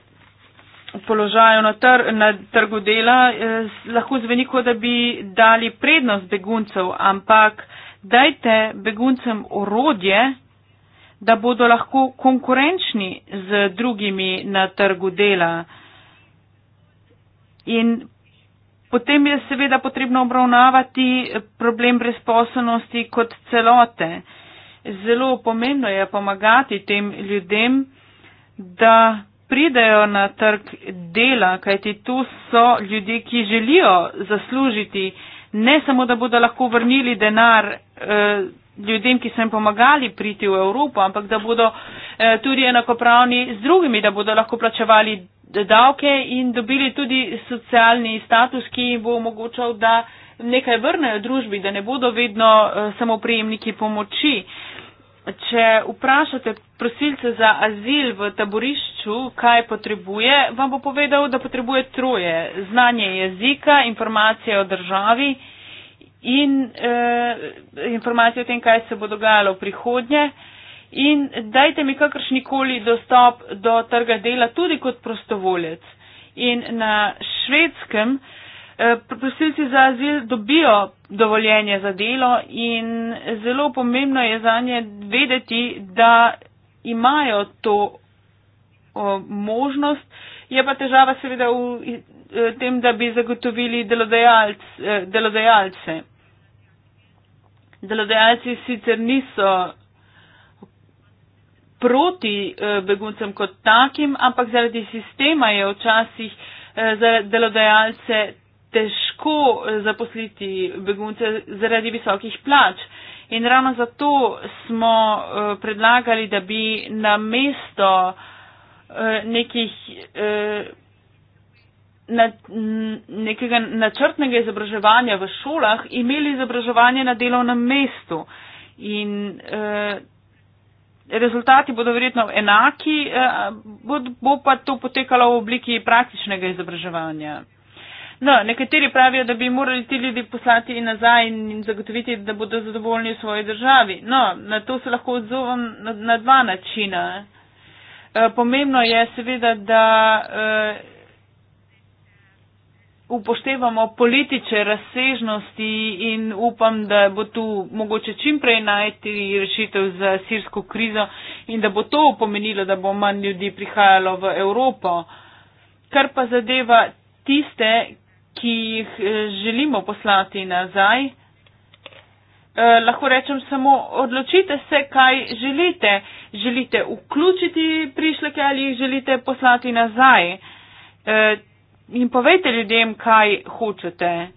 položaju na, tr na trgu dela, eh, lahko zveni, kot da bi dali prednost beguncev, ampak dajte beguncem orodje, da bodo lahko konkurenčni z drugimi na trgu dela. In Potem je seveda potrebno obravnavati problem brezposobnosti kot celote. Zelo pomembno je pomagati tem ljudem, da pridejo na trg dela, kajti tu so ljudje, ki želijo zaslužiti, ne samo, da bodo lahko vrnili denar eh, ljudem, ki so jim pomagali priti v Evropo, ampak da bodo eh, tudi enakopravni z drugimi, da bodo lahko plačevali davke in dobili tudi socialni status, ki jim bo omogočal, da nekaj vrnejo družbi, da ne bodo vedno eh, samo prejemniki pomoči. Če vprašate prosilce za azil v taborišču, kaj potrebuje, vam bo povedal, da potrebuje troje. Znanje jezika, informacije o državi in eh, informacije o tem, kaj se bo dogajalo v prihodnje. Eh, in dajte mi kakršnikoli dostop do trga dela, tudi kot prostovolec. In na švedskem eh, prosilci za azil dobijo dovoljenje za delo in zelo pomembno je za nje vedeti, da imajo to možnost. Je pa težava seveda v eh, tem, da bi zagotovili delodajalc, eh, delodajalce. Delodajalci sicer niso proti eh, beguncem kot takim, ampak zaradi sistema je včasih eh, za delodajalce težko eh, zaposliti begunce zaradi visokih plač. In ravno zato smo eh, predlagali, da bi na mesto eh, nekih. Eh, Na, nekega načrtnega izobraževanja v šolah, imeli izobraževanje na delovnem mestu. In eh, rezultati bodo verjetno enaki, eh, bo, bo pa to potekalo v obliki praktičnega izobraževanja. No, nekateri pravijo, da bi morali ti ljudi poslati in nazaj in zagotoviti, da bodo zadovoljni v svoji državi. No, na to se lahko odzovem na, na dva načina. E, pomembno je seveda, da. E, upoštevamo politične razsežnosti in upam, da bo tu mogoče čimprej najti rešitev za sirsko krizo in da bo to pomenilo, da bo manj ljudi prihajalo v Evropo. Kar pa zadeva tiste, ki jih eh, želimo poslati nazaj, eh, lahko rečem samo odločite se, kaj želite. Želite vključiti prišleke ali jih želite poslati nazaj. Eh, in povejte ljudem, kaj hočete.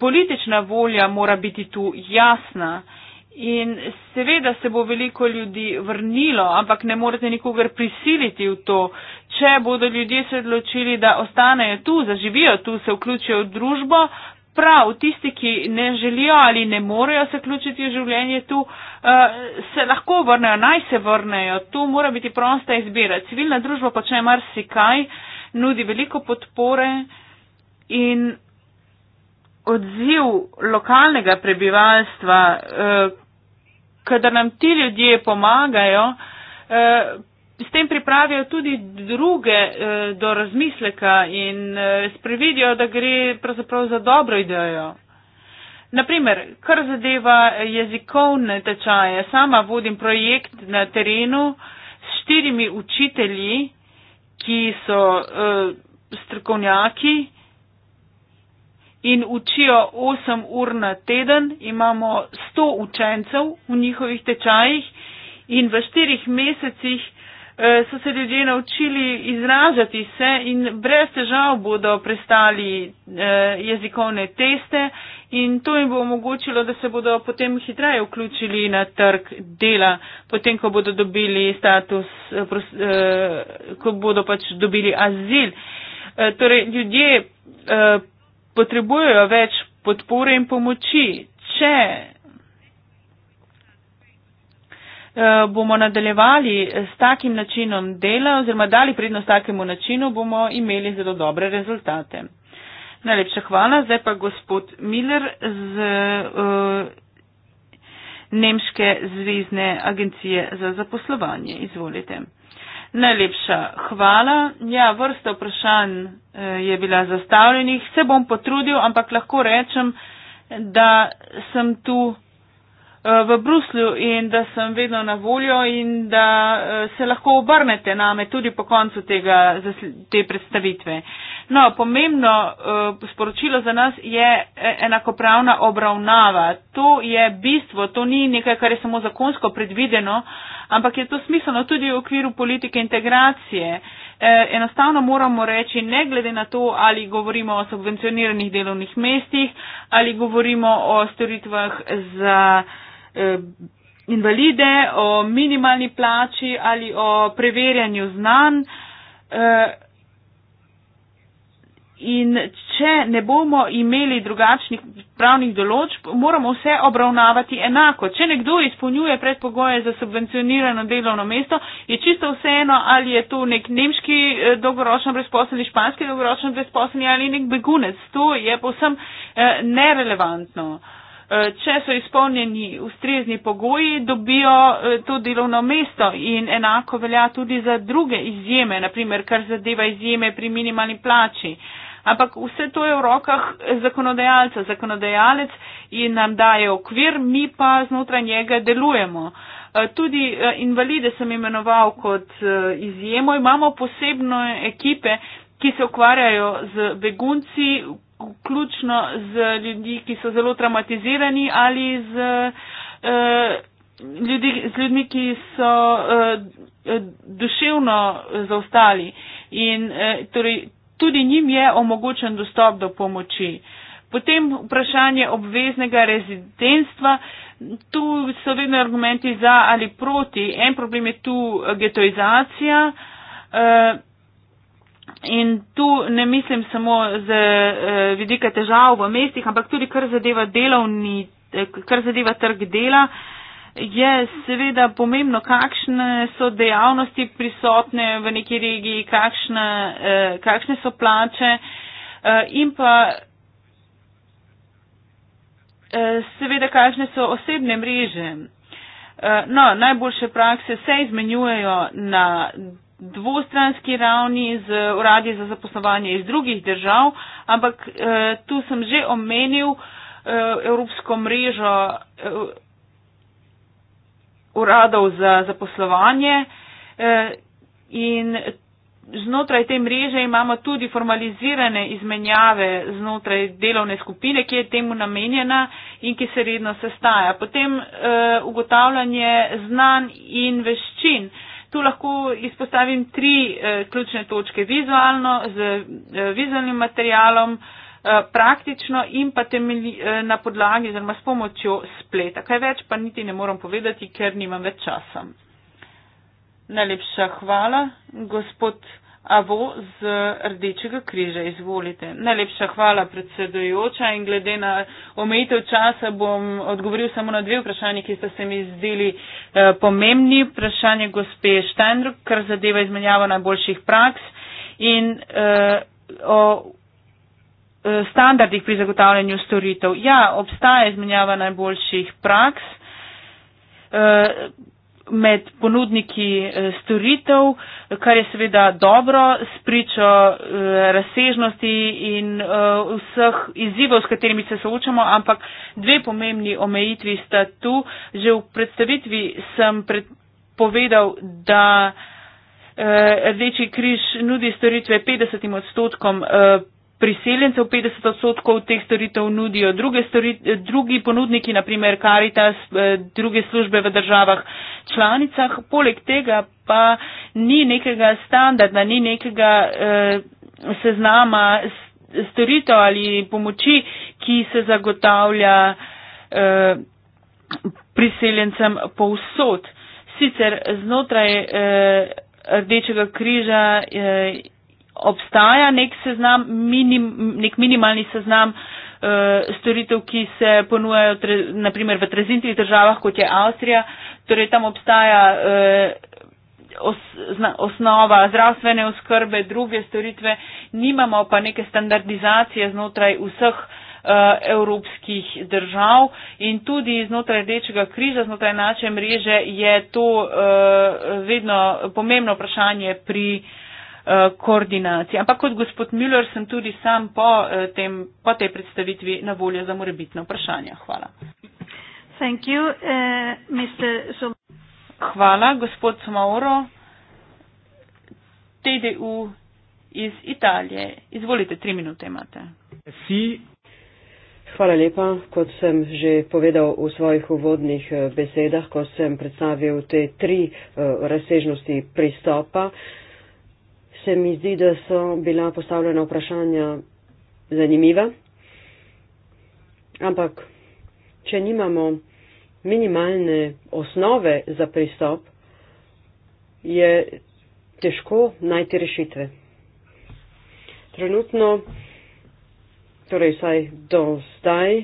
Politična volja mora biti tu jasna in seveda se bo veliko ljudi vrnilo, ampak ne morete nikogar prisiliti v to. Če bodo ljudje se odločili, da ostanejo tu, zaživijo tu, se vključijo v družbo, prav tisti, ki ne želijo ali ne morejo se vključiti v življenje tu, eh, se lahko vrnejo, naj se vrnejo. Tu mora biti prosta izbira. Civilna družba počne marsikaj nudi veliko podpore in odziv lokalnega prebivalstva, eh, kadar nam ti ljudje pomagajo, eh, s tem pripravijo tudi druge eh, do razmisleka in sprevidijo, da gre pravzaprav za dobro idejo. Naprimer, kar zadeva jezikovne tečaje, sama vodim projekt na terenu s štirimi učitelji, ki so uh, strokovnjaki in učijo 8 ur na teden, imamo 100 učencev v njihovih tečajih in v 4 mesecih uh, so se ljudje naučili izražati se in brez težav bodo prestali uh, jezikovne teste in to jim bo omogočilo, da se bodo potem hitreje vključili na trg dela, potem, ko bodo dobili status, eh, eh, ko bodo pač dobili azil. Eh, torej, ljudje potrebujejo več podpore in pomoči. Če bomo nadaljevali s takim načinom dela oziroma dali prednost takemu načinu, bomo imeli zelo dobre rezultate. Najlepša hvala. Zdaj pa gospod Miller z uh, Nemške zvezdne agencije za zaposlovanje. Izvolite. Najlepša hvala. Ja, vrsta vprašanj uh, je bila zastavljenih. Se bom potrudil, ampak lahko rečem, da sem tu. Eh, v Bruslju in da sem vedno na voljo in da eh, se lahko obrnete na me tudi po koncu tega, te predstavitve. No, pomembno eh, sporočilo za nas je enakopravna obravnava. To je bistvo, to ni nekaj, kar je samo zakonsko predvideno, ampak je to smiselno tudi v okviru politike integracije. Enostavno moramo reči, ne glede na to, ali govorimo o subvencioniranih delovnih mestih, ali govorimo o storitvah za. Eh, invalide, o minimalni plači ali o preverjanju znanj. Eh, in če ne bomo imeli drugačnih pravnih določb, moramo vse obravnavati enako. Če nekdo izpolnjuje predpogoje za subvencionirano delovno mesto, je čisto vseeno, ali je to nek nemški eh, dolgoročno brezposelni, španski dolgoročno brezposelni ali nek begunec. To je povsem nerelevantno. Eh, če so izpolnjeni ustrezni pogoji, dobijo eh, to delovno mesto in enako velja tudi za druge izjeme, naprimer, kar zadeva izjeme pri minimalni plači. Ampak vse to je v rokah zakonodajalca. Zakonodajalec jim nam daje okvir, mi pa znotraj njega delujemo. Eh, tudi invalide sem imenoval kot izjemo. Imamo posebne ekipe, ki se ukvarjajo z begunci, vključno z ljudmi, ki so zelo traumatizirani ali z, eh, ljudi, z ljudmi, ki so eh, duševno zaostali. In eh, torej, tudi njim je omogočen dostop do pomoči. Potem vprašanje obveznega rezidentstva. Tu so vedno argumenti za ali proti. En problem je tu getoizacija. Eh, In tu ne mislim samo z eh, vidika težav v mestih, ampak tudi kar zadeva delovni, eh, kar zadeva trg dela, je seveda pomembno, kakšne so dejavnosti prisotne v neki regiji, kakšne, eh, kakšne so plače in pa seveda kakšne so osebne mreže. No, najboljše prakse se izmenjujejo na dvostranski ravni z uradi za zaposlovanje iz drugih držav, ampak eh, tu sem že omenil eh, Evropsko mrežo eh, uradov za zaposlovanje eh, in znotraj te mreže imamo tudi formalizirane izmenjave znotraj delovne skupine, ki je temu namenjena in ki se redno sestaja. Potem eh, ugotavljanje znanj in veščin. Eh, tu lahko izpostavim tri eh, ključne točke. Vizualno, z eh, vizualnim materialom, eh, praktično in pa temelji, eh, na podlagi oziroma s pomočjo spleta. Kaj več pa niti ne moram povedati, ker nimam več časa. Najlepša hvala, gospod Avo z Rdečega križa, izvolite. Najlepša hvala, predsedujoča, in glede na omejitev časa bom odgovoril samo na dve vprašanje, ki sta se mi zdeli eh, pomembni. Vprašanje gospe Štenruk, kar zadeva izmenjavo najboljših praks in eh, o eh, standardih pri zagotavljanju storitev. Ja, obstaja izmenjava najboljših praks. Eh, med ponudniki eh, storitev, kar je seveda dobro, spričo eh, razsežnosti in eh, vseh izzivov, s katerimi se soočamo, ampak dve pomembni omejitvi sta tu. Že v predstavitvi sem povedal, da Rdeči križ nudi storitve 50 odstotkom priseljencev 50 odstotkov teh storitev nudijo, stori, drugi ponudniki, naprimer Karitas, eh, druge službe v državah članicah. Poleg tega pa ni nekega standarda, ni nekega eh, seznama storitev ali pomoči, ki se zagotavlja eh, priseljencem povsod. Sicer znotraj eh, Rdečega križa. Eh, obstaja nek seznam, minim, nek minimalni seznam eh, storitev, ki se ponujajo naprimer v trezintih državah, kot je Avstrija, torej tam obstaja eh, osnova zdravstvene oskrbe, druge storitve, nimamo pa neke standardizacije znotraj vseh eh, evropskih držav in tudi znotraj rdečega križa, znotraj naše mreže je to vedno pomembno vprašanje pri Eh, koordinacije. Ampak kot gospod Müller sem tudi sam po, eh, tem, po tej predstavitvi na voljo za morebitne vprašanja. Hvala. Thank you, uh, Hvala, gospod Mauro, TDU iz Italije. Izvolite, tri minute imate. Si. Hvala lepa. Kot sem že povedal v svojih uvodnih besedah, ko sem predstavil te tri uh, razsežnosti pristopa, uh, se mi zdi, da so bila postavljena vprašanja zanimiva. Ampak, če nimamo minimalne osnove za pristop, je težko najti rešitve. Trenutno, torej vsaj do zdaj,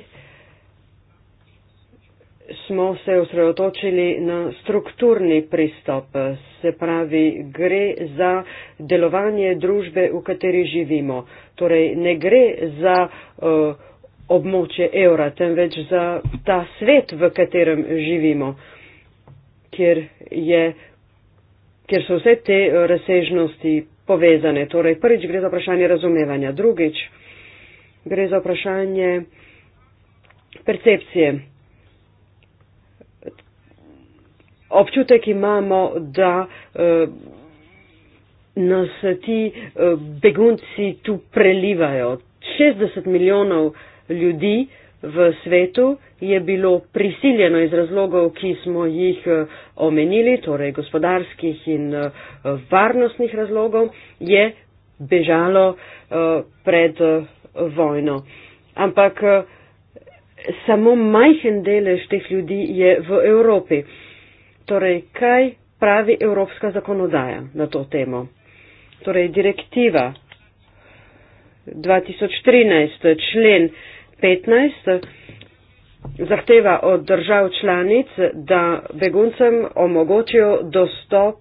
smo se osredotočili na strukturni pristop, se pravi, gre za delovanje družbe, v kateri živimo. Torej, ne gre za uh, območje evra, temveč za ta svet, v katerem živimo, kjer, je, kjer so vse te eh, razsežnosti povezane. Torej, prvič gre za vprašanje razumevanja, drugič gre za vprašanje percepcije. občutek imamo, da uh, nas ti uh, begunci tu prelivajo. 60 milijonov ljudi v svetu je bilo prisiljeno iz razlogov, ki smo jih eh, omenili, torej gospodarskih in varnostnih razlogov, je bežalo pred vojno. Ampak samo majhen delež teh ljudi je v Evropi. Torej, kaj pravi evropska zakonodaja na to temo? Torej, direktiva 2013, člen 15, zahteva od držav članic, da beguncem omogočijo dostop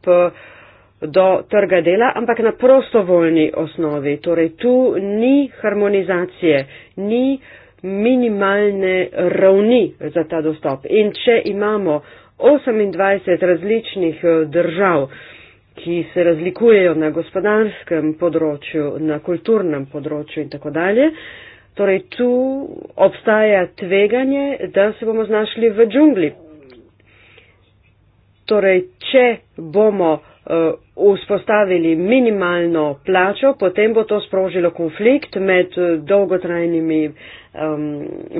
do trga dela, ampak na prostovoljni osnovi. Torej, tu ni harmonizacije, ni minimalne ravni za ta dostop. In če imamo 28 različnih eh, držav, ki se razlikujejo na gospodarskem področju, na kulturnem področju in tako dalje. Torej, tu obstaja tveganje, da se bomo znašli v džungli. Torej, če bomo uh, vzpostavili minimalno plačo, potem bo to sprožilo konflikt med eh, dolgotrajnimi um,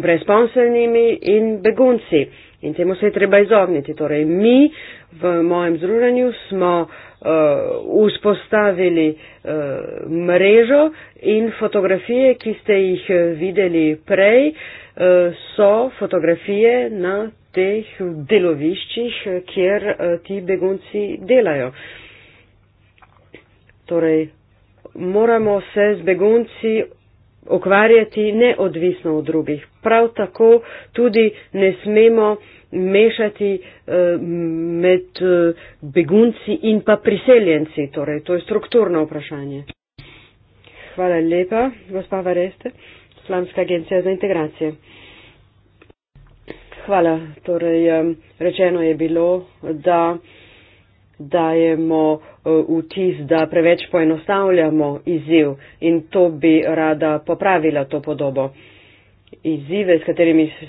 brezponselnimi in begunci. Uh, In temu se je treba izogniti. Torej, mi v mojem združenju smo uh, vzpostavili uh, mrežo in fotografije, ki ste jih uh, videli prej, uh, so fotografije na teh deloviščih, uh, kjer uh, ti begunci delajo. Torej, moramo se z begunci ukvarjati neodvisno od drugih. Prav tako tudi ne smemo mešati eh, med eh, begunci in pa priseljenci. Torej, to je strukturno vprašanje. Hvala lepa, gospa Vareste, Slamska agencija za integracije. Hvala. Torej, eh, rečeno je bilo, da dajemo eh, vtis, da preveč poenostavljamo izziv in to bi rada popravila to podobo. Izzive, s katerimi se,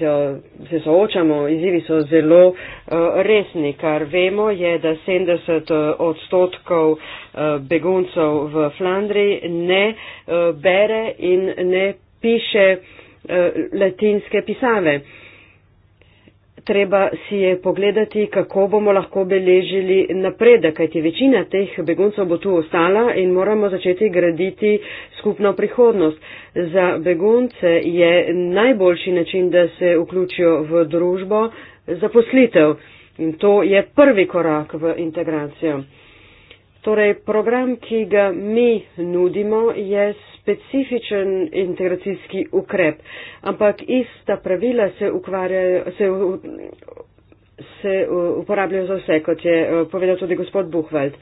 se soočamo, izzivi so zelo eh, resni, kar vemo je, da 70 eh, odstotkov beguncev v Flandriji ne bere in ne piše latinske pisave treba si je pogledati, kako bomo lahko beležili napredek, kajti večina teh beguncev bo tu ostala in moramo začeti graditi skupno prihodnost. Za begunce je najboljši način, da se vključijo v družbo, zaposlitev. In to je prvi korak v integracijo. Torej, program, ki ga mi nudimo, je specifičen integracijski ukrep, ampak ista pravila se, se, se uh, uporabljajo za vse, kot je uh, povedal tudi gospod Buhvald.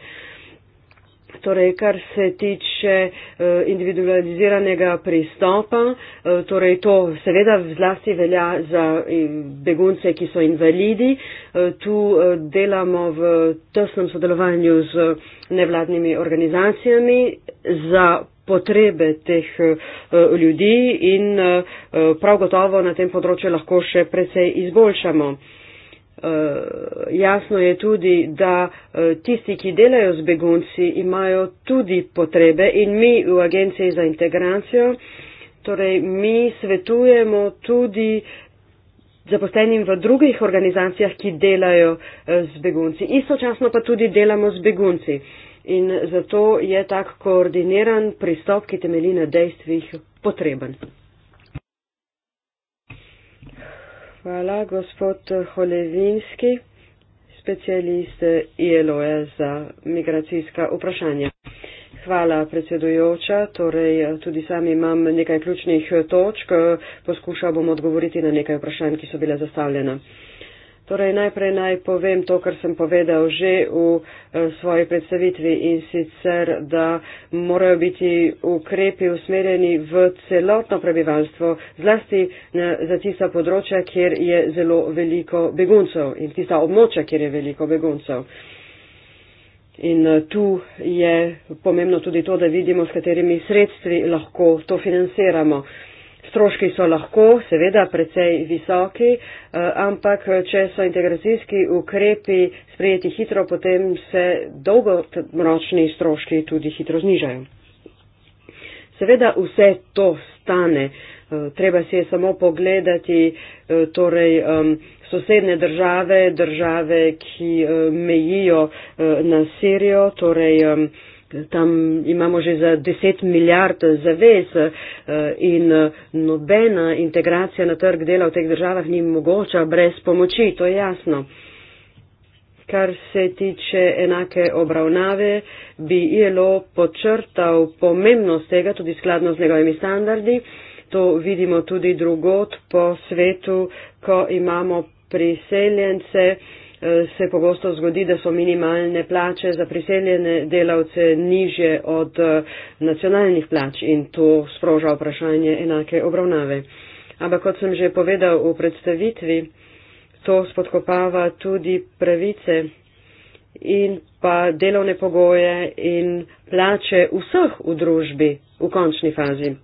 Torej, kar se tiče uh, individualiziranega pristopa, torej to seveda zlasti velja za begunce, ki so invalidi. Tu delamo v tesnem sodelovanju z nevladnimi organizacijami za potrebe teh eh, ljudi in eh, eh, prav gotovo na tem področju lahko še precej izboljšamo. Jasno je tudi, da tisti, ki delajo z begunci, imajo tudi potrebe in mi v Agenciji za integracijo, torej mi svetujemo tudi zaposlenim v drugih organizacijah, ki delajo z begunci. Istočasno pa tudi delamo z begunci in zato je tak koordiniran pristop, ki temeli na dejstvih, potreben. Hvala, gospod Holevinski, specialist ILOE za migracijska vprašanja. Hvala, predsedujoča. Torej, tudi sam imam nekaj ključnih točk. Poskušal bom odgovoriti na nekaj vprašanj, ki so bile zastavljene. Torej, najprej naj povem to, kar sem povedal že v eh, svoji predstavitvi in sicer, da morajo biti ukrepi usmerjeni v celotno prebivalstvo, zlasti eh, za tista področja, kjer je zelo veliko beguncev in tista območja, kjer je veliko beguncev. In eh, tu je pomembno tudi to, da vidimo, s katerimi sredstvi lahko to financiramo. Stroški so lahko, seveda, precej visoki, eh, ampak eh, če so integracijski ukrepi sprejeti hitro, potem se dolgoročni stroški tudi hitro znižajo. Seveda vse to stane. Eh, treba si je samo pogledati torej, sosedne države, države, ki mejijo na Sirijo, torej Tam imamo že za 10 milijard zavez eh, in eh, nobena integracija na trg dela v teh državah ni mogoča brez pomoči, to je jasno. Kar se tiče enake obravnave, bi ILO počrtal pomembnost tega tudi skladno z njegovimi standardi. To vidimo tudi drugot po svetu, ko imamo priseljence. Eh, se pogosto zgodi, da so minimalne plače za priseljene delavce niže od eh, nacionalnih plač in to sproža vprašanje enake obravnave. Ampak kot sem že povedal v predstavitvi, to spodkopava tudi pravice in pa delovne pogoje in plače vseh v družbi v končni fazi.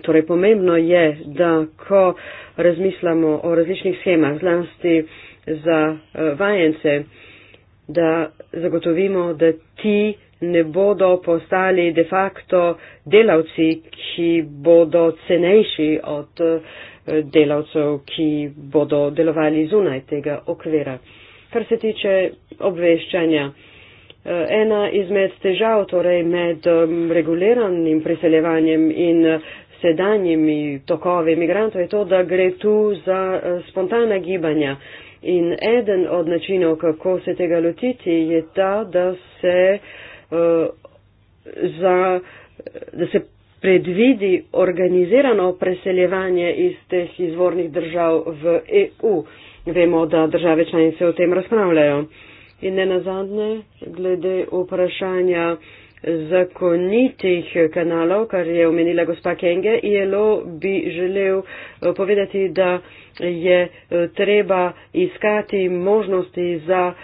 Torej pomembno je, da ko razmislamo o različnih schemah, zlasti za eh, vajence, da zagotovimo, da ti ne bodo postali de facto delavci, ki bodo cenejši od eh, delavcev, ki bodo delovali zunaj tega okvira. Kar se tiče obveščanja, eh, ena izmed težav torej med reguliranim priseljevanjem in sedanjimi tokovi imigrantov je to, da gre tu za spontana gibanja. In eden od načinov, kako se tega lotiti, je ta, da se, uh, za, da se predvidi organizirano preseljevanje iz teh izvornih držav v EU. Vemo, da države članice o tem razpravljajo. In ne nazadnje, glede vprašanja zakonitih kanalov, kar je omenila gospa Kenge, ILO bi želel eh, povedati, da je eh, treba iskati možnosti za uh,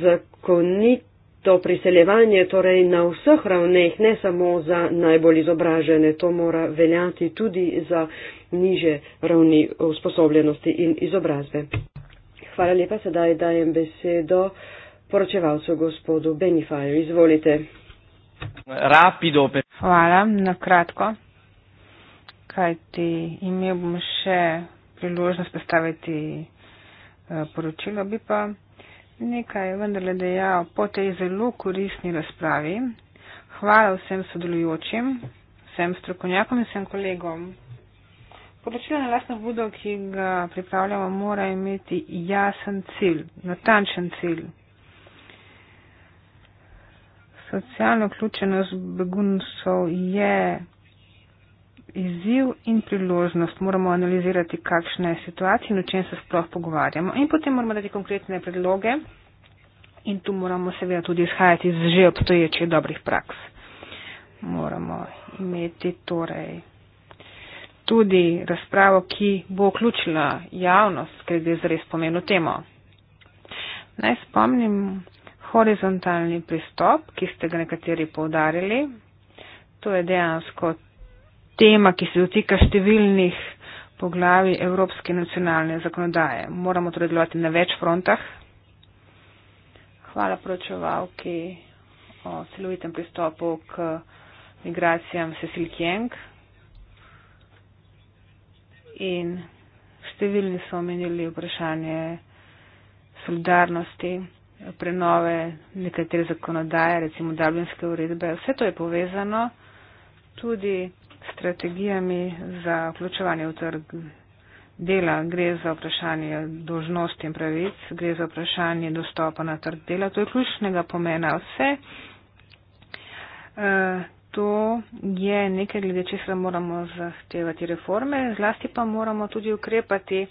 zakonito priseljevanje, torej na vseh ravneh, ne samo za najbolj izobražene. To mora veljati tudi za niže ravni usposobljenosti in izobrazbe. Hvala lepa, sedaj dajem besedo poročevalcu gospodu Benifaju. Izvolite. Rapido. Hvala, na kratko. Kaj ti imel bom še priložnost predstaviti eh, poročilo, bi pa nekaj vendarle dejal po tej zelo korisni razpravi. Hvala vsem sodelujočim, vsem strokovnjakom in vsem kolegom. Poročilo na lastno budo, ki ga pripravljamo, mora imeti jasen cilj, natančen cilj. Socialno vključenost beguncov je izziv in priložnost, moramo analizirati, kakšna je situacija in o čem se sploh pogovarjamo. In potem moramo dati konkretne predloge in tu moramo seveda tudi izhajati iz že obstoječih dobrih praks. Moramo imeti torej tudi razpravo, ki bo vključila javnost, ker gre za res pomeno temo. Naj spomnim horizontalni pristop, ki ste ga nekateri povdarjali. To je dejansko tema, ki se dotika številnih poglavi evropske nacionalne zakonodaje. Moramo torej delovati na več frontah. Hvala poročevalki o celovitem pristopu k migracijam Cecil Kjeng. In številni so omenili vprašanje solidarnosti, prenove nekatere zakonodaje, recimo Dublinske uredbe. Vse to je povezano tudi strategijami za vključevanje v trg dela. Gre za vprašanje dožnosti in pravic, gre za vprašanje dostopa na trg dela. To je ključnega pomena vse. Eh, to je nekaj, glede česar moramo zahtevati reforme, zlasti pa moramo tudi ukrepati eh,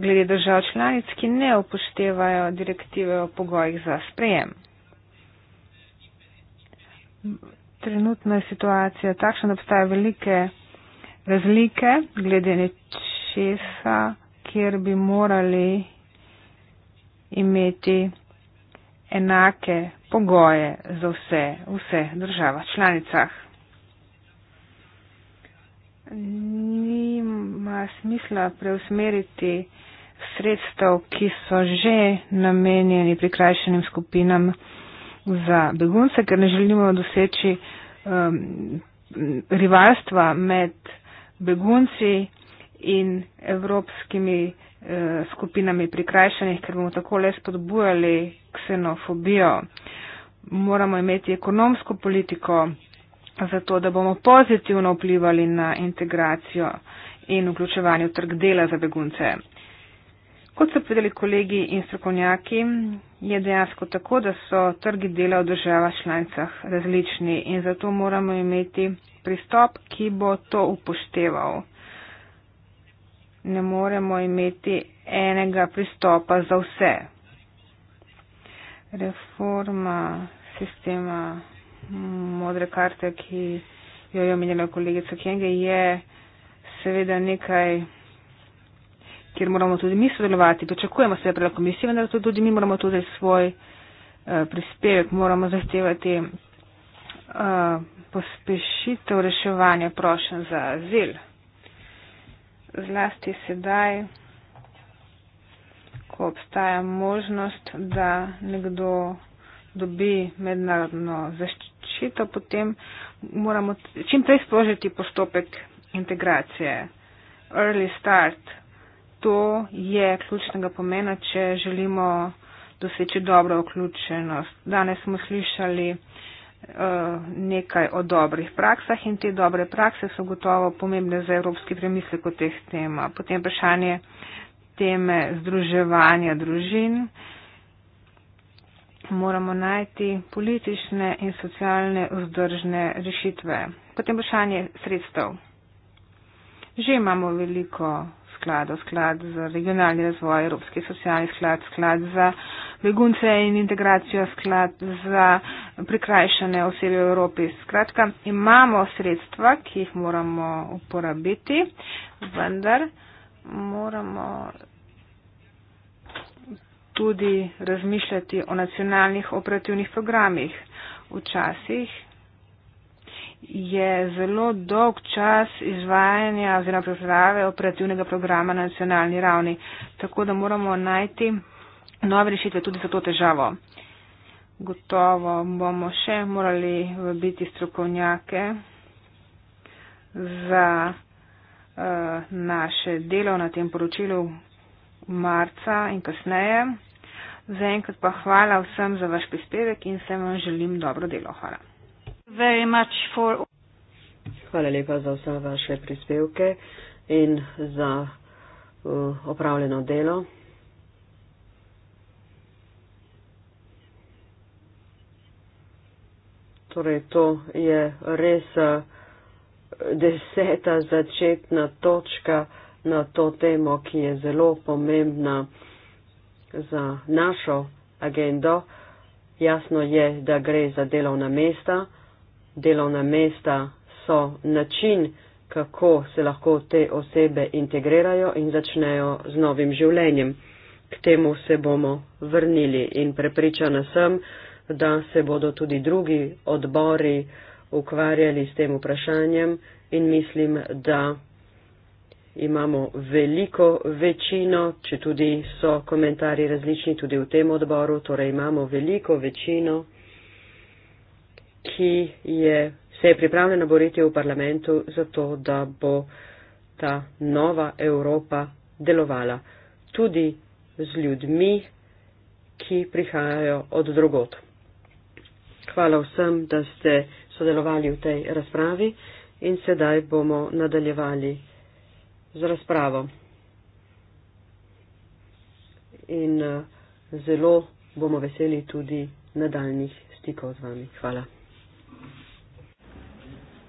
glede držav članic, ki ne upoštevajo direktive o pogojih za sprejem trenutna situacija takšna, da obstaja velike razlike glede nečesa, kjer bi morali imeti enake pogoje za vse, vse država, članicah. Nima smisla preusmeriti sredstev, ki so že namenjeni prikrajšenim skupinam za begunce, ker ne želimo doseči um, rivalstva med begunci in evropskimi uh, skupinami prikrajšanih, ker bomo tako le spodbujali ksenofobijo. Moramo imeti ekonomsko politiko za to, da bomo pozitivno vplivali na integracijo in vključevanje v trg dela za begunce. Kot so povedali kolegi in strokovnjaki, je dejansko tako, da so trgi dela v državah članicah različni in zato moramo imeti pristop, ki bo to upošteval. Ne moremo imeti enega pristopa za vse. Reforma sistema modre karte, ki jo je omenjala kolegica Kenge, je seveda nekaj kjer moramo tudi mi sodelovati, pričakujemo se pred komisijo, vendar tudi mi moramo tudi svoj eh, prispevek, moramo zahtevati eh, pospešitev reševanja prošen za azil. Zlasti sedaj, ko obstaja možnost, da nekdo dobi mednarodno zaščito, potem moramo čim prej sprožiti postopek integracije. Early start to je ključnega pomena, če želimo doseči dobro vključenost. Danes smo slišali eh, nekaj o dobrih praksah in te dobre prakse so gotovo pomembne za evropski premislek o teh temah. Potem vprašanje teme združevanja družin. Moramo najti politične in socialne vzdržne rešitve. Potem vprašanje sredstev. Že imamo veliko skladov, sklad za regionalni razvoj, Evropski socialni sklad, sklad za begunce in integracijo, sklad za prikrajšane osebe v Evropi. Skratka, imamo sredstva, ki jih moramo uporabiti, vendar moramo tudi razmišljati o nacionalnih operativnih programih. Včasih je zelo dolg čas izvajanja oziroma priprave operativnega programa na nacionalni ravni, tako da moramo najti nove rešitve tudi za to težavo. Gotovo bomo še morali vabiti strokovnjake za uh, naše delo na tem poročilu marca in kasneje. Zaenkrat pa hvala vsem za vaš prispevek in se vam želim dobro delo. Hvala. Hvala lepa za vse vaše prispevke in za uh, opravljeno delo. Torej, to je res uh, deseta začetna točka na to temo, ki je zelo pomembna za našo agendo. Jasno je, da gre za delovna mesta delovna mesta so način, kako se lahko te osebe integrirajo in začnejo z novim življenjem. K temu se bomo vrnili in prepričana sem, da se bodo tudi drugi odbori ukvarjali s tem vprašanjem in mislim, da imamo veliko večino, če tudi so komentarji različni tudi v tem odboru, torej imamo veliko večino ki je, se je pripravljena boriti v parlamentu za to, da bo ta nova Evropa delovala tudi z ljudmi, ki prihajajo od drugot. Hvala vsem, da ste sodelovali v tej razpravi in sedaj bomo nadaljevali z razpravo. In eh, zelo bomo veseli tudi nadaljnih stikov z vami. Hvala.